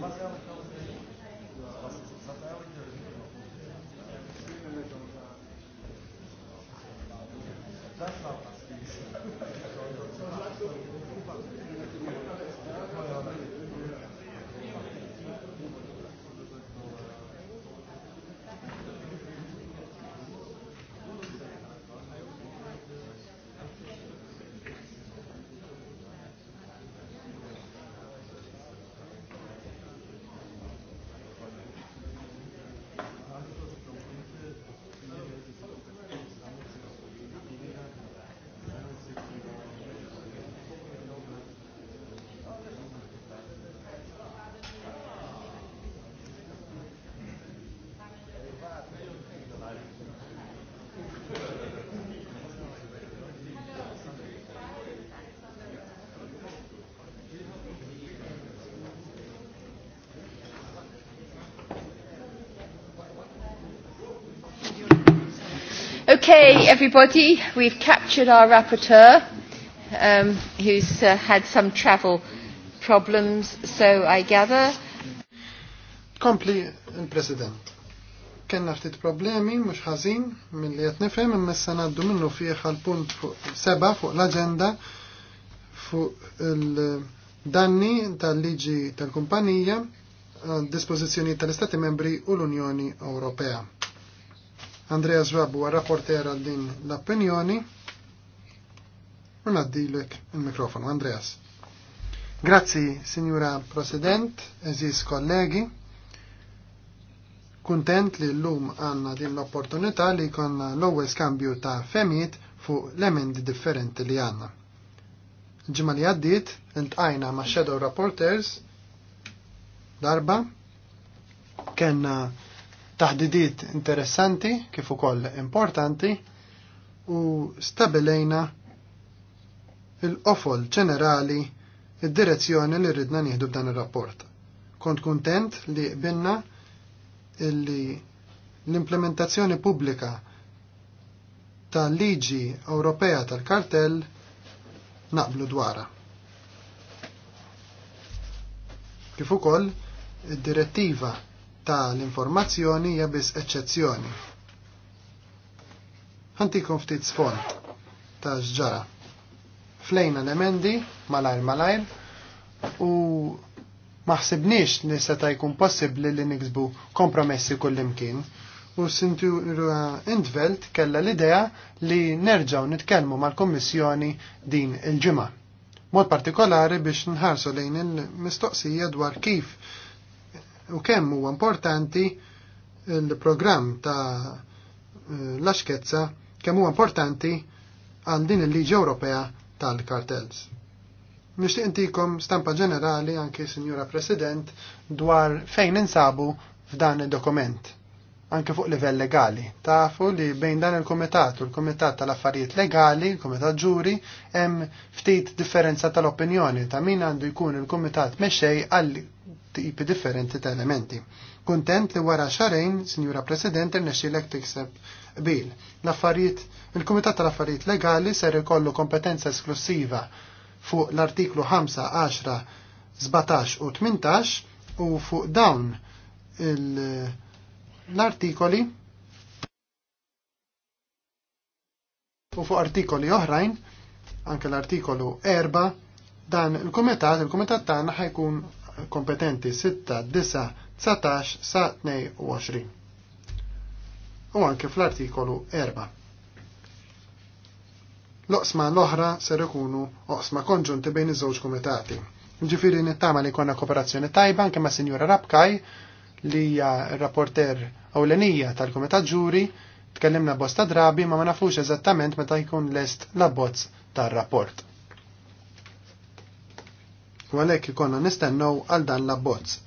Grazie. Okay, everybody, we've captured our rapporteur, um, who's uh, had some travel problems, so I gather. Kompli il-President. Kenna ftit problemi, mux ħazin, min li jatnifem, immessa naddu minnu fieħ għal-punt seba fuq l-agenda fuq il-danni tal-liġi tal-kumpanija, dispozizjoni tal-Istati membri u l-Unjoni Ewropea. Andrea Zwab huwa rapporter għal din l-opinjoni. U naddilek il-mikrofonu, Andreas. Grazzi, Signora President, eżis kollegi. Kuntent li l-lum għanna din l-opportunità li konna l-ewwel skambju ta' femijiet fuq l-emendi differenti li għanna. Ġimma li għaddit, intqajna ma' Shadow Reporters darba, kena taħdidiet interessanti kif ukoll importanti u stabilejna il-qofol ġenerali id-direzzjoni li rridna nieħdu b'dan ir-rapport. Kont kuntent li qbilna illi l-implementazzjoni pubblika tal-liġi Ewropea tal-kartell naqblu dwara. Kif ukoll id-direttiva ta' l-informazzjoni hija biss eċċezzjoni. Ħantikom ftit sfond ta' ġġara. Flejna l-emendi malajr malajr u maħsibniex li seta' jkun possibbli li niksbu kompromessi kullimkien u sintu Intveld kella l-idea li nerġaw nitkellmu mal-Kommissjoni din il-ġimgħa. Mod partikolari biex nħarsu lejn il-mistoqsija dwar kif u kemm huwa importanti il-programm ta' eh, l-axkezza kemm huwa importanti għal din il-liġi Ewropea tal-kartels. Nixtieq intikom stampa ġenerali anke Sinjura President dwar fejn insabu f'dan id-dokument, anke fuq livell legali. Tafu li bejn dan il-Kumitat u l-Kumitat tal-Affarijiet Legali, il-Kumitat Ġuri, hemm ftit differenza tal-opinjoni ta' min għandu jkun il-Kumitat mexxej għal tipi differenti ta' elementi. Kuntent li wara xarejn, Sinjura President, irnexxilek tikseb bil. L-affarijiet, il-Kumitat tal-Affarijiet Legali ser ikollu kompetenza esklusiva fuq l-artiklu 5, 10, 17 u 18 u fuq dawn l-artikoli u fuq artikoli oħrajn, anke l-artikolu 4, dan il-Kumitat, il-Kumitat tagħna ħajkun kompetenti 6, 9, 19 sa 22. U anke fl-artikolu 4. L-oqsma l-oħra ser ikunu oqsma konġunti bejn iż-żewġ komitati. Ġifiri nittama li konna kooperazzjoni tajba anke ma' Sinjura Rabkaj li hija rapporter ewlenija tal komitat Ġuri tkellimna bosta drabi ma ma nafux eżattament meta jkun lest la bozz tar-rapport u għalhekk ikonna nistennew għal dan l-abbozz.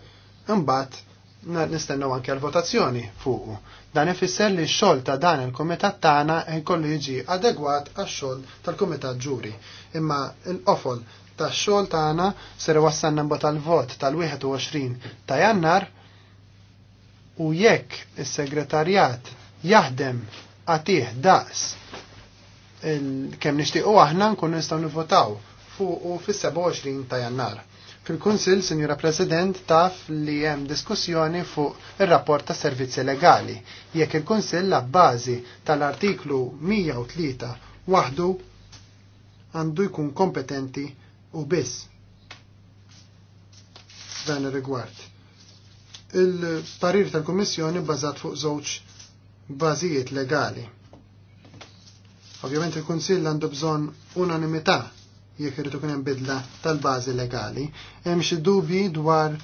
Imbagħad nistennew anke għal votazzjoni fuqu. Dan ifisser li x-xogħol ta' dan il-kumitat tagħna jkollu jiġi adegwat għax-xogħol tal-kumitat ġuri. Imma l-qofol tax-xogħol tagħna ser wassan nambo tal-vot tal-21 ta' Jannar u jekk is-segretarjat jaħdem għatih daqs kemm nixtiequ aħna nkunu nistgħu nivvotaw u fis-27 ta' jannar. Fil-Kunsil, Sinjura President, taf li hemm diskussjoni fuq ir-rapport ta' servizzi legali, jekk il-Kunsil la bażi tal-artiklu 103 waħdu għandu jkun kompetenti u biss dan ir-rigward. Il-parir tal-Kummissjoni bbażat fuq żewġ bażijiet legali. Ovvjament il-Kunsill għandu bżonn unanimità jekk irid ikun hemm bidla tal-bażi legali, hemm xi dubji dwar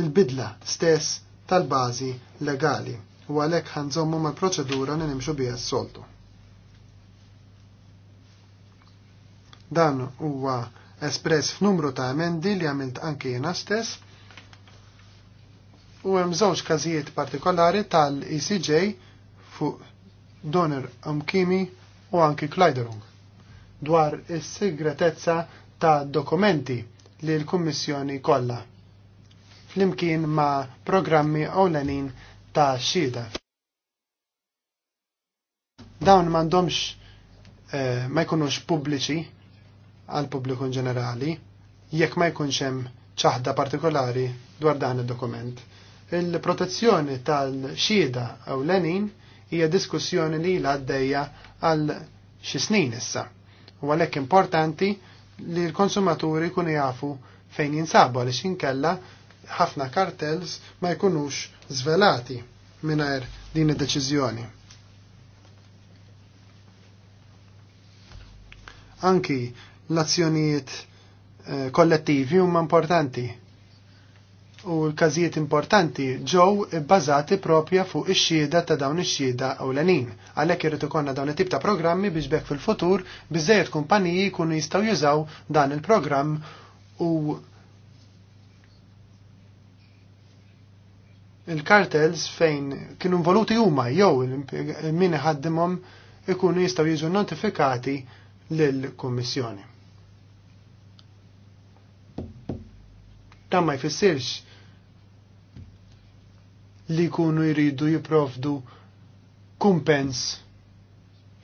il-bidla stess tal-bażi legali u għalhekk ħanżommu mal-proċedura li nimxu biha s-soltu. Dan huwa espress f'numru ta' emendi li għamilt anki jiena stess u hemm żewġ każijiet partikolari tal-ECJ fuq Donner Amkimi u anki Kleiderung dwar is-segretezza ta' dokumenti li l-Kummissjoni kollha flimkien ma' programmi ewlenin ta' xhieda. Dawn m'għandhomx eh, ma jkunux pubbliċi għal pubbliku ġenerali jekk ma jkunx hemm ċaħda partikolari dwar dan id-dokument. Il-protezzjoni tal-xhieda ewlenin hija diskussjoni li għaddejja għal xi snin issa. U għalhekk importanti li l-konsumaturi jkunu jafu fejn jinsabu għaliex inkella ħafna kartels ma jkunux zvelati mingħajr din id-deċiżjoni. Anki l-azzjonijiet eh, kollettivi huma importanti u l-każijiet importanti ġew bbażati propja fuq ix-xhieda ta' dawn ix-xhieda ewlenin. Għalhekk irid ikollna dawn it-tip ta' programmi biex bekk fil-futur biżejjed kumpaniji jkunu jistgħu jużaw dan il-programm u il-kartels fejn kienu involuti huma jew min ħaddimhom ikunu jistgħu jiġu notifikati lill-Kummissjoni. Dan ma jfissirx li jkunu jridu jipprovdu kumpens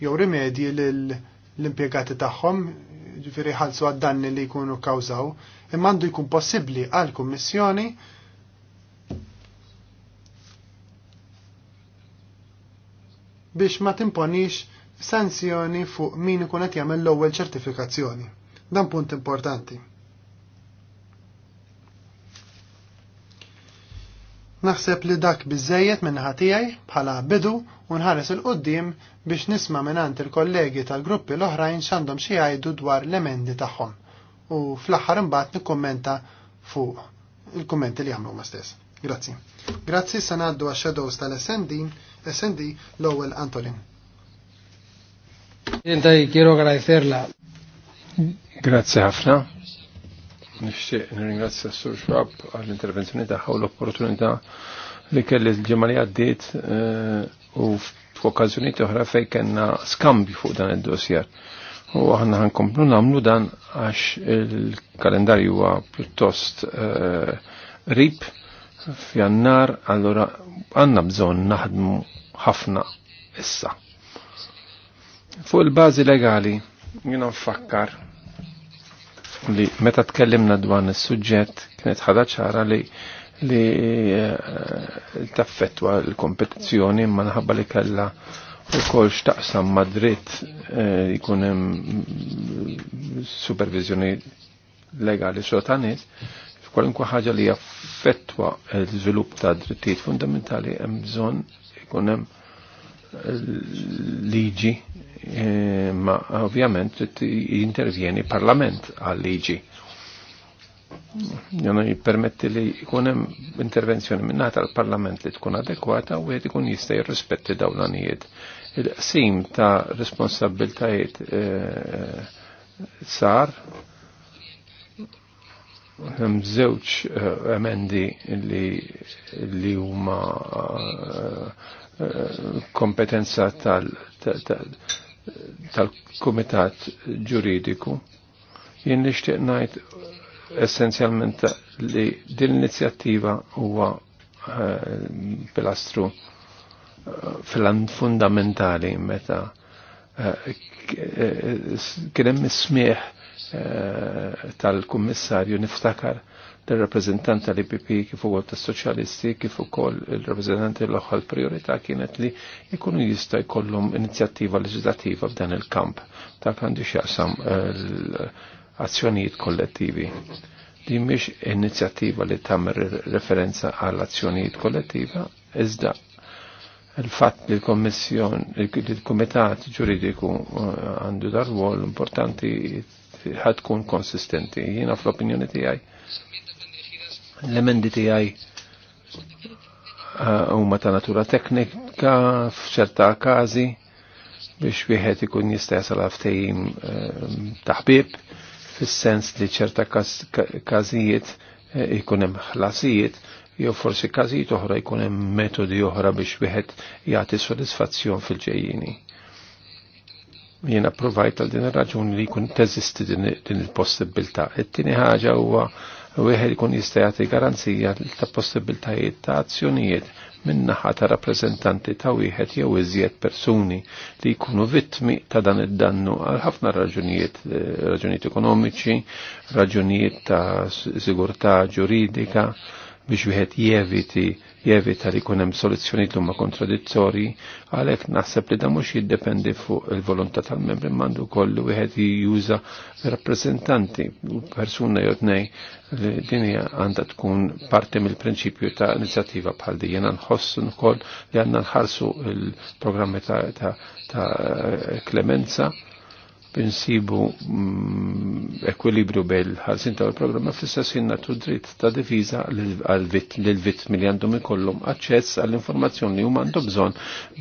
jew rimedji l-impjegati tagħhom ġifieri ħalsu għad-danni li jkunu kawżaw, imma għandu jkun possibbli għal kummissjoni biex ma timponix sanzjoni fuq min ikun qed jagħmel l-ewwel ċertifikazzjoni. Dan punt importanti. Naħseb li dak biżejjed minnaħa tiegħi bħala bidu u nħares il-qoddim biex nisma' mingħand il-kollegi tal-gruppi l-oħrajn x'għandhom xi jgħidu dwar l-emendi tagħhom u fl-aħħar imbagħad nikkummenta fuq il-kummenti li għamlu ma stess. Grazzi. Grazzi se ngħaddu għax-shadows tal-SND SND l-ewwel Antolin. Jenta quiero ħafna Nixtieq nirringrazzja Sur Xwab għall-intervenzjoni tagħha u l-opportunità li kelli l-ġimgħa li għaddiet eh, u f'okkażjoni oħra fejn kena skambju fuq dan id-dossier. U aħna komplu nagħmlu dan għax il-kalendarju huwa pjuttost eh, rib f'jannar, allora għandna bżonn naħdmu ħafna issa. Fuq il-bażi legali, jina nfakkar li meta tkellimna dwar is-suġġett kienet ħadha ċara li li eh, taffettwa l-kompetizzjoni imma naħabba li kella u kol xtaqsam Madrid eh, jkun hemm supervizjoni legali sotanis f'kwalunkwe ħaġa li jaffettwa l-żvilupp ta' drittijiet fundamentali hemm bżonn ikun hemm liġi eh, ma ovvjament intervjeni parlament għal liġi. Jona jippermetti li jkunem intervenzjoni minna tal-parlament li tkun adekwata u għed ikun jistaj rispetti dawlanijiet. Il-qsim ta' responsabiltajiet eh, sar hemm zewċ eh, emendi li huma uh, kompetenza tal komitat Ġuridiku. Jien nixtieq ngħid essenzjalment li din l-inizjattiva huwa eh, pilastru eh, fil-fundamentali meta eh, kien hemm Eh, tal-kummissarju niftakar l-rappresentant tal-IPP kif ukoll tas-soċjalisti kif ukoll il-rappresentanti l-oħħal priorità kienet li jkunu jista' jkollhom inizjattiva leġislattiva f'dan il-kamp ta' xaqsam eh, l azzjonijiet kollettivi. li mhix inizjattiva li tagħmel referenza għall azzjonijiet kollettiva, iżda il-fatt li l-Kommissjon, il-Kumitat Ġuridiku eh, għandu dar wol importanti ħatkun konsistenti. Jiena fl-opinjoni tiegħi l-emendi tiegħi eh, huma ta' natura teknika f'ċerta każi biex wieħed ikun jista' jasal ftehim eh, taħbib fis-sens li ċerta każijiet eh, ikun hemm ħlasijiet jew forsi każijiet oħra jkun hemm metodi oħra biex wieħed jagħti sodisfazzjon fil-ġejjini. Jiena approvajt għal din ir-raġuni li jkun teżisti din il-possibilità. It-tieni ħaġa huwa wieħed ikun jista' jagħti garanzija ta' possibiltajiet ta' azzjonijiet minnaħa ta' rappresentanti ta' wieħed jew iżjed persuni li jkunu vittmi ta' dan id-dannu għal ħafna raġunijiet, raġunijiet ekonomiċi, raġunijiet ta' sigurtà ġuridika biex wieħed jeviti jevita li kunem soluzzjoni huma kontradittori, għalek naħseb li da mux jiddependi fuq il-volontà tal-membri mandu kollu wieħed juża rappresentanti u persuna jotnej li dinja għanda tkun parte mill-prinċipju ta' inizjattiva bħal di. Jena nħossu nkoll li għanna nħarsu il-programmi ta', ta, ta, ta klemenza Pinsibu mm, ekwilibru bejn ħarsin tal programma fl-istess ħin natu dritt ta' diviża lill-vittmi li għandhom ikollhom aċċess għall-informazzjoni li huma għandhom bżonn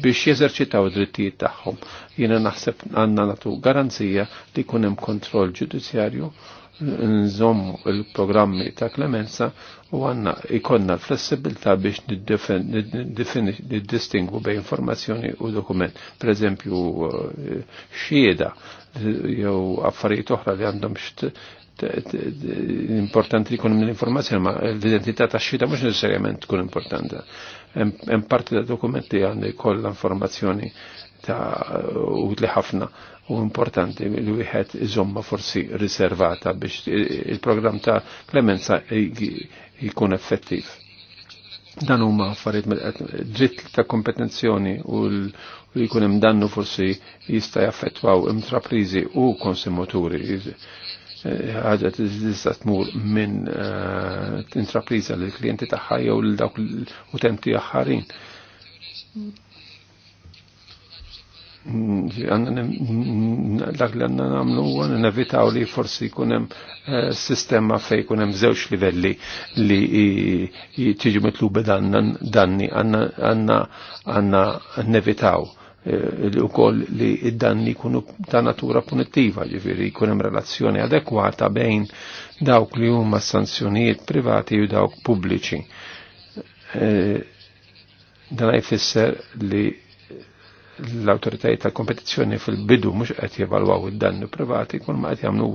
biex jeżerċitaw id-drittijiet tagħhom. Jiena naħseb għandna natu garanzija li jkun hemm kontroll ġudizzjarju nżomm il-programmi ta' klemenza u għanna ikonna flessibilta biex nid-distingu bej informazzjoni u dokument. Per eżempju, eh, xieda jew affarijiet oħra li għandhom importanti li kun minn informazzjoni, ma l-identità ta' xita mux necessarjament tkun importanti. Hemm parti ta' dokumenti koll l informazzjoni ta' u li ħafna u importanti li wieħed iżomma forsi riservata biex il-programm ta' klemenza jkun effettiv. Dan huma affarijiet dritt ta' kompetenzjoni li jkun hemm dannu forsi jista' jaffettwaw intraprizi u konsumaturi. Ħaġa tista' tmur minn eh, intrapriża li l-klijenti tagħha jew l dawk l-utenti aħħarin. Dak li għanna namlu għan nevitaw li forsi kunem eh, sistema fej kunem zewx livelli li tiġi mitlu bedan danni għanna nevitaw Eh, li u koll li dan li kunu ta' natura punittiva, ġifiri kunem relazzjoni adekwata bejn dawk li huma sanzjonijiet privati u dawk pubbliċi. Eh, dan jfisser li l-autoritajiet tal kompetizzjoni fil-bidu mhux qed jevalwaw id-danni privati kull ma qed jagħmlu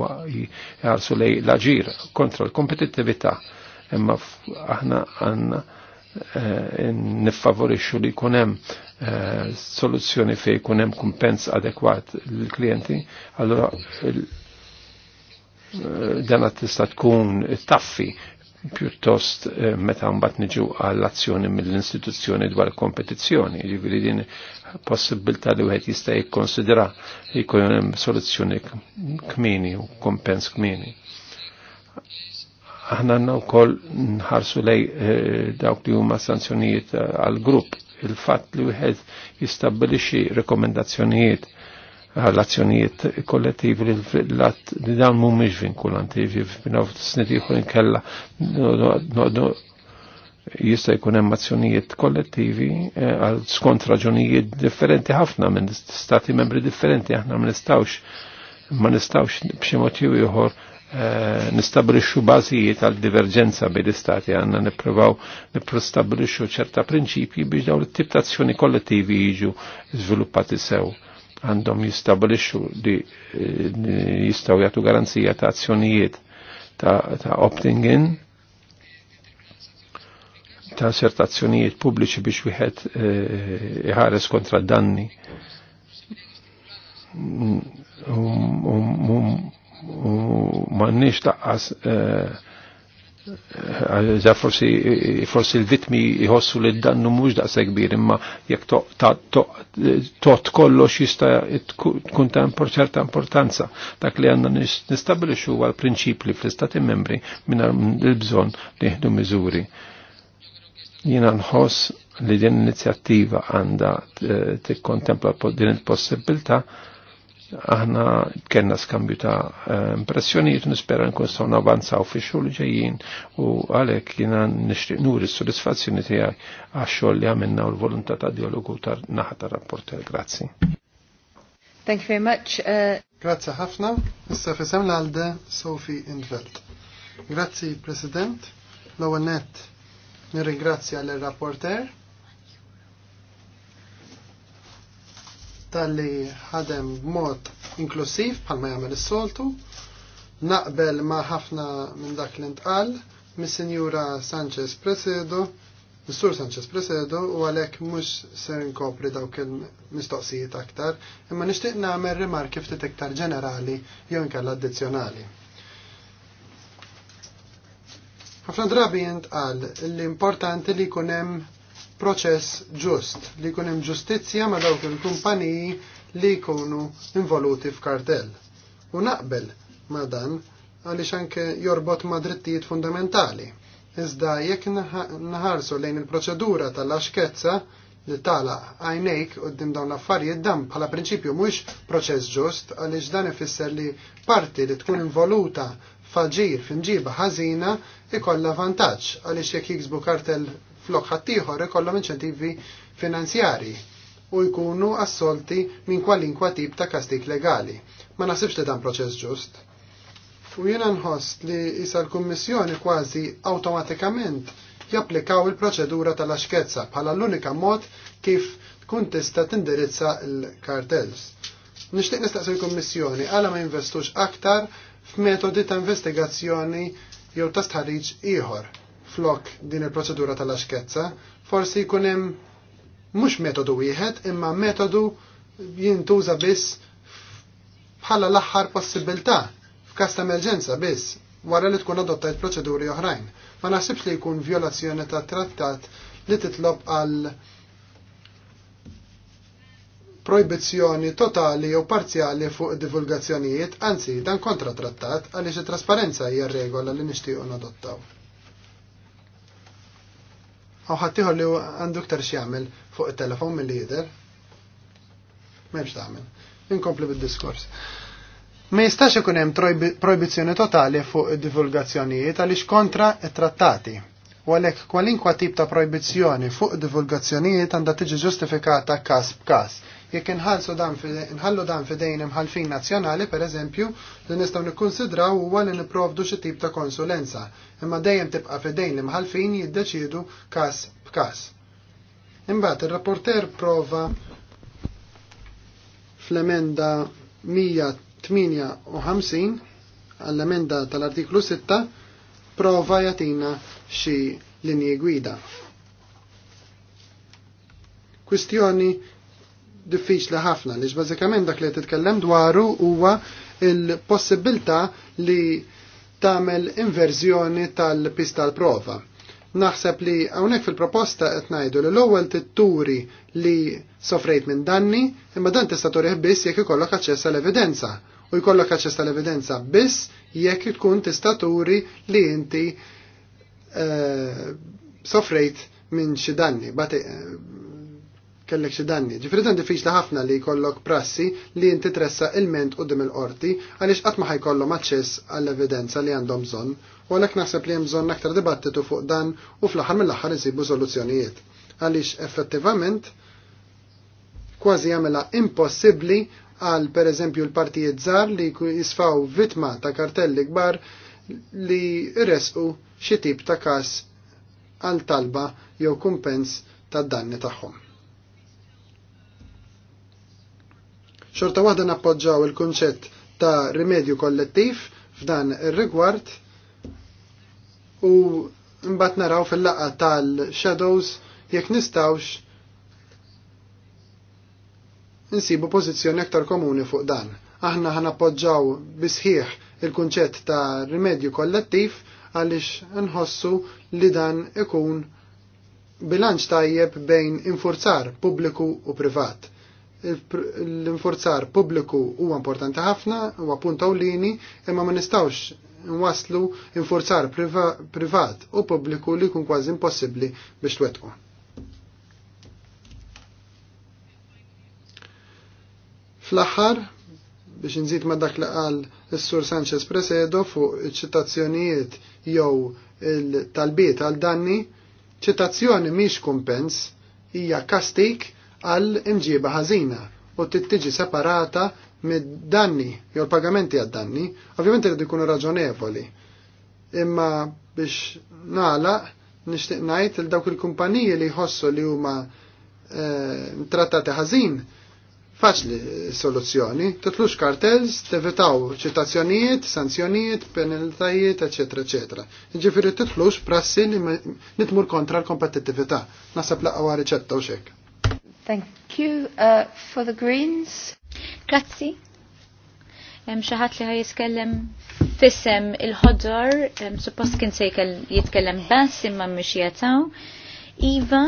jarsu lej l-aġir kontra l-kompetittività. Imma aħna għandna eh, niffavorixxu li jkun hemm Eh, soluzzjoni fej kun hemm kumpens adekwat l-klijenti, allora eh, dan tista' tkun taffi pjuttost eh, meta mbagħad niġu għall-azzjoni mill-istituzzjoni dwar kompetizzjoni, jiġifieri din possibilità li wieħed jista' jikkonsidera jkun hemm soluzzjoni kmini u kompens kmini. Aħna għandna wkoll nħarsu lej dawk li huma sanzjonijiet għall-grupp il-fatt li wieħed jistabbilixxi rekomendazzjonijiet azzjonijiet kollettivi li dan mhumiex vinkulanti f'bina snit ieħor inkella jista' jkun hemm azzjonijiet kollettivi eh, għal skont raġunijiet differenti ħafna minn stati membri differenti aħna ma nistgħux ma nistgħux b'xi mod ieħor Eh, nistabrixxu bażijiet għal diverġenza bejn l-istati għandna nippruvaw nipprostabrixxu ċerta prinċipji biex dawn it-tip ta' azzjoni kollettivi jiġu żviluppati sew għandhom jistabrixxu li eh, jistgħu jagħtu garanzija ta' azzjonijiet ta' opting in ta' azzjonijiet pubbliċi biex wieħed eh, iħares kontra danni mm, um, um, um, u nix taqqas ġa eh, eh, forsi l-vitmi jħossu li d-dannu mux daqsa kbir imma jek tot kollox jista tkun ta' ċerta importanza dak li għanna nistabilixu għal prinċipli fl-istati membri minna l-bżon li jihdu miżuri jina nħoss li din inizjattiva għanda eh, tikkontempla din il-possibilta aħna kena skambju ta' eh, impressjonijiet nispera nkun staw navanzaw fi xogħol ġejjin u għalhekk jiena nixtieq nuri s-sodisfazzjoni tiegħi għax-xogħol li għamilna u l-volontà ta' dialogu tar naħa ta' rapporter. Grazzi. Thank you very much. Uh, Grazzi ħafna. Issa fisem l-għalde Sofi Infeld. Grazzi President. L-ewwel nett nirringrazzja l-rapporter tal-li ħadem b'mod inklusiv bħal ma jagħmel is-soltu. Naqbel ma ħafna minn dak li ntqal mis-Sinjura Sanchez Presedo, Mis-Sur Sanchez Presedo u għalhekk mhux se nkopri dawk il-mistoqsijiet aktar, imma nixtieq nagħmel rimarki ftit iktar ġenerali jew inkella addizzjonali. Ħafna drabi jintqal l-importanti li jkun hemm proċess ġust li jkun hemm ġustizzja ma' dawk il-kumpaniji li jkunu involuti f'kartell. U naqbel ma' dan għaliex anke jorbot ma' drittijiet fundamentali. Iżda jekk naħarsu lejn il-proċedura tal-axkezza li tala għajnejk u d dawn l-affarijiet dan bħala prinċipju mhux proċess ġust għaliex dan ifisser li parti li tkun involuta faġir fimġiba ħażina ikolla vantaġġ għaliex jekk jiksbu kartell flok ħaddieħor ikollhom inċentivi finanzjari u jkunu assolti minn kwalinkwa tip ta' kastik legali. Ma nasibx li dan proċess ġust. U jiena nħoss li jisa l-Kummissjoni kważi awtomatikament japplikaw il-proċedura tal-axkezza bħala l-unika mod kif tkun tista' tindirizza l-kartels. Nixtieq nistaqsi l-Kummissjoni għala ma jinvestux aktar f'metodi ta' investigazzjoni jew ta' stħarriġ ieħor flok din il-proċedura tal-axkezza, forsi jkun hemm mhux metodu wieħed, imma metodu jintuża biss bħala l-aħħar possibilità f'każ ta' emerġenza biss wara li tkun adottajt proċeduri oħrajn. Ma naħsibx li jkun violazzjoni ta' trattat li titlob għal proibizzjoni totali jew parzjali fuq divulgazzjonijiet, anzi dan kontra trattat għaliex it-trasparenza hija regola li nixtiequ nadottaw għaw ħattijħor li għandu ktar xjamil fuq il-telefon mill jider. Memx taħmel. Inkompli bil-diskors. Ma jistax ikun hemm proibizzjoni totali fuq id divulgazzjonijiet għaliex kontra it-trattati. U għalhekk kwalinkwa tip ta' proibizzjoni fuq divulgazzjonijiet għandha tiġi ġustifikata każ b'każ Jekk inħallsu dan inħallu dan fidejn imħalfin nazzjonali pereżempju, li nistgħu nikkunsidraw huwa li nipprovdu xi tip ta' konsulenza, imma dejjem tibqa' fidejn li mħalfin jiddeċiedu każ b'każ. Imbagħad ir-rapporter prova fl-emenda 158 għall-emenda tal-artiklu 6 prova jagħtina xi linji gwida kwistjoni diffiċli ħafna li bażikament dak li titkellem dwaru huwa il-possibilità li tagħmel inverżjoni tal-pista l-prova. Naħseb li hawnhekk fil-proposta qed ngħidu li l-ewwel titturi li sofrejt minn danni, imma dan tista' turih biss jekk ikollok aċċess għall-evidenza u jkollok aċċess l evidenza biss jekk tkun tista' turi li inti uh, sofrejt minn xi danni kellek xi danni. Ġifieri tan diffiċli ħafna li jkollok prassi li inti tressa il-ment qudiem il-qorti għaliex qatt ma ħajkollhom aċċess għall-evidenza li għandhom bżonn u għalhekk naħseb li hemm bżonn aktar dibattitu fuq dan u fl-aħħar mill-aħħar insibu soluzzjonijiet. Għaliex effettivament kważi jagħmilha impossibbli għal pereżempju l-partijiet żgħar li jisfaw vitma ta' kartelli kbar li resqu xi tip ta' każ għal talba jew kumpens tad-danni tagħhom. Xorta waħda nappoġġaw il-konċett ta' rimedju kollettiv f'dan ir-rigward u mbagħad naraw fil-laqgħa tal-shadows jekk nistawx insibu pożizzjoni aktar komuni fuq dan. Aħna ħan appoġġaw bisħieħ il-kunċett ta' rimedju kollettiv għaliex nħossu li dan ikun bilanċ tajjeb bejn infurzar pubbliku u privat l-infurzar pubbliku huwa importanti ħafna, huwa u lini, imma ma nistawx nwaslu infurzar privat u pubbliku li jkun kważi impossibbli biex twettqu. Fl-aħħar, biex nżid ma dak li qal is-Sur Sanchez Presedo fuq iċ-ċitazzjonijiet jew il-talbiet għal danni, ċitazzjoni miex kompens, hija kastik għal imġiba ħażina u tittiġi separata mid-danni jew pagamenti għad-danni, ovvjament irid ikunu raġonevoli. Imma biex nagħlaq nixtieq ngħid il dawk il-kumpaniji li jħossu li huma eh, trattati ħażin faċli soluzzjoni, titlux kartels, tevitaw ċitazzjonijiet, sanzjonijiet, penalitajiet, ecc. ecc. Ġifiri titlux prassi li nitmur kontra l-kompetittività. Nasab laqqa riċetta u xek. Thank you uh, for the Greens. Grazzi. Hemm li fissem il-ħodor, suppost kien se jitkellem bass imma mhux jataw. Iva,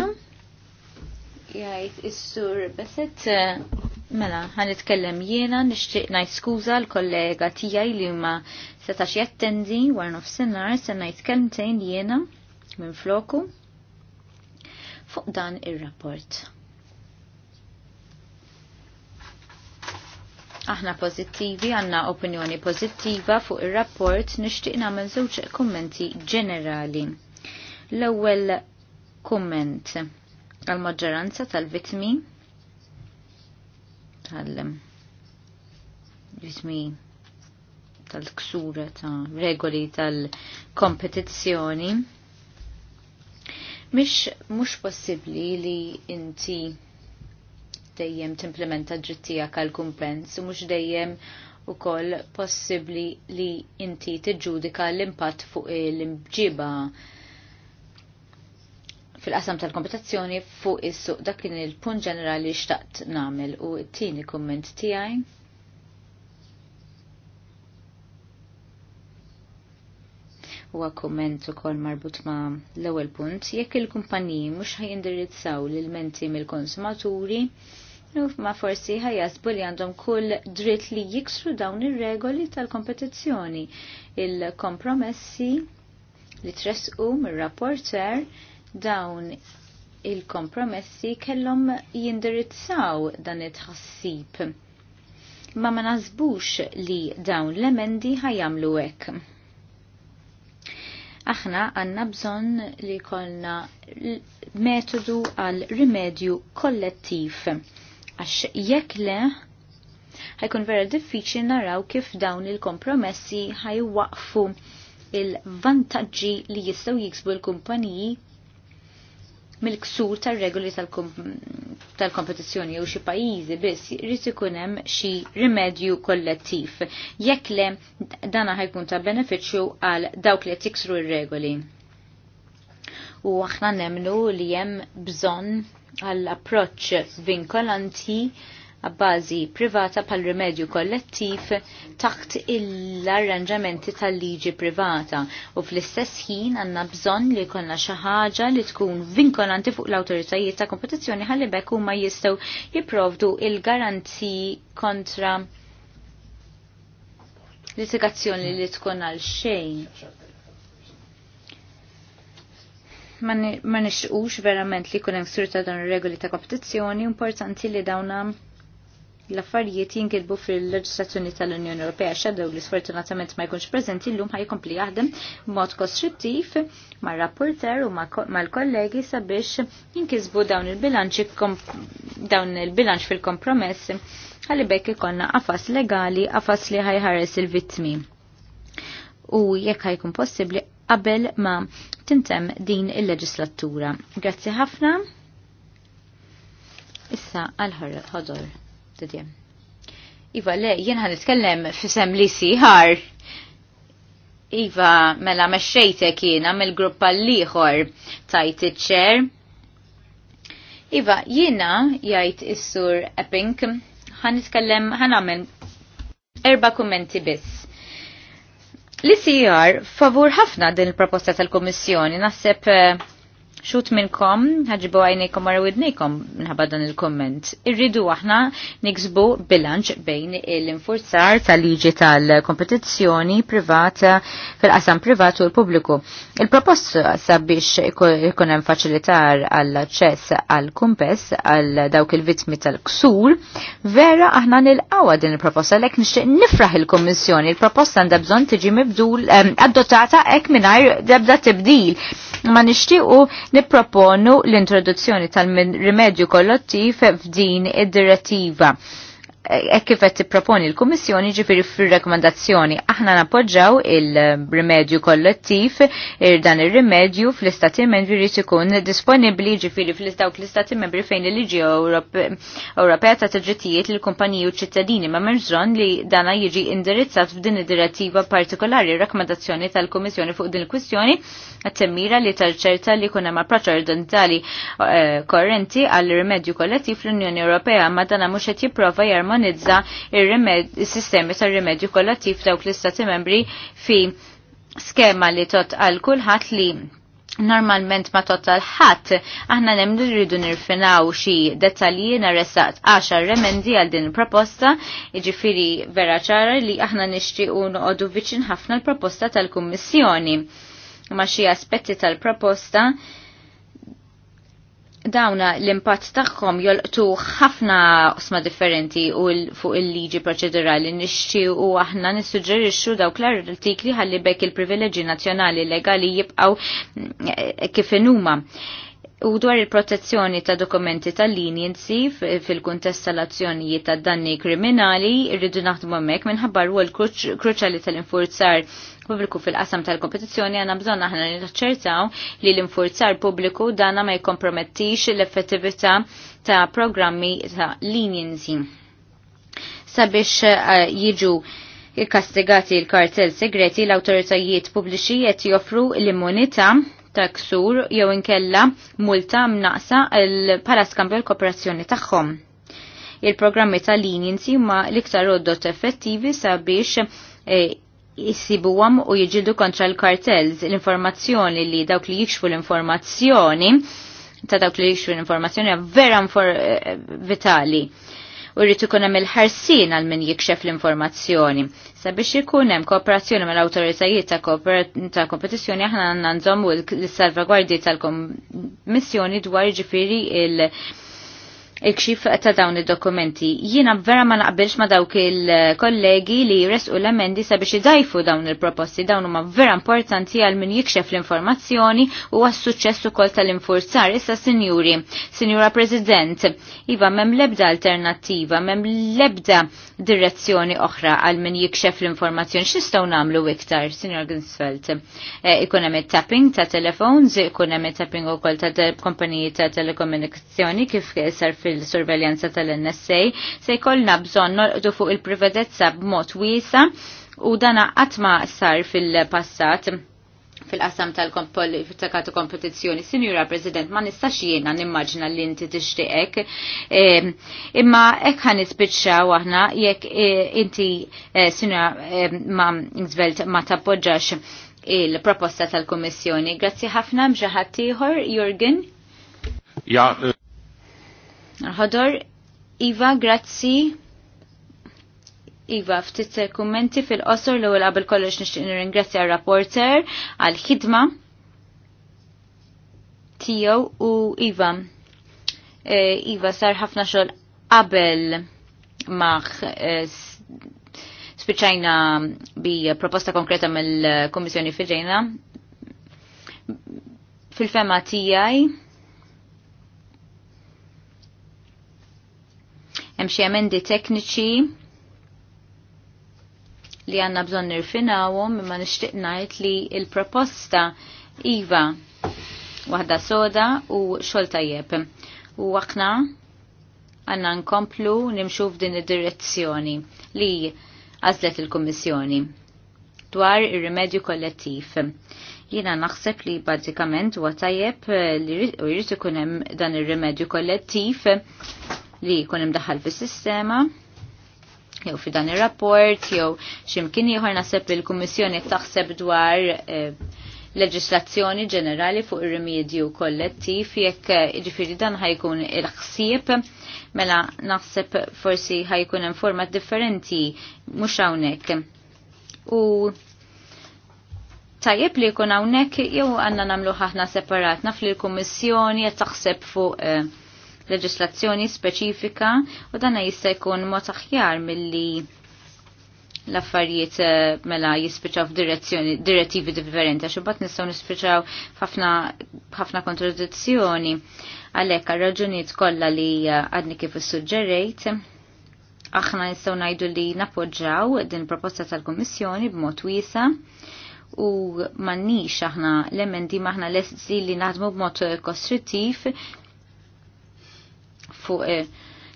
jgħid is-sur Beset, eh, mela, ħanitkellem jiena, nixtieq ngħid skuża l-kollega tiegħi li ma setax jattendi war nofsinhar se ngħid kelmtejn jiena minn floku fuq dan ir-rapport. Aħna pozittivi, għanna opinjoni pozittiva fuq il-rapport nishtiq nagħmel żewġ kummenti ġenerali. L-ewwel kumment għal-maġġoranza tal-vitmi tal-vitmi tal-ksura ta' regoli tal-kompetizzjoni. Mish mhux possibbli li inti dejjem timplementa ġittija kal-kumpens u mux dejjem u koll possibli li inti tiġudika l-impatt fuq l-imġiba fil-qasam tal-kompetazzjoni fuq is-suq dak kien il-punt ġenerali xtaqt nagħmel u t-tieni kumment tiegħi. Huwa kumment ukoll marbut ma' l-ewwel punt jekk il-kumpaniji mhux ħajindirizzaw l-ilmenti mill-konsumaturi Nuf ma forsi ħajasbu li għandhom kull dritt li jiksru dawn ir-regoli tal-kompetizzjoni. Il-kompromessi li tresqu mir-rapporter dawn il-kompromessi kellhom jindirizzaw dan it-ħassib. Ma ma nażbux li dawn l-emendi ħajamlu hekk. Aħna għanna bżonn li kollna metodu għal rimedju kollettiv Għax jekk le, ħajkun vera diffiċli naraw kif dawn il-kompromessi ħajwaqfu il-vantaġġi li jistgħu jiksbu l-kumpaniji mill-ksur tar-regoli tal-kompetizzjoni jew xi pajjiżi biss jrid ikun hemm xi rimedju kollettiv jekk le dana ħajkun ta' benefiċċju għal dawk li qed jiksru r-regoli. U aħna nemnu li hemm bżonn għall-approċċ vinkolanti għabbażi privata pal rimedju kollettiv taħt l-arranġamenti tal-liġi privata u fl-istess ħin għanna bżonn li konna xaħġa li tkun vinkolanti fuq l-autoritajiet ta' kompetizzjoni ħalli bekk huma jistgħu jipprovdu il garanti kontra litigazzjoni li tkun għal xejn ma nixqux verament li kunem surta dan regoli ta' kompetizzjoni importanti li dawna l-affarijiet jingilbu fil-leġislazzjoni tal-Unjoni Ewropea xadew li sfortunatament ma jkunx preżenti llum kompli jaħdem b'mod kostruttiv mar rapporter u mal-kollegi sabiex jinkisbu dawn il-bilanċ dawn il-bilanċ fil-kompromess għalli bekk ikonna għafas legali għafas li ħajħares il-vittmi. U jekk ħajkun possibbli qabel ma tintem din il leġislatura Grazzi ħafna. Issa għal-ħodor. Iva, le, jien ħan nitkellem fisem li siħar. Iva, mela meċċejte jien mill grupp għall-liħor tajt iċċer. Iva, jiena jajt is-sur Epping għan nitkellem ħan għamil erba kummenti biss L-ICR favur ħafna din il-proposta tal-Komissjoni, naħseb eh, xut minnkom ħagġibu għajnejkom għara widnejkom minħabba dan il-komment. Irridu aħna niksbu bilanċ bejn l-infurzar tal-liġi tal-kompetizzjoni privata fil-qasam privat u l-pubbliku. Il-proposta sabiex ikun hemm faċilitar għall-aċċess għall-kumpess għal dawk il-vittmi tal-ksur, vera aħna nilqawa din il-proposta lek nixtieq nifraħ il-Kommissjoni. Il-proposta għandha bżonn tiġi mibdul għaddotata ehm, hekk mingħajr debda tibdil. Ma nixtiequ nipproponu l-introduzzjoni tal-rimedju kollottiv f'din id-direttiva. E kif qed proponi l-Kommissjoni ġifiri fil-rekomendazzjoni. Aħna napoġġaw il-rimedju kollettiv, ir dan il-rimedju fl-istati membri rrit ikun disponibli ġifiri fl dawk l-istati membri fejn il-liġi Ewropea ta' tġittijiet l-kumpaniji u ċittadini ma' merżon li dana jiġi indirizzat f'din id-direttiva partikolari rekomendazzjoni tal-Kommissjoni fuq din il-kwistjoni Temmira li tal-ċerta li kuna ma' proċ ordentali eh, korrenti għall-rimedju kollettiv fl-Unjoni Ewropea ma' dana mux jipprova jarma tarmonizza il-sistemi tar-rimedju kollattiv dawk l-istati membri fi skema li tot għal kulħadd li normalment ma total ħadd aħna nemdu rridu nirfinaw xi dettalji narresat 10 remendi għal din il-proposta, jiġifieri vera ċara li aħna nixtiequ noqogħdu viċin ħafna l-proposta tal-Kummissjoni. Ma xi aspetti tal-proposta dawna l-impatt tagħhom jolqtu ħafna osma differenti u fuq il-liġi proċedurali nixxi u aħna nissuġġerixxu dawk l-artikli ħalli bekk il-privileġġi nazzjonali legali jibqgħu mm, kif inhuma. U dwar il-protezzjoni ta' dokumenti tal-leniency fil-kuntest tal-azzjonijiet ta' danni kriminali, rridu naħdmu hemmhekk minħabba l kruċali tal-infurzar Publiku fil-qasam tal-kompetizzjoni għanna bżon aħna niċċertaw li l-infurzar publiku dana ma jkompromettix l-effettività ta' programmi ta' leniency. Sabiex uh, jiġu ikkastigati l-kartel segreti l-autoritajiet pubbliċi qed joffru l-immunità ta' ksur jew inkella multa mnaqsa pala skambju l-kooperazzjoni tagħhom. Il-programmi ta' leniency ma l-iktar oddot effettivi sabiex eh, jisibuwam u jiġildu kontra l-kartels l-informazzjoni li dawk li jikxfu l-informazzjoni ta' dawk li jikxfu l-informazzjoni vera eh, vitali u rrit ikun hemm il-ħarsin għal min jikxef l-informazzjoni. Sabiex ikun hemm kooperazzjoni mal-awtoritajiet ta' kompetizzjoni aħna għandna u l-salvagwardji tal-Kommissjoni dwar ġifieri il- Ikxif ta' dawn id-dokumenti. Jina vera ma naqbilx ma dawk il-kollegi li jresqu l-emendi sabiex idajfu dawn il-proposti dawn huma vera importanti għal min jikxef l-informazzjoni u għas-suċċess ukoll tal-infurzar issa sinjuri. Sinjura President, iva mem lebda alternattiva, mem lebda direzzjoni oħra għal min jikxef l-informazzjoni Xistaw nagħmlu iktar, Sinjor Ginsfeld. Eh, ikun hemm tapping ta' telefons, ikun hemm tapping ukoll ta' kompaniji ta' telekomunikazzjoni kif sar fil-sorveljanza tal-NSA se jkollna bżonn norqdu fuq il-privatezza b'mod wiesa u dana għatma sar fil-passat fil-qasam tal-katu kompetizjoni. Sinjura President, ma nistax jiena nimmaġna li inti tixtieqek. Imma hekk ħan nispiċċa aħna jekk e, inti e, Sinjura e, ma Gzvelt ma tappoġġax il-proposta tal-Kummissjoni. Grazzi ħafna mġaħat ieħor, Jürgen. Ja, Ħodor, Iva, grazzi. Iva, ftit kummenti fil-qosor l ewwel qabel kollox nixtieq nirringrazzja r-rapporter għal ħidma tiegħu u Iva. E, iva sar ħafna xogħol qabel maħ e, spiċajna bi proposta konkreta mill-Komissjoni fiġejna fil-fema tijaj Hemm xi emendi tekniċi li għanna bżonn nirfinawhom imma nixtieq ngħid li il-proposta iva waħda soda u xogħol tajjeb. U aħna għandna nkomplu nimxu f'din id-direzzjoni li għażlet il-Kummissjoni dwar ir-rimedju kollettiv. Jiena naħseb li bażikament huwa tajjeb li jrid ikun hemm dan ir-rimedju kollettiv li jkun daħal fis-sistema jew fi dan ir-rapport jew x'imkien ieħor naħseb li l-Kummissjoni taħseb dwar eh, leġislazzjoni ġenerali fuq ir-rimedju kollettiv jekk eh, jiġifieri dan ħajkun il-ħsieb mela naħseb forsi ħajkun hemm format differenti mhux hawnhekk. U tajjeb li jkun hawnhekk jew għandna nagħmlu ħaħna separat naf li l-Kummissjoni qed taħseb fuq eh, leġislazzjoni speċifika u danna jista' jkun mod aħjar milli l-affarijiet eh, mela jispiċaw f'direzzjoni direttivi differenti għax imbagħad nistgħu nispiċaw ħafna ħafna kontradizzjoni għalhekk għar-raġunijiet kollha li eh, għadni kif issuġġerejt aħna nistgħu ngħidu li nappoġġaw din proposta tal-Kummissjoni b'mod wiesa' u mannix aħna l-emendi maħna l-essi li naħdmu b'mod kostruttiv fuq eh,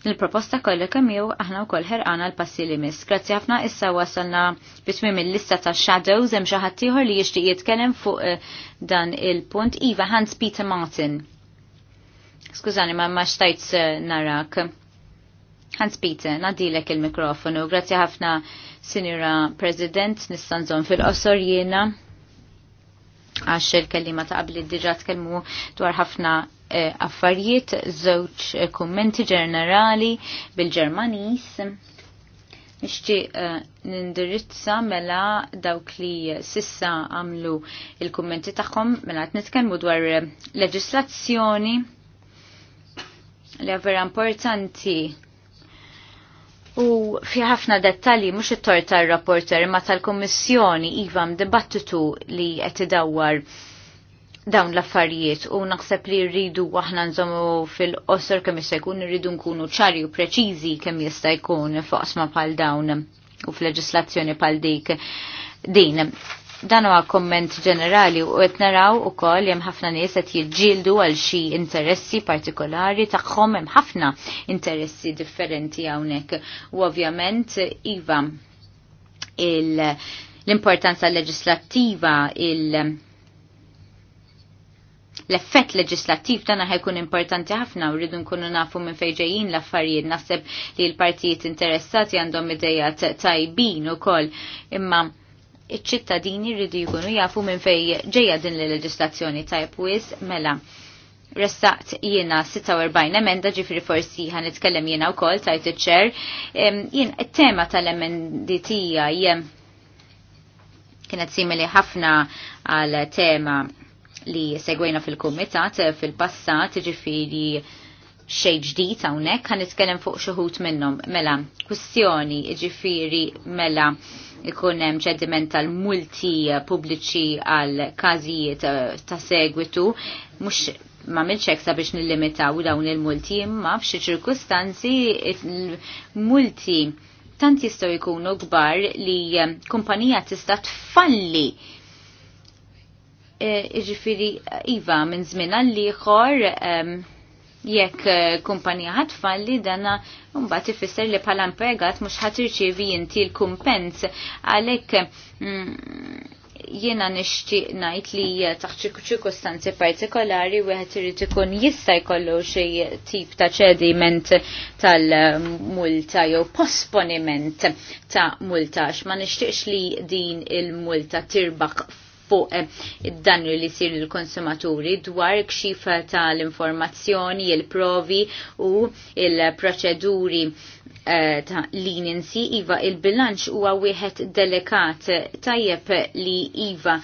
il-proposta kollha kemm aħna aħna wkoll ħerqana l-passi li miss. Grazzi ħafna issa wasalna bismim il-lista ta' shadows hemm xi ħadd ieħor li jixtieq jitkellem fuq eh, dan il-punt Iva Hans Peter Martin. Skużani ma ma xtajt eh, narak. Hans Peter, nadilek il-mikrofonu. Grazzi ħafna Sinjura President, nistanżon fil-qosor jiena għax il-kellima ta' qabli diġa tkellmu dwar ħafna Eh, affarijiet, żewġ eh, kummenti ġenerali bil-Ġermanis. Nixti eh, nindirizza mela dawk li sissa għamlu il-kummenti tagħhom mela qed nitkellmu dwar leġislazzjoni li vera importanti U fi ħafna dettalji mhux it-tort tar-rapporter ma tal-Kommissjoni iva dibattitu li qed idawwar dawn l-affarijiet u naħseb li rridu aħna nżommu fil-qosor kemm jista' jkun irridu nkunu ċari u preċiżi kemm jista' jkun foqsma bħal dawn u f'leġislazzjoni bħal dik din dan huwa komment ġenerali u qed naraw ukoll hemm ħafna nies qed jiġġieldu għal xi interessi partikolari tagħhom hemm ħafna interessi differenti hawnhekk. U ovvjament iva l-importanza leġislattiva il l-effett leġislattiv tana ħajkun importanti ħafna u rridu nkunu nafu minn fejġejjin l-affarijiet naħseb li l-partijiet interessati għandhom ideja tajbin u koll imma iċ-ċittadini rridu jkunu jafu minn fej ġejja din l-leġislazzjoni tajb wis mela. Restaqt jiena 46 emenda ġifri forsi ħan itkellem jiena u kol tajt iċ-ċer. Jien tema tal-emendi tija kienet simili ħafna għal tema li segwejna fil-kumitat fil-passat ġifiri xej ġdid hawnhekk għan nitkellem fuq xi ħut minnhom. Mela, kwistjoni ġifiri mela ikun hemm ċediment tal-multi pubbliċi għal każijiet eh, ta' segwitu mhux ma milċek sabiex nillimitaw dawn il-multi imma f'xi ċirkustanzi il-multi tant jistgħu jkunu kbar li kumpanija tista' tfalli Eh, iġifiri iva minn żmien għal liħor jekk eh, kumpanija ħatfalli dana mbagħad ifisser li bħala impjegat mhux ħatirċievi inti l-kumpens għalhekk mm, jiena nixtieq ngħid li taħt ċirkustanzi partikolari wieħed irid ikun jista' jkollu xi tip ta' ċediment tal-multa jew posponiment ta' multa ma nixtieqx li din il-multa tirbaq fuq id-dannu eh, li jisir l-konsumaturi dwar kxifa tal-informazzjoni, il-provi u il-proċeduri eh, ta' li ninsi iva il-bilanċ huwa wieħed delikat tajjeb li iva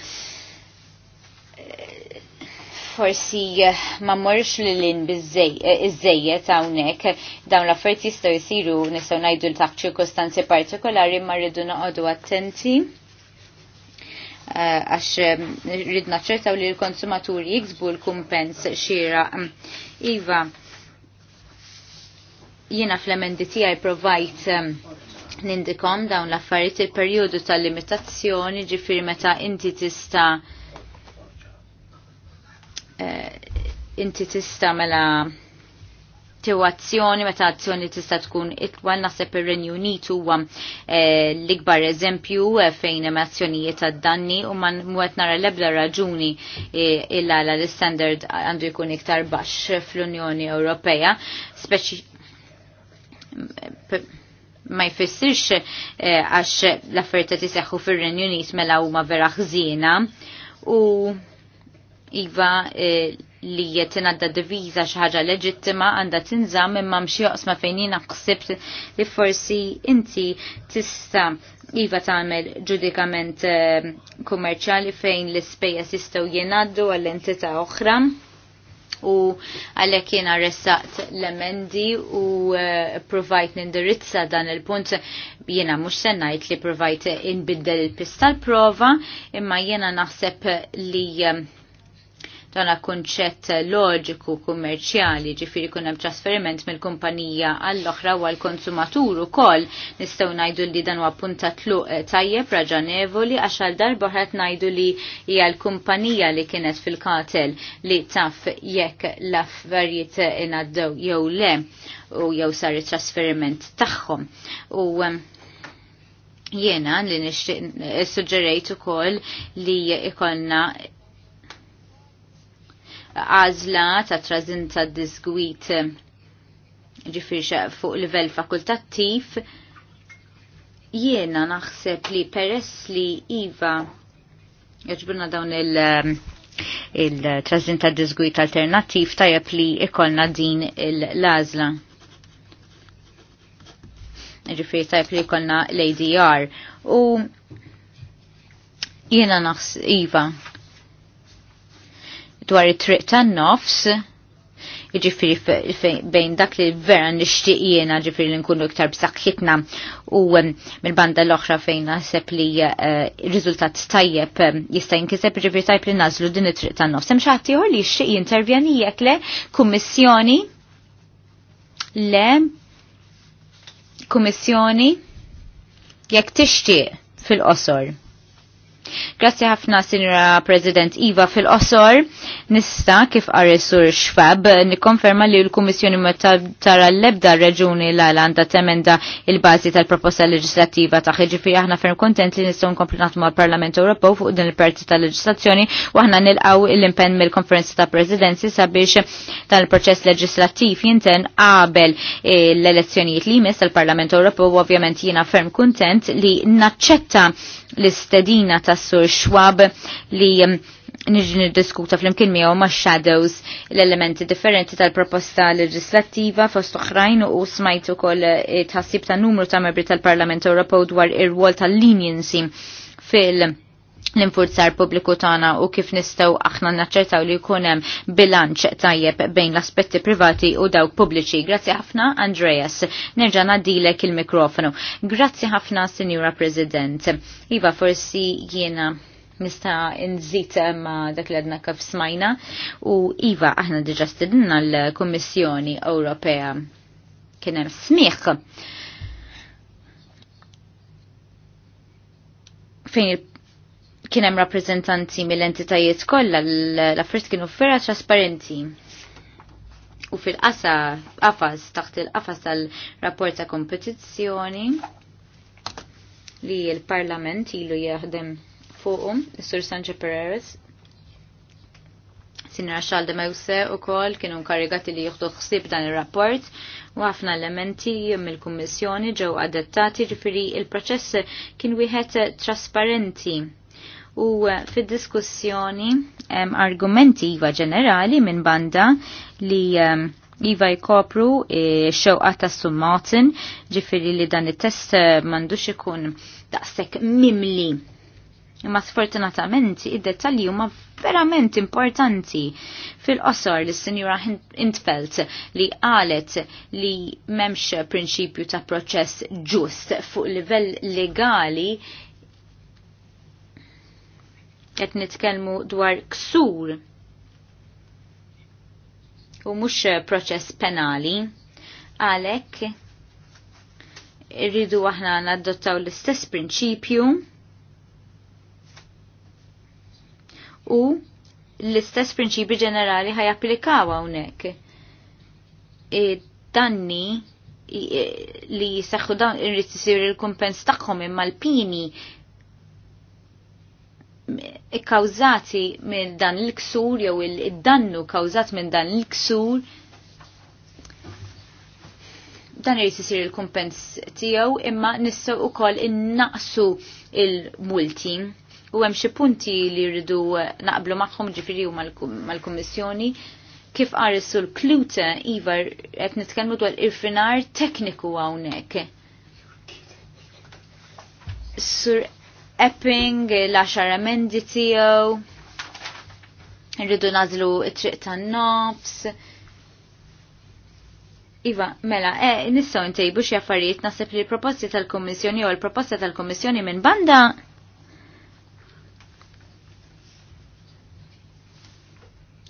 forsi eh, ma morx li l-in ta' għawnek dawn l forti jistgħu jsiru nistgħu ngħidu l-taħt kostanzi partikolari ma rridu noqogħdu attenti. Eh, għax eh, ridna ċertaw li l-konsumaturi jiksbu l-kumpens xira. Iva, jina fl-emendi għaj provajt eh, nindikom dawn l-affarijiet il-periodu tal-limitazzjoni ġifiri meta inti tista inti tista mela tiw azzjoni, meta azzjoni tista' tkun itwa naħseb ir-Renju Unit huwa eh, l-ikbar eżempju eh, fejn hemm azzjonijiet għad danni u man mwet nara l-ebda raġuni eh, illa l-standard għandu jkun iktar baxx fl-Unjoni Ewropea, speċi ma jfissirx għax l-affarijiet qed iseħħu fir-Renju Unit mela huma vera ħżiena u Iva eh, li jettin għadda diviza xaħġa leġittima għanda tinżam imma mxieqsma fejn jina qsibt li forsi inti tista Iva tagħmel ġudikament eh, kummerċali fejn l-ispejja jistgħu jingħaddu għall entita oħra u għalhekk jena ressaqt l-emendi u eh, provajt nindirizza dan il-punt jiena mhux se ngħid li provajt inbiddel il-pista l-prova imma jiena naħseb li dan kunċett loġiku kummerċjali ġifiri kun hemm trasferiment mill-kumpanija għall-oħra u għall-konsumatur ukoll nistgħu ngħidu li dan huwa punta tluq eh, tajjeb raġanevoli għax għal darba ngħidu li hija l-kumpanija li kienet fil-katel li taf jekk l-affarijiet inaddew jew le u jew sar it-trasferiment tagħhom. U Jiena li nishtiq eh, suġġerejt ukoll li ikolna għażla ta' trażin ta' disgwit ġifir fuq livell fakultattiv jiena naħseb li peress li Iva jaġbuna dawn il- um, il-trażin ta' disgwit alternattiv tajab li ikolna din il-lazla. Ġifiri tajab li ikolna l-ADR. U jena naħs Iva, dwar it-triq tan-nofs, ġifiri bejn dak li vera nishtiq jiena ġifiri li nkunu iktar b'sakħitna u mill banda l-oħra fejn naħseb li eh, riżultat tajjeb jista' jinkiseb ġifiri tajb li nażlu din it-triq tan-nofs. Hemm xi li jixtieq jintervjeni jekk le kummissjoni le kummissjoni jekk tixtieq fil-qosor. Grazzi ħafna, Sinjora President Iva, fil-qosor nista kif Sur xfab nikonferma li l-Kummissjoni ma tara l-ebda reġuni l għanda temenda il-bazi tal-proposta leġislativa ta' ħiġifiri aħna ferm kontent li nistgħu nkomplu naħdmu parlament Ewropew fuq din il-parti tal-leġislazzjoni u aħna nilqaw l-impenn mill-konferenza ta' Presidenzi sabiex tal-proċess leġislattiv jinten qabel l-elezzjonijiet li jmiss tal-Parlament Ewropew u ovvjament jiena ferm kontent li naċċetta l-istedina ta' tas-sur Schwab li mm, nġi diskuta fl-imkien miegħu ma' shadows l-elementi differenti tal-proposta leġislattiva fost uħrajn u smajtu kol eh, tħassib ta' numru ta' membri tal-Parlament Ewropew dwar ir-rwol tal-leniency fil- l-infurzar pubbliku tagħna u kif nistgħu aħna naċċertaw li jkun hemm bilanċ tajjeb bejn l-aspetti privati u dawk pubbliċi. Grazzi ħafna Andreas. Nerġa' ngħaddilek il-mikrofonu. Grazzi ħafna Senjura President. Iva forsi jiena nista' nżid ma dak li għadna kif smajna u Iva aħna diġa stidna l-Kummissjoni Ewropea kien hemm smieħ fejn kien hemm rappreżentanti mill-entitajiet kollha l-affarijiet kienu ferra trasparenti. U fil-qasa qafas taħt il-qafas tal-rapport ta' kompetizzjoni li l-Parlament ilu jaħdem fuqhom, is-Sur Sanche Pereres Sinra de Mewse u kol kienu nkarigati li jieħdu xsib dan il-rapport u ħafna elementi mill-Kummissjoni ġew adattati ġifiri il-proċess kien wieħed trasparenti u eh, fid-diskussjoni argumenti iva ġenerali minn banda li um, Iva jkopru eh, xewqa ta' summatin, ġifiri li dan il-test eh, mandux ikun daqsek mimli. Imma sfortunatament id-detalji huma verament importanti fil-qosor li s-Sinjura Intfelt li qalet li memx prinċipju ta' proċess ġust fuq livell legali qed nitkellmu dwar ksur u mhux proċess penali għalhekk irridu aħna naddottaw l-istess prinċipju u l-istess prinċipju ġenerali ħaj applikaw hawnhekk. Danni li jisaxħu dan irrid isir il-kumpens tagħhom imma l-pini ikkawżati minn dan l-ksur jew il-dannu kawzat minn dan l-ksur dan irid isir il-kumpens tiegħu imma nistgħu wkoll innaqsu il-multi u hemm xi punti li rridu naqblu magħhom ġifieri mal-Kummissjoni kif qarissu l-kluta iva qed nitkellmu dwar irfinar tekniku hawnhekk. Sur Epping, l axar emendi tiegħu, rridu nazlu it-triq tan-nofs. Iva, mela, e, nistgħu ntejbu xi affarijiet naħseb li l-proposti tal-Kummissjoni jew l-proposta tal-Kummissjoni minn banda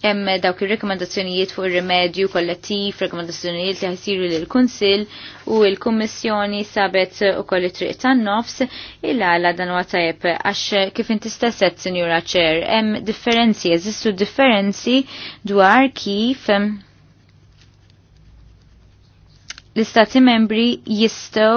hemm dawk ir-rekomendazzjonijiet fuq ir-rimedju kollettiv, rekomendazzjonijiet li ħsiru lil kunsill u l-Kummissjoni sabet ukoll it-triq tan-nofs il għala dan huwa tajjeb għax kif inti stesset, Sinjura Ċer, hemm differenzi, jeżistu differenzi dwar kif l-istati membri jistgħu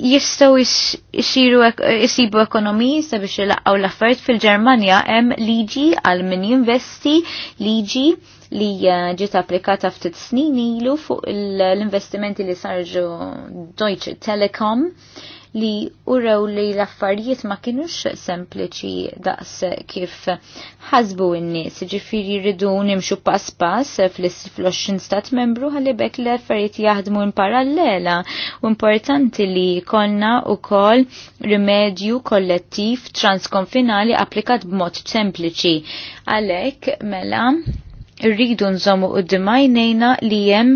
jistaw jisiru jisibu eh, ekonomiji sabiex ilaqqaw l-affarijiet fil-Ġermanja hemm liġi għal min jinvesti liġi li eh, ġiet applikata ftit snin ilu fuq l-investimenti li sarġu Deutsche Telekom li uraw li l-affarijiet ma kienux sempliċi daqs kif ħasbu n-nies, ġifiri rridu nimxu pass pass fl-20 stat membru għalli bekk l-affarijiet jaħdmu in parallela u importanti li ikollna wkoll rimedju kollettiv transkonfinali applikat b'mod sempliċi. Għalhekk mela rridu nżomu u dimajnejna li jem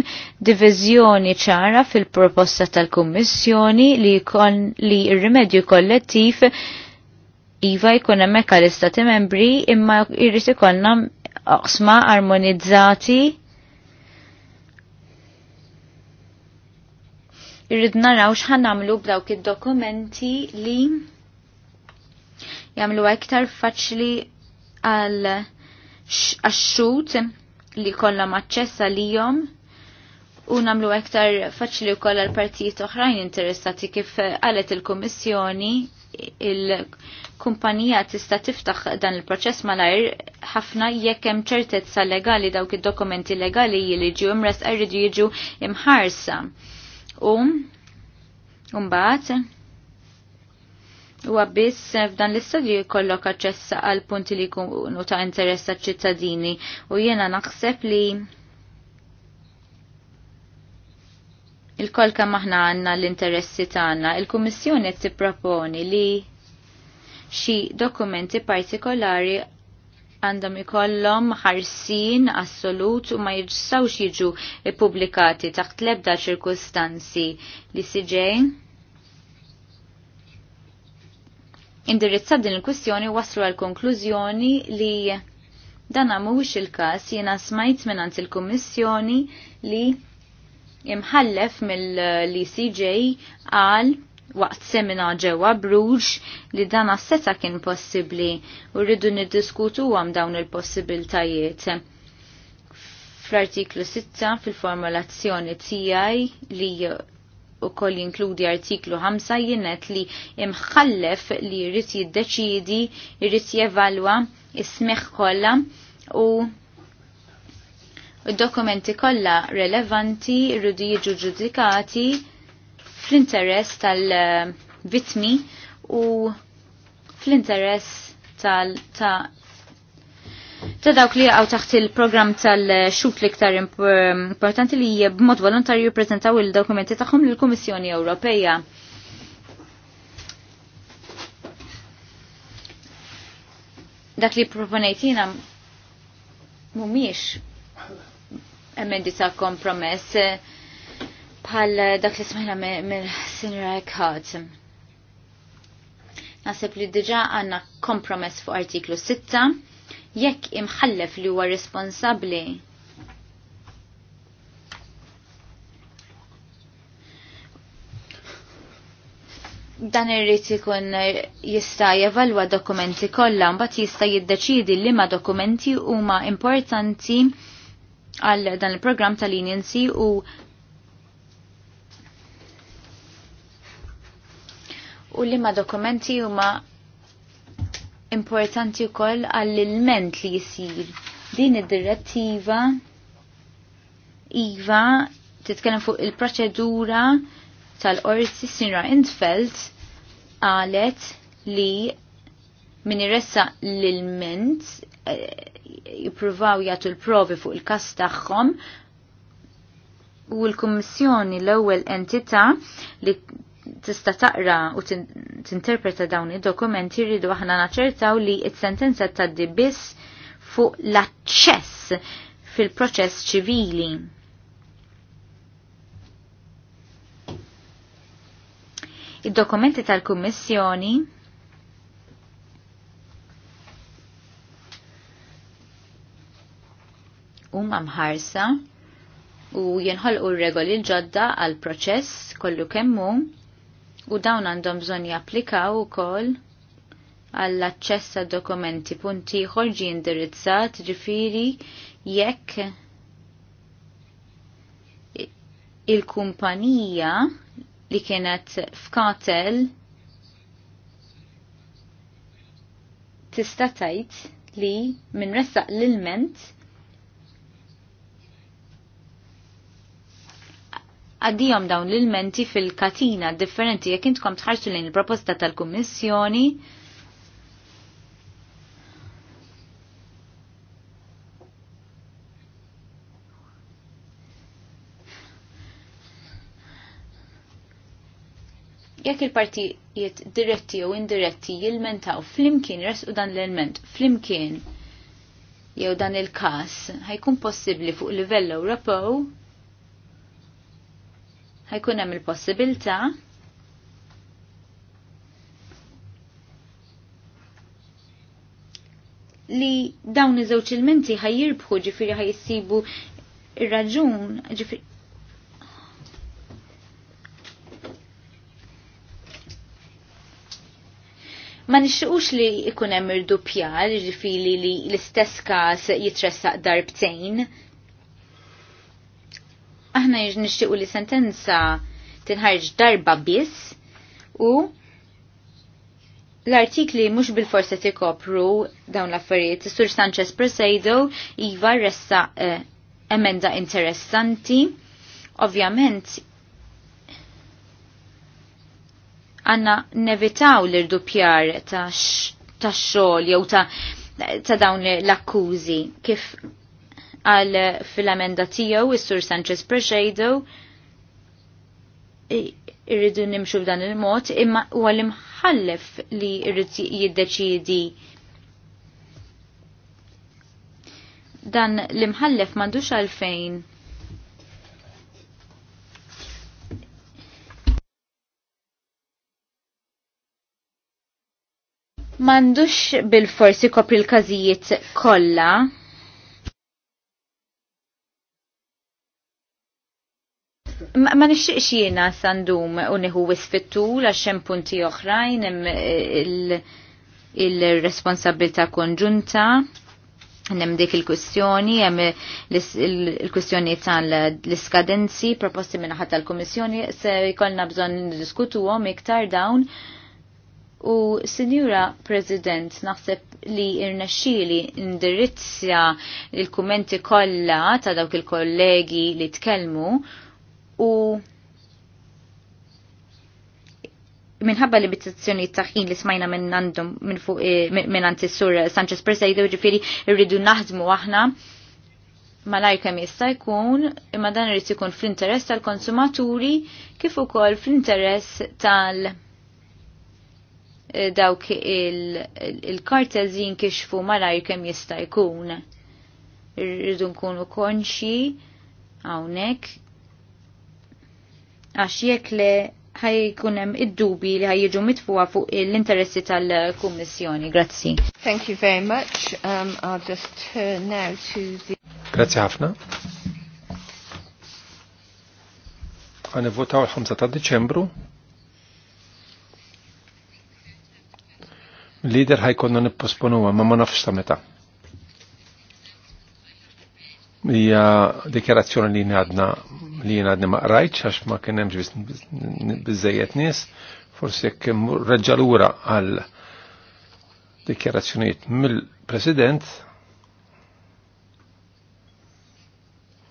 divizjoni ċara fil-proposta tal-Kummissjoni li, kon, li rimedju kollettiv Iva jkun hemmhekk għall-Istati Membri imma jrid ikollna oqsma armonizzati irrid naraw x'ħan nagħmlu b'dawk id-dokumenti li jagħmlu iktar faċli għal għaxxut li kollhom aċċess għalihom u namlu aktar faċli u koll għal-partijiet oħrajn interessati kif għalet il-Komissjoni il-kumpanija tista' tiftaħ dan il-proċess malajr ħafna jekk hemm ċertezza legali dawk id-dokumenti legali li ġew imres jridu jiġu imħarsa um mbagħad huwa biss f'dan l-istudju jkollok aċċess għal punti li jkunu ta' interess ċittadini u jiena naħseb li il-kol kam aħna għandna l-interessi tagħna, il-Kummissjoni tipproponi li xi dokumenti partikolari għandhom ikollhom ħarsin assolut u ma jiġsawx jiġu pubblikati taħt lebda ċirkustanzi li siġej. Indirizza din il-kwistjoni waslu għal konklużjoni li dan mhuwiex il-każ jiena smajt minn il-Kummissjoni li imħallef mill CJ għal waqt semina ġewwa Bruġ li dan seta kien possibbli u rridu niddiskutu għam dawn il-possibiltajiet. Fl-artiklu 6 fil-formulazzjoni tiegħi li u koll jinkludi artiklu 5 jinnet li imħallef li rrit jiddeċidi, jrid jevalwa ismeħ kollha u dokumenti kollha relevanti rridu jiġu ġudikati fl-interess tal-vitmi eh, u fl-interess tal ta' ta' dawk li għaw taħt il-program tal-xut ktar importanti li b'mod volontarju prezentaw il-dokumenti tagħhom lill-Kummissjoni Ewropea. Dak li proponejtina mumiex emendi ta' kompromess eh, bħal dak li smajna minn Sinra Eckhart. Nasib li diġa għanna kompromess fuq artiklu 6 jekk imħallef li huwa responsabli dan irrid ikun jista' jevalwa dokumenti kollha mbagħad jista' jiddeċiedi li ma dokumenti huma importanti għal dan il-programm tal-leniency u u li ma dokumenti huma importanti wkoll għall-ilment li jisir. Din id-direttiva iva titkellem fuq il-proċedura tal-qorti Sinra Intfeld qalet li min irressa l-ilment eh, jipruvaw jagħtu l-provi fuq il-kas tagħhom u l-Kummissjoni l-ewwel entità li tista' taqra u tinterpreta dawn id-dokumenti rridu aħna naċertaw li t-sentenza tgħaddi biss fuq l-aċċess fil-proċess ċivili. Id-dokumenti tal-Kummissjoni huma mħarsa u jenħolqu regoli l-ġodda għal proċess kollu kemmu u dawn għandhom bżonn japplikaw ukoll għall aċċess għad dokumenti punti ħorġi indirizzat ġifiri jekk il-kumpanija li kienet f'katel tista' tgħid li minn ressaq l-ilment għaddijom dawn l-ilmenti fil-katina differenti jekk intkom tħarġu lejn il-proposta tal-Kummissjoni. Jekk il-partijiet diretti u indiretti jilmentaw flimkien resqu dan l-ilment flimkien jew dan il-kas ħajkun possibbli fuq livell Ewropew ħajkun hemm il-possibilità li dawn iż-żewġ il-menti ħajjirbħu ġifieri ħajsibu ir-raġun Ma nixtiqux li ikun hemm irdupjar, ġifiri li l-istess każ jitressaq darbtejn, aħna nixtiequ li sentenza tinħarġ darba biss u l-artikli mhux bil-forsa tikopru dawn l-affarijiet. Sur Sanchez Preseido iva ressa eh, emenda interessanti. Ovvjament għanna nevitaw l-irdupjar ta' tax xogħol jew ta' dawn l-akkużi kif għal fil-amenda tiegħu is-Sur Sanchez Prejado, irridu nimxu f'dan il-mod imma huwa l-imħallef li irrid jiddeċiedi dan l-imħallef m'għandux għalfejn M'għandux bil-forsi kopri l-każijiet kollha Ma nixtieqx jiena sandum u nieħu wisfittu għax hemm punti oħrajn hemm il-responsabilità konġunta hemm dik il-kwistjoni, hemm il-kwistjoni tal-iskadenzi proposti minn ħadd tal-Kummissjoni se jkollna bżonn niddiskutuhom iktar dawn. U Sinjura President, naħseb li irnexxieli indirizzja il-kummenti kollha ta' dawk il-kollegi li tkellmu u minħabba limitazzjoni ta' ħin li smajna minn għandhom minn fuq eh, minn anti sur Sanchez Persejdo ġifieri rridu naħdmu aħna malaj kemm jista' jkun imma dan irid ikun fl-interess tal-konsumaturi kif ukoll fl-interess tal- eh, dawk il-kartels il jinkixfu malajr kemm jista' jkun. Irridu nkunu konxi hawnhekk għax jekk le ħajkunem id-dubi li ħajġu mitfuwa fuq l-interessi tal-Kummissjoni. Grazzi. Thank you very much. Um, I'll just turn now to the... Grazzi ħafna. Għan votaw l-5 ta' Deċembru. Lider ħajkonna nipposponuwa, ma ma nafx ta' meta. Ija dikjarazzjoni li għadna li jien għadna ma qrajtx għax ma kien hemm biżejjed nies, forsi jekk reġġa' għal dikjarazzjonijiet mill-President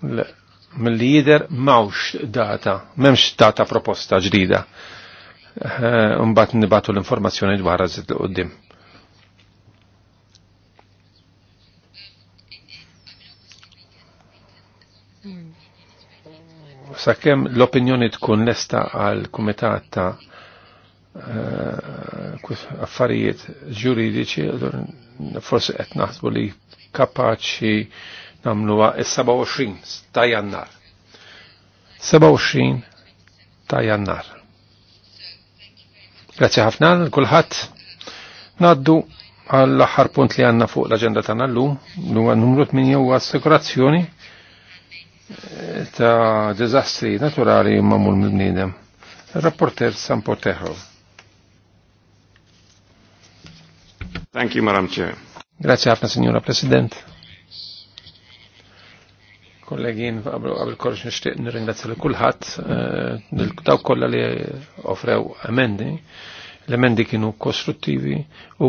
mill-lider mawx data, memx data proposta ġdida. Umbat eh, nibatu l-informazzjoni dwar għazid l-qoddim. sakemm l-opinjoni tkun lesta għal kumitat ta' eh, affarijiet ġuridiċi, forse qed naħsbu li kapaċi namluha is-27 ta' jannar. 27 ta' jannar. Grazie ħafna l-kulħadd. Naddu għall-aħħar punt li għanna fuq l-aġenda tagħna llum, l-numru 8 huwa assikurazzjoni ta' dizastri naturali mamul mill-bniedem. Rapporter Sampo Teho. Thank you, Madam Chair. Grazie ħafna, Signora President. Kollegin, għabil korx nishtiq nirringrazzja li kulħadd, eh, daw kollha li offrew amendi. L-emendi kienu kostruttivi u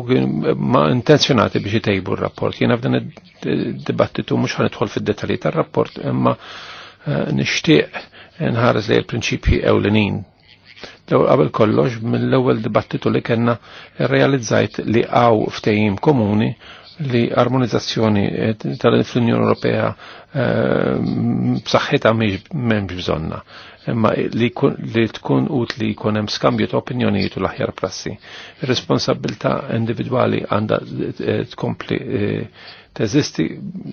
ma intenzjonati biex jitejbu r-rapport. Jena f'dan id-dibattitu mux ħanitħol fid detali tar-rapport, imma eh, nishtiq nħares li l-prinċipji ewlenin L-ewwel qabel kollox mill-ewwel dibattitu li kellna realizzajt li għaw ftejim komuni li armonizzazzjoni eh, tal-Unjoni Ewropea eh, b'saħħitha m'hemmx bżonna, imma li tkun utli jkun hemm skambju ta' opinjonijiet u l-aħjar prassi. Ir-responsabilità individwali għandha eh, tkompli teżisti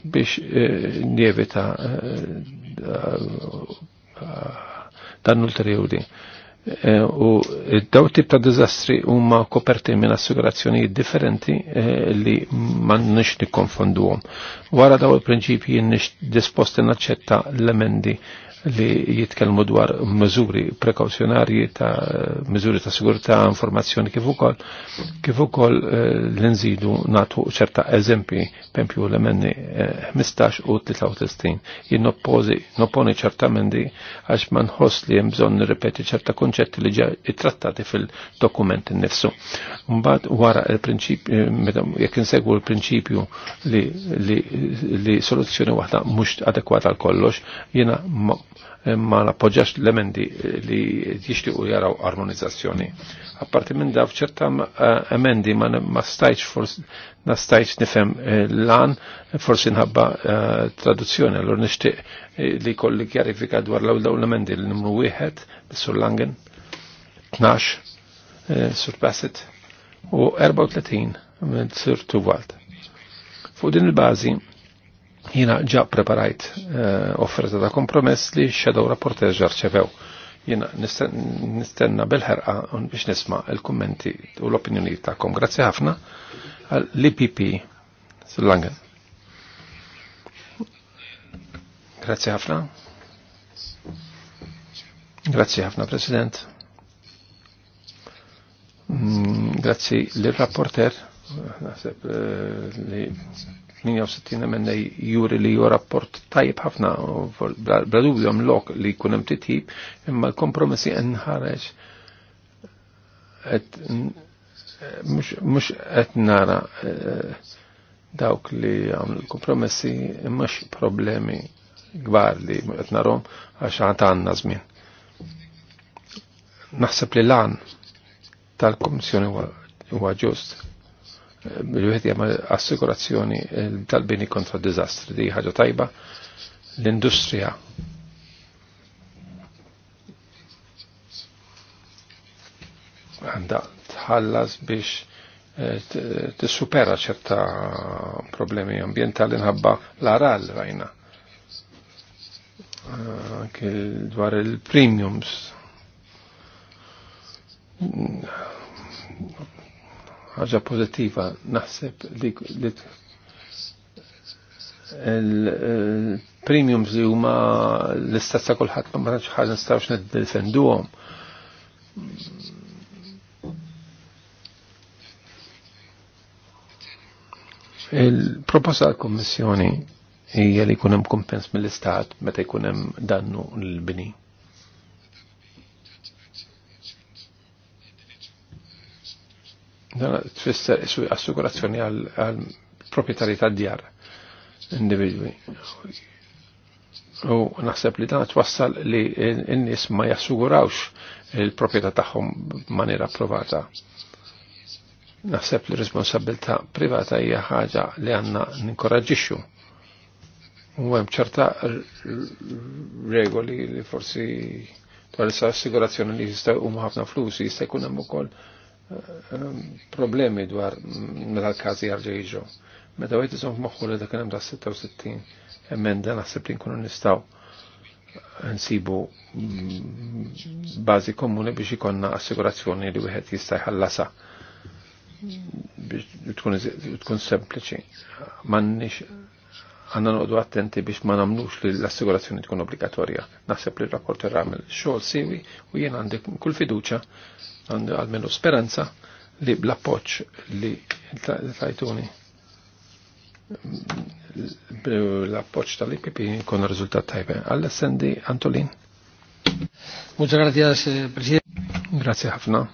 biex nievita dan ulterjuri. Eh, u daw tip ta' dizastri huma koperti minn assigurazzjonijiet differenti eh, li m'għandniex nikkonfonduhom. Wara daw il-prinċipji nix disposti naċċetta l-emendi li jitkellmu dwar miżuri prekawzjonarji ta' miżuri ta' sigurta' informazzjoni kif ukoll kif ukoll eh, l nżidu nagħtu ċerta eżempji pempju l-emendi 15 eh, u 33 jien nopponi ċerta mendi għax ma nħoss li hemm bżonn nirrepeti ċerta konċetti li ġa ittrattati fil-dokument innifsu. Mbagħad wara l-prinċipju eh, jekk insegwu l-prinċipju li, li, li soluzzjoni waħda mhux adekwata għal kollox jiena Eh, ma nappoġġax l-emendi eh, li u jaraw armonizzazzjoni. Apparti minn da f'ċerta eh, emendi ma stajċ fors ma stajċ nifhem l-an forsi nħabba traduzzjoni, allora nixtieq li kolli kjarifika dwar l-ewwel l-emendi li numru wieħed sur Langen, 12 sur Bassett u 34 sur Tuwalt. Fuq din il-bażi Jina ġa preparajt eh, offerta ta' kompromess li xedaw rapporter ġarċevew. Jina nistenna bil-ħerqa biex nisma il-kommenti u l-opinjoni ta' kom. Grazie ħafna għall-IPP Langen. Grazie ħafna. Grazie ħafna, President. Mm, grazie l-rapporter, eh, naħseb eh, li 68 emenda juri li ju rapport tajib ħafna, bradubju għam lok li kunem titib imma l-kompromessi nħareġ mux qed nara eh, dawk li għamlu kompromessi mux problemi gbar li qed narom għax għandna żmien. Naħseb li lan tal-Komissjoni huwa ġust l-wieħed jagħmel assikurazzjoni eh, tal-bini kontra d-diżastri di ħagġa tajba l-industrija għanda tħallas biex eh, t-supera ċerta problemi ambientali nħabba l-aral rajna anke dwar il-premiums ħaġa pozittiva naħseb li il-premiums eh, li huma l-istazza kulħadd ma tantx ħaġa nid-defendu għom. Il-proposta tal-Kommissjoni hija li jkun hemm kompens mill-Istat meta jkun hemm dannu l-bini. Dan tfisser assigurazzjoni għal proprjetari ta' djar individwi. U naħseb li dan twassal li n nis ma jassugurawx il-proprjetà tagħhom b'maniera provata. Naħseb li responsabilità privata hija ħaġa li għandna ninkoraġġixxu. U hemm ċerta regoli li forsi dwar l-assigurazzjoni li jista' huma ħafna flus jista' jkun hemm ukoll problemi dwar meta l-każi jarġa' jiġu. Meta wieħed isom f'moħħu li dak hemm ta' 66 emmenda, naħseb li nkunu nistgħu nsibu bażi komuni biex ikonna assigurazzjoni li wieħed jista' jħallasha biex tkun sempliċi. M'għandniex għanna noqdu attenti biex ma namlux li l-assigurazzjoni tkun obbligatorja. Naħseb li l-rapporter ramel xogħol siwi u jien għandi kull fiduċa, għandi għalmenu speranza li bl-appoċ li tajtuni l-appoċ tal-IPP kon rizultat tajbe. Għall-essendi Antolin. Muġa grazzjas, eh, Presidente. Grazie ħafna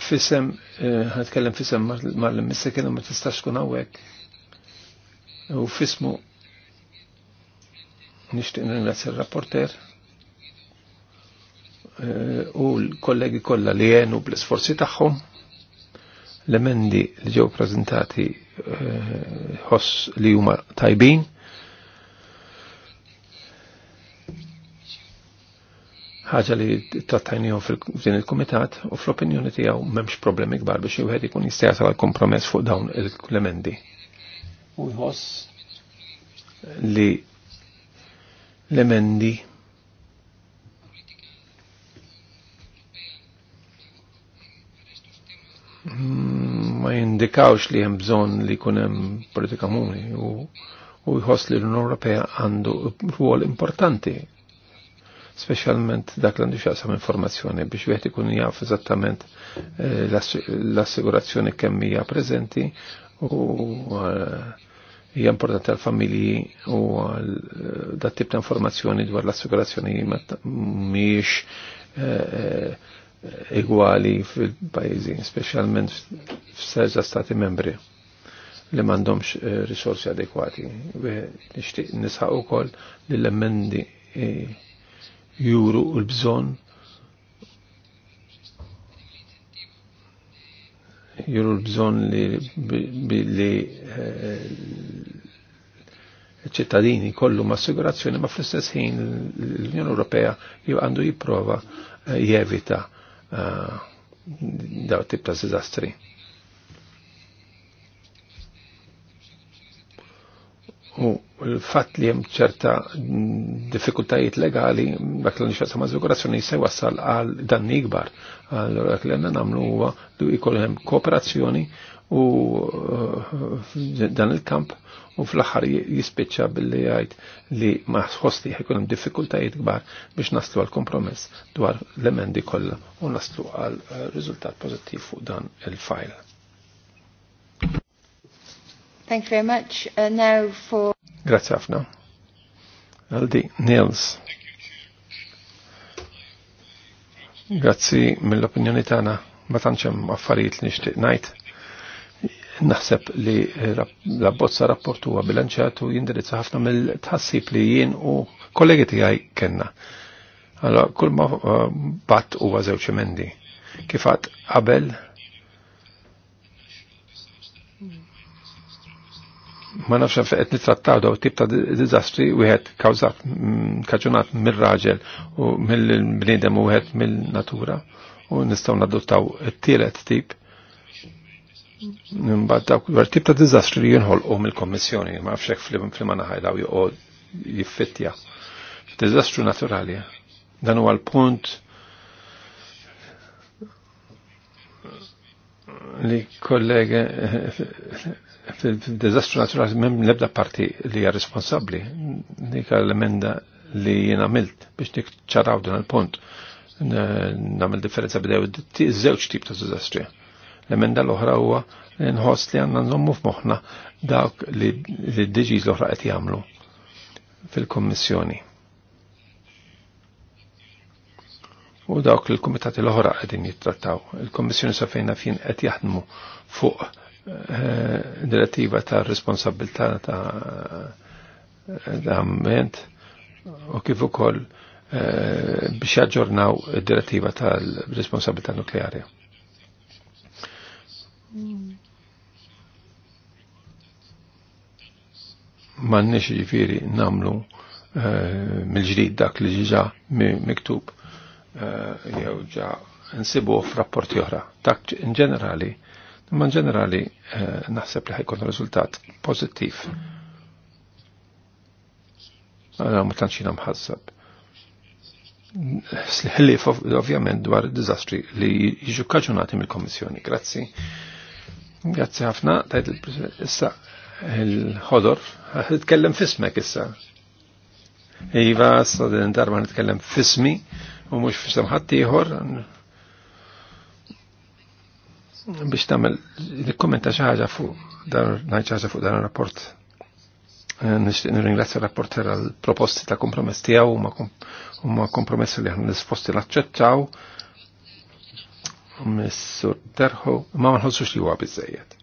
fissem, eh, ħatkellem fissem mal missekin kienu ma tistax kun għawek, u fismu nishtiq ringrazzja l rapporter eh, u l-kollegi kollha li jenu bl-isforzi tagħhom l-emendi li ġew prezentati eh, ħoss li huma tajbin. ħaġa li trattajnijom fil il-komitat u fl-opinjoni tijaw memx problemi gbar biex jwħed ikun jistajat għal kompromess fuq dawn l-emendi u jħoss li l-emendi hmm, ma jindikawx li hemm bżonn li jkun hemm politika muni u u jħoss li l-Unjoni Ewropea għandu rwol importanti specialment dak l-għandu xaqsam informazzjoni biex wieħed ikun jaf eżattament eh, l-assigurazzjoni kemm hija preżenti u eh, hija importanti għal familji u għal eh, dat tip ta' informazzjoni dwar l-assigurazzjoni mhijiex igwali eh, fil-pajjiżi, speċjalment f'serġa stati membri li m'għandhomx risorsi adekwati. Nixtieq nisħaq ukoll li l-emendi juru u l-bżonn juru l-bżon li eh, ċittadini kollu ma' assigurazzjoni ma' fl-istess ħin l-Unjoni Ewropea għandu jipprova eh, jevita eh, daw tip ta' disastri. U l-fatt li hemm ċerta diffikultajiet legali dak li nixfaqsa ma' żgurazzjoni se wassal għal danni ikbar. Allora dak li għanna nagħmlu huwa li jkun hemm kooperazzjoni u uh, dan il-kamp u fl-aħħar jispiċċa billi jgħid li ma ħosti ħikun hemm diffikultajiet kbar biex naslu għal kompromess dwar l-emendi kollha u naslu għal uh, rizultat pozittiv fuq dan il-file. Thank you very much. Uh, now for... Grazie ħafna. Aldi Nils. Grazzi mill-opinjoni tagħna ma tantx hemm affarijiet li nixtieq ngħid. Naħseb li l-abbozza rapport huwa bilanċjat u jindirizza ħafna mill-tħassib li jien u kollegi tiegħi kellna. Allora kull ma eh, bat huwa żewġ emendi. Kif qabel ma nafx qed nittrattaw daw tip ta' mm, u wieħed kawzat, kaġunat mill raġel u mill bnidem u wieħed mill-natura u nistgħu nadottaw t tielet tip daw, għar tip ta' dizastri li jinħolqu mill-Kommissjoni, ma nafx hekk flimana ħajlaw joqgħod jiffittja. Dizastru naturali. Dan huwa l-punt li kollega fil-dizastru naturali mem lebda parti li hija responsabbli. Nika l-emenda li jien għamilt biex ċaraw dan il-punt. Namil differenza b'dew żewġ tip ta' dizastri. L-emenda l-oħra huwa nħoss li għandna nżommu f'moħħna dawk li d deġiż l-oħra qed jagħmlu fil-kommissjoni. u dawk il-komitati l-oħra għedin jittrattaw. Il-Kommissjoni sa fejna fin qed jaħdmu fuq direttiva ta' responsabilità ta' l u kif ukoll eh, biex jaġġornaw id-direttiva tal-responsabilità nukleari. M'għandniex ġifiri namlu eh, mill-ġdid dak li ġiġa miktub eh, jew ġa nsibuh f'rapporti oħra. Dak in ġenerali Imma ġenerali eh, naħseb li ħajkun rizultat pozittiv. Għana ma tantxina mħassab. Sliħli ovvjament dwar dizastri li jiġu kaġunati mill-Komissjoni. Grazzi. Grazzi ħafna, tajt issa il-ħodor, nitkellem fismek issa. Iva, s-sadin darba nitkellem fismi, u mux fisem ħattijħor, biex tamel il-kommenta xaħġa fuq dan ngħid ħaġa fuq dan rapport eh, nishtiq nirringrazzja r-rapporter għal proposti ta' kompromess tiegħu huma kompromess li għan aħna disposti l-aċċettaw Missur Terħu, ma nħossux li huwa bizzejiet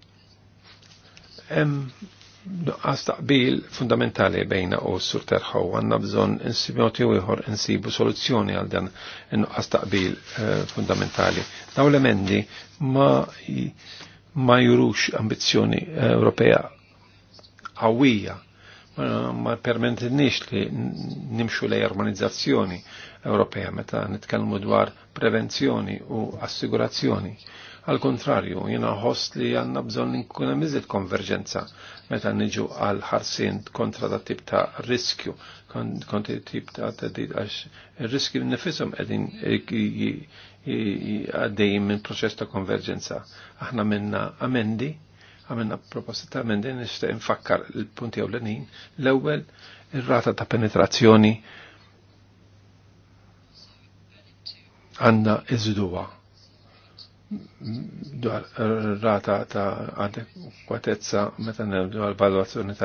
nuqqas taqbil fundamentali bejna u s-sur għanna bżon insimjoti u jħor insibu soluzzjoni għal dan nuqqas taqbil eh, fundamentali. Daw l-emendi ma, ma jurux ambizjoni eh, Ewropea għawija ma permettinix li nimxu lej armonizzazzjoni Ewropea meta nitkellmu dwar prevenzjoni u assigurazzjoni. Al kontrarju, jina ħost li għanna bżon nkun miżet konverġenza meta niġu għal ħarsin kontra da tip ta' riskju, kontra tip ta' tadid, għax il-riskju nifisom edin e, għaddejn minn proċess ta' konverġenza. Aħna minna amendi, għamenna proposta ta' amendi nishtaq nfakkar il-punti ewlenin. L-ewwel ir-rata ta' penetrazzjoni għandna iżduwa dwar rata ta' adekwatezza meta nerdu għal valwazzjoni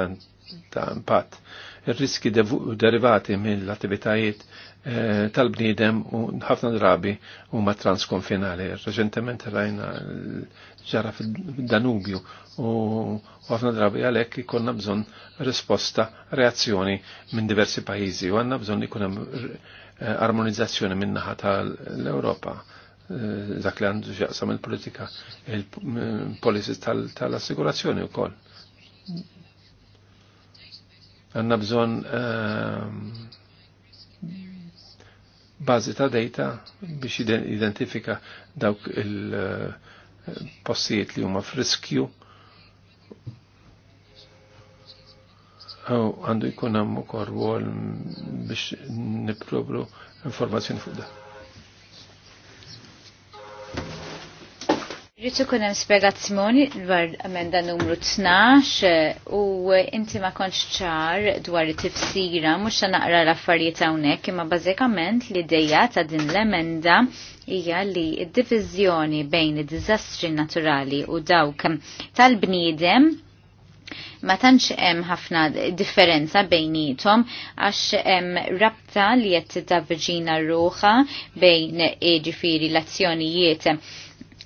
ta' impatt. Ir-riski derivati mill-attivitajiet eh, tal-bniedem u ħafna drabi huma transkonfinali. Reċentement rajna ġara fil-Danubju u ħafna drabi għalhekk ikonna bżonn risposta, reazzjoni minn diversi pajjiżi u għandna bżonn ikun hemm eh, armonizzazzjoni min-naħa tal-Ewropa dak li għandu xaqsam il-politika, il-policies tal-assigurazzjoni u koll. Għanna bżon ehm, bazi ta' data biex identifika dawk il-possijiet li huma friskju. Għandu jkun hemm ukoll biex niprobru informazzjoni fuq dak. Rrit ikun hemm dwar emenda numru 12 eh, u eh, inti ma kontx ċar dwar it-tifsira mhux naqra l-affarijiet hawnhekk imma bażikament l-idea ta' din l-emenda hija li d-diviżjoni bejn id-diżastri naturali u dawk tal-bniedem ma tantx hemm ħafna differenza bejnietom għax hemm rabta li qed tavviġina ruħa bejn eh, ġifieri l-azzjonijiet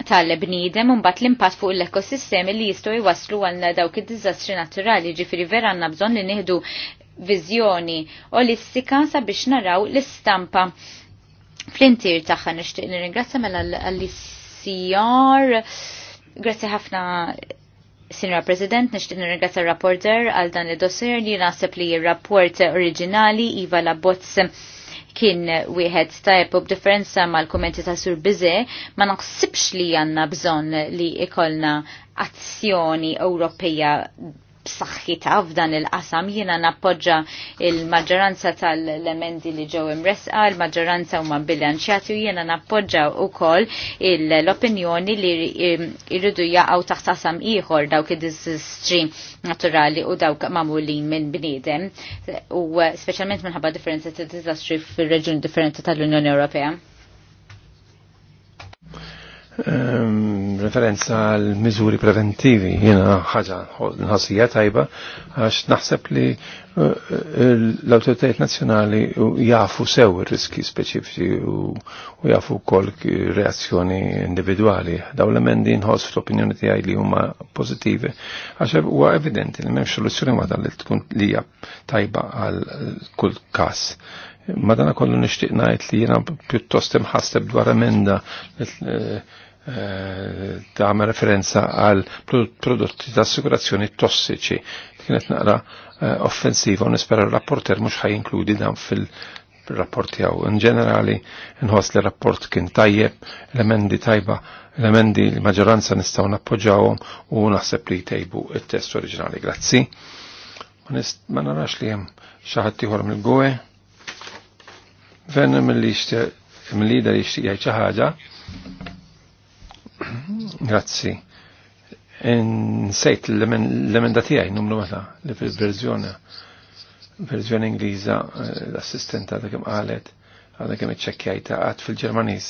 tal-bnidem bat l-impatt fuq l-ekosistemi li jistgħu jwaslu għalna dawk id-diżastri naturali, ġifieri vera għandna bżonn li nieħdu viżjoni olistika sabiex naraw l-istampa fl-intir tagħha nixtieq nirringrazzja mela l-ICR. Grazzi ħafna Sinra President, nishtin ringrazzja rapporter għal dan id-dossier li naħseb li r rapport oriġinali iva la bozz kien wieħed tajb u b'differenza mal-kommenti ta' Sur Bize, ma naħsibx li janna bżon li ikolna azzjoni Ewropeja ta' f'dan il-qasam jiena nappoġġa il-maġġoranza tal-emendi li ġew imresqa, il-maġġoranza huma bilanċjati u jiena nappoġġa wkoll l-opinjoni li jridu jaqgħu taħt qasam ieħor dawk id-disistri naturali u dawk mamulin minn bniedem u speċjalment minħabba differenza ta' disastri fir-reġjuni differenti tal-Unjoni Ewropea. Um, referenza għal miżuri preventivi jena ħaġa nħassija tajba għax naħseb li eh, eh, l-autoritajiet nazzjonali jafu sew riski speċifiċi u, jafu kol reazzjoni individuali. Daw l-emendi nħoss fl-opinjoni tiegħi li huma pożittivi għax huwa evidenti li m'hemmx soluzzjoni ma dan li tkun li tajba għal kull każ. Madana kollu nishtiq najt li jena pjuttost imħasseb dwar emenda eh, Eh, tagħmel referenza għal prodotti ta' assigurazzjoni tossiċi. Kienet naqra eh, offensiva u nispera l-rapporter mhux inkludi dan fil- rapport tiegħu. In ġenerali nħoss li rapport kien tajjeb, l-emendi tajba, l-emendi li maġġoranza nistgħu nappoġġawhom u naħseb li jtejbu il test oriġinali. Grazzi. Ma narax li hemm xi ħadd ieħor mill-gwe. Venna mill-li mill-li jgħid xi ħaġa. Grazzi. Nsejt l-emenda tiegħi numru meta li fil-verżjoni verżjoni Ingliża eh, l-assistenta ta' kem għalet, għadha kem iċċekkjajta għad fil ġermaniz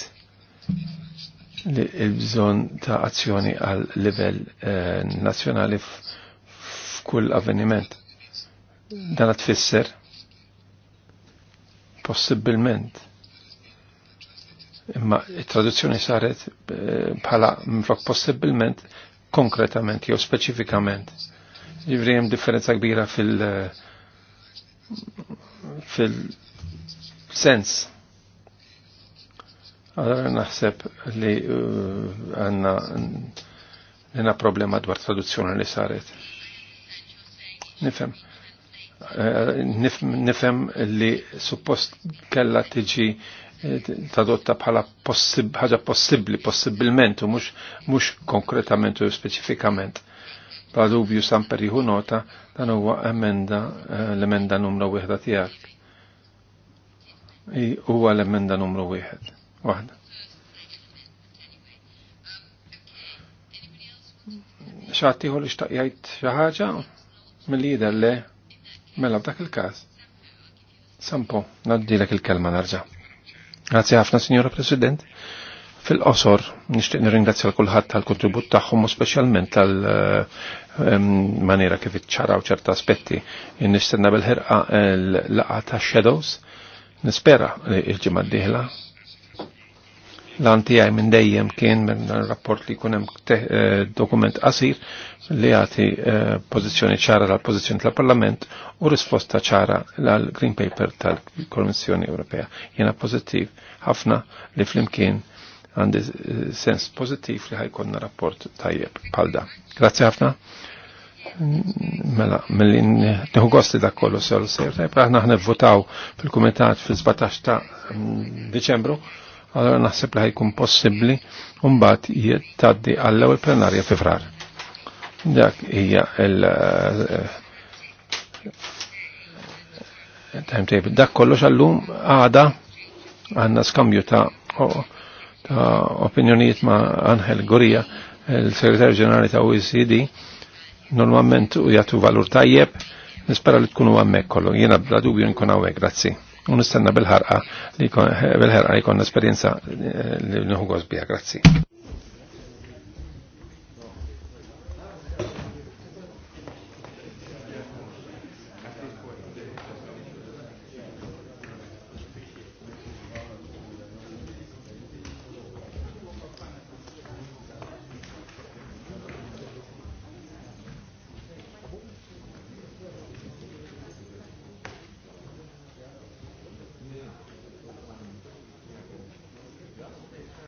li il-bżon ta' azzjoni għal livell eh, nazjonali f'kull avveniment. Dan fisser, possibilment Imma traduzzjoni saret eh, bħala mflok possibilment konkretament jew specifikament. Ġifri hemm differenza kbira fil- eh, fil-sens. Allora naħseb li eh, għanna għanna problema dwar traduzzjoni li saret. Nifem. Nifem li suppost kella tiġi tadotta bħala ħaġa possibbli, possibilment, u mhux konkretament u speċifikament. Bħal dubju samper nota dan huwa emenda eh, l-emenda numru wieħda tiegħek. Huwa l-emenda numru wieħed. Waħda. xaħtiħu li xtaqjajt xaħġa mill jider le mela b'dak il-kas. Sampo, naddilek il-kelma narġa'. Grazie ħafna, Signora President. Fil-qosor, nishtiq nirringrazzja l-kulħadd tal-kontribut tagħhom u speċjalment tal-maniera kif iċċaraw ċerta aspetti. Nistenna bil-ħirqa l-laqa ta' Shadows. Nispera li il ġimgħa d l Lan tiegħi minn dejjem kien minn rapport li jkun hemm eh, dokument qasir li jagħti eh, pożizzjoni ċara tal pożizzjoni tal-Parlament u risposta ċara għal Green Paper tal-Kommissjoni Ewropea. Jiena pożittiv ħafna li flimkien għandi eh, sens pozittiv li ħajkonna rapport tajjeb bħal da. Grazzi ħafna. Mela, mill neħu gosti da kollu sol ser. Aħna ħne fil kumitat fil-17 ta' mm, Deċembru allora naħseb li ħajkun possibbli mbagħad jittaddi għall-ewwel plenarja fi frar. Dak hija il eh, timetable. Dak kollox għallum għada għandna skambju ta' ta' opinjonijiet ma' Anhel Gorija, il-Segretarju Ġenerali ta' OECD, normalment u jagħtu valur tajjeb, nispera li tkunu għammek kollu. Jiena bla dubju nkun hawnhekk, grazzi. Unistanna bil-ħarqa li bil-ħarqa jkun esperjenza li nħugos eh, biha. Grazzi.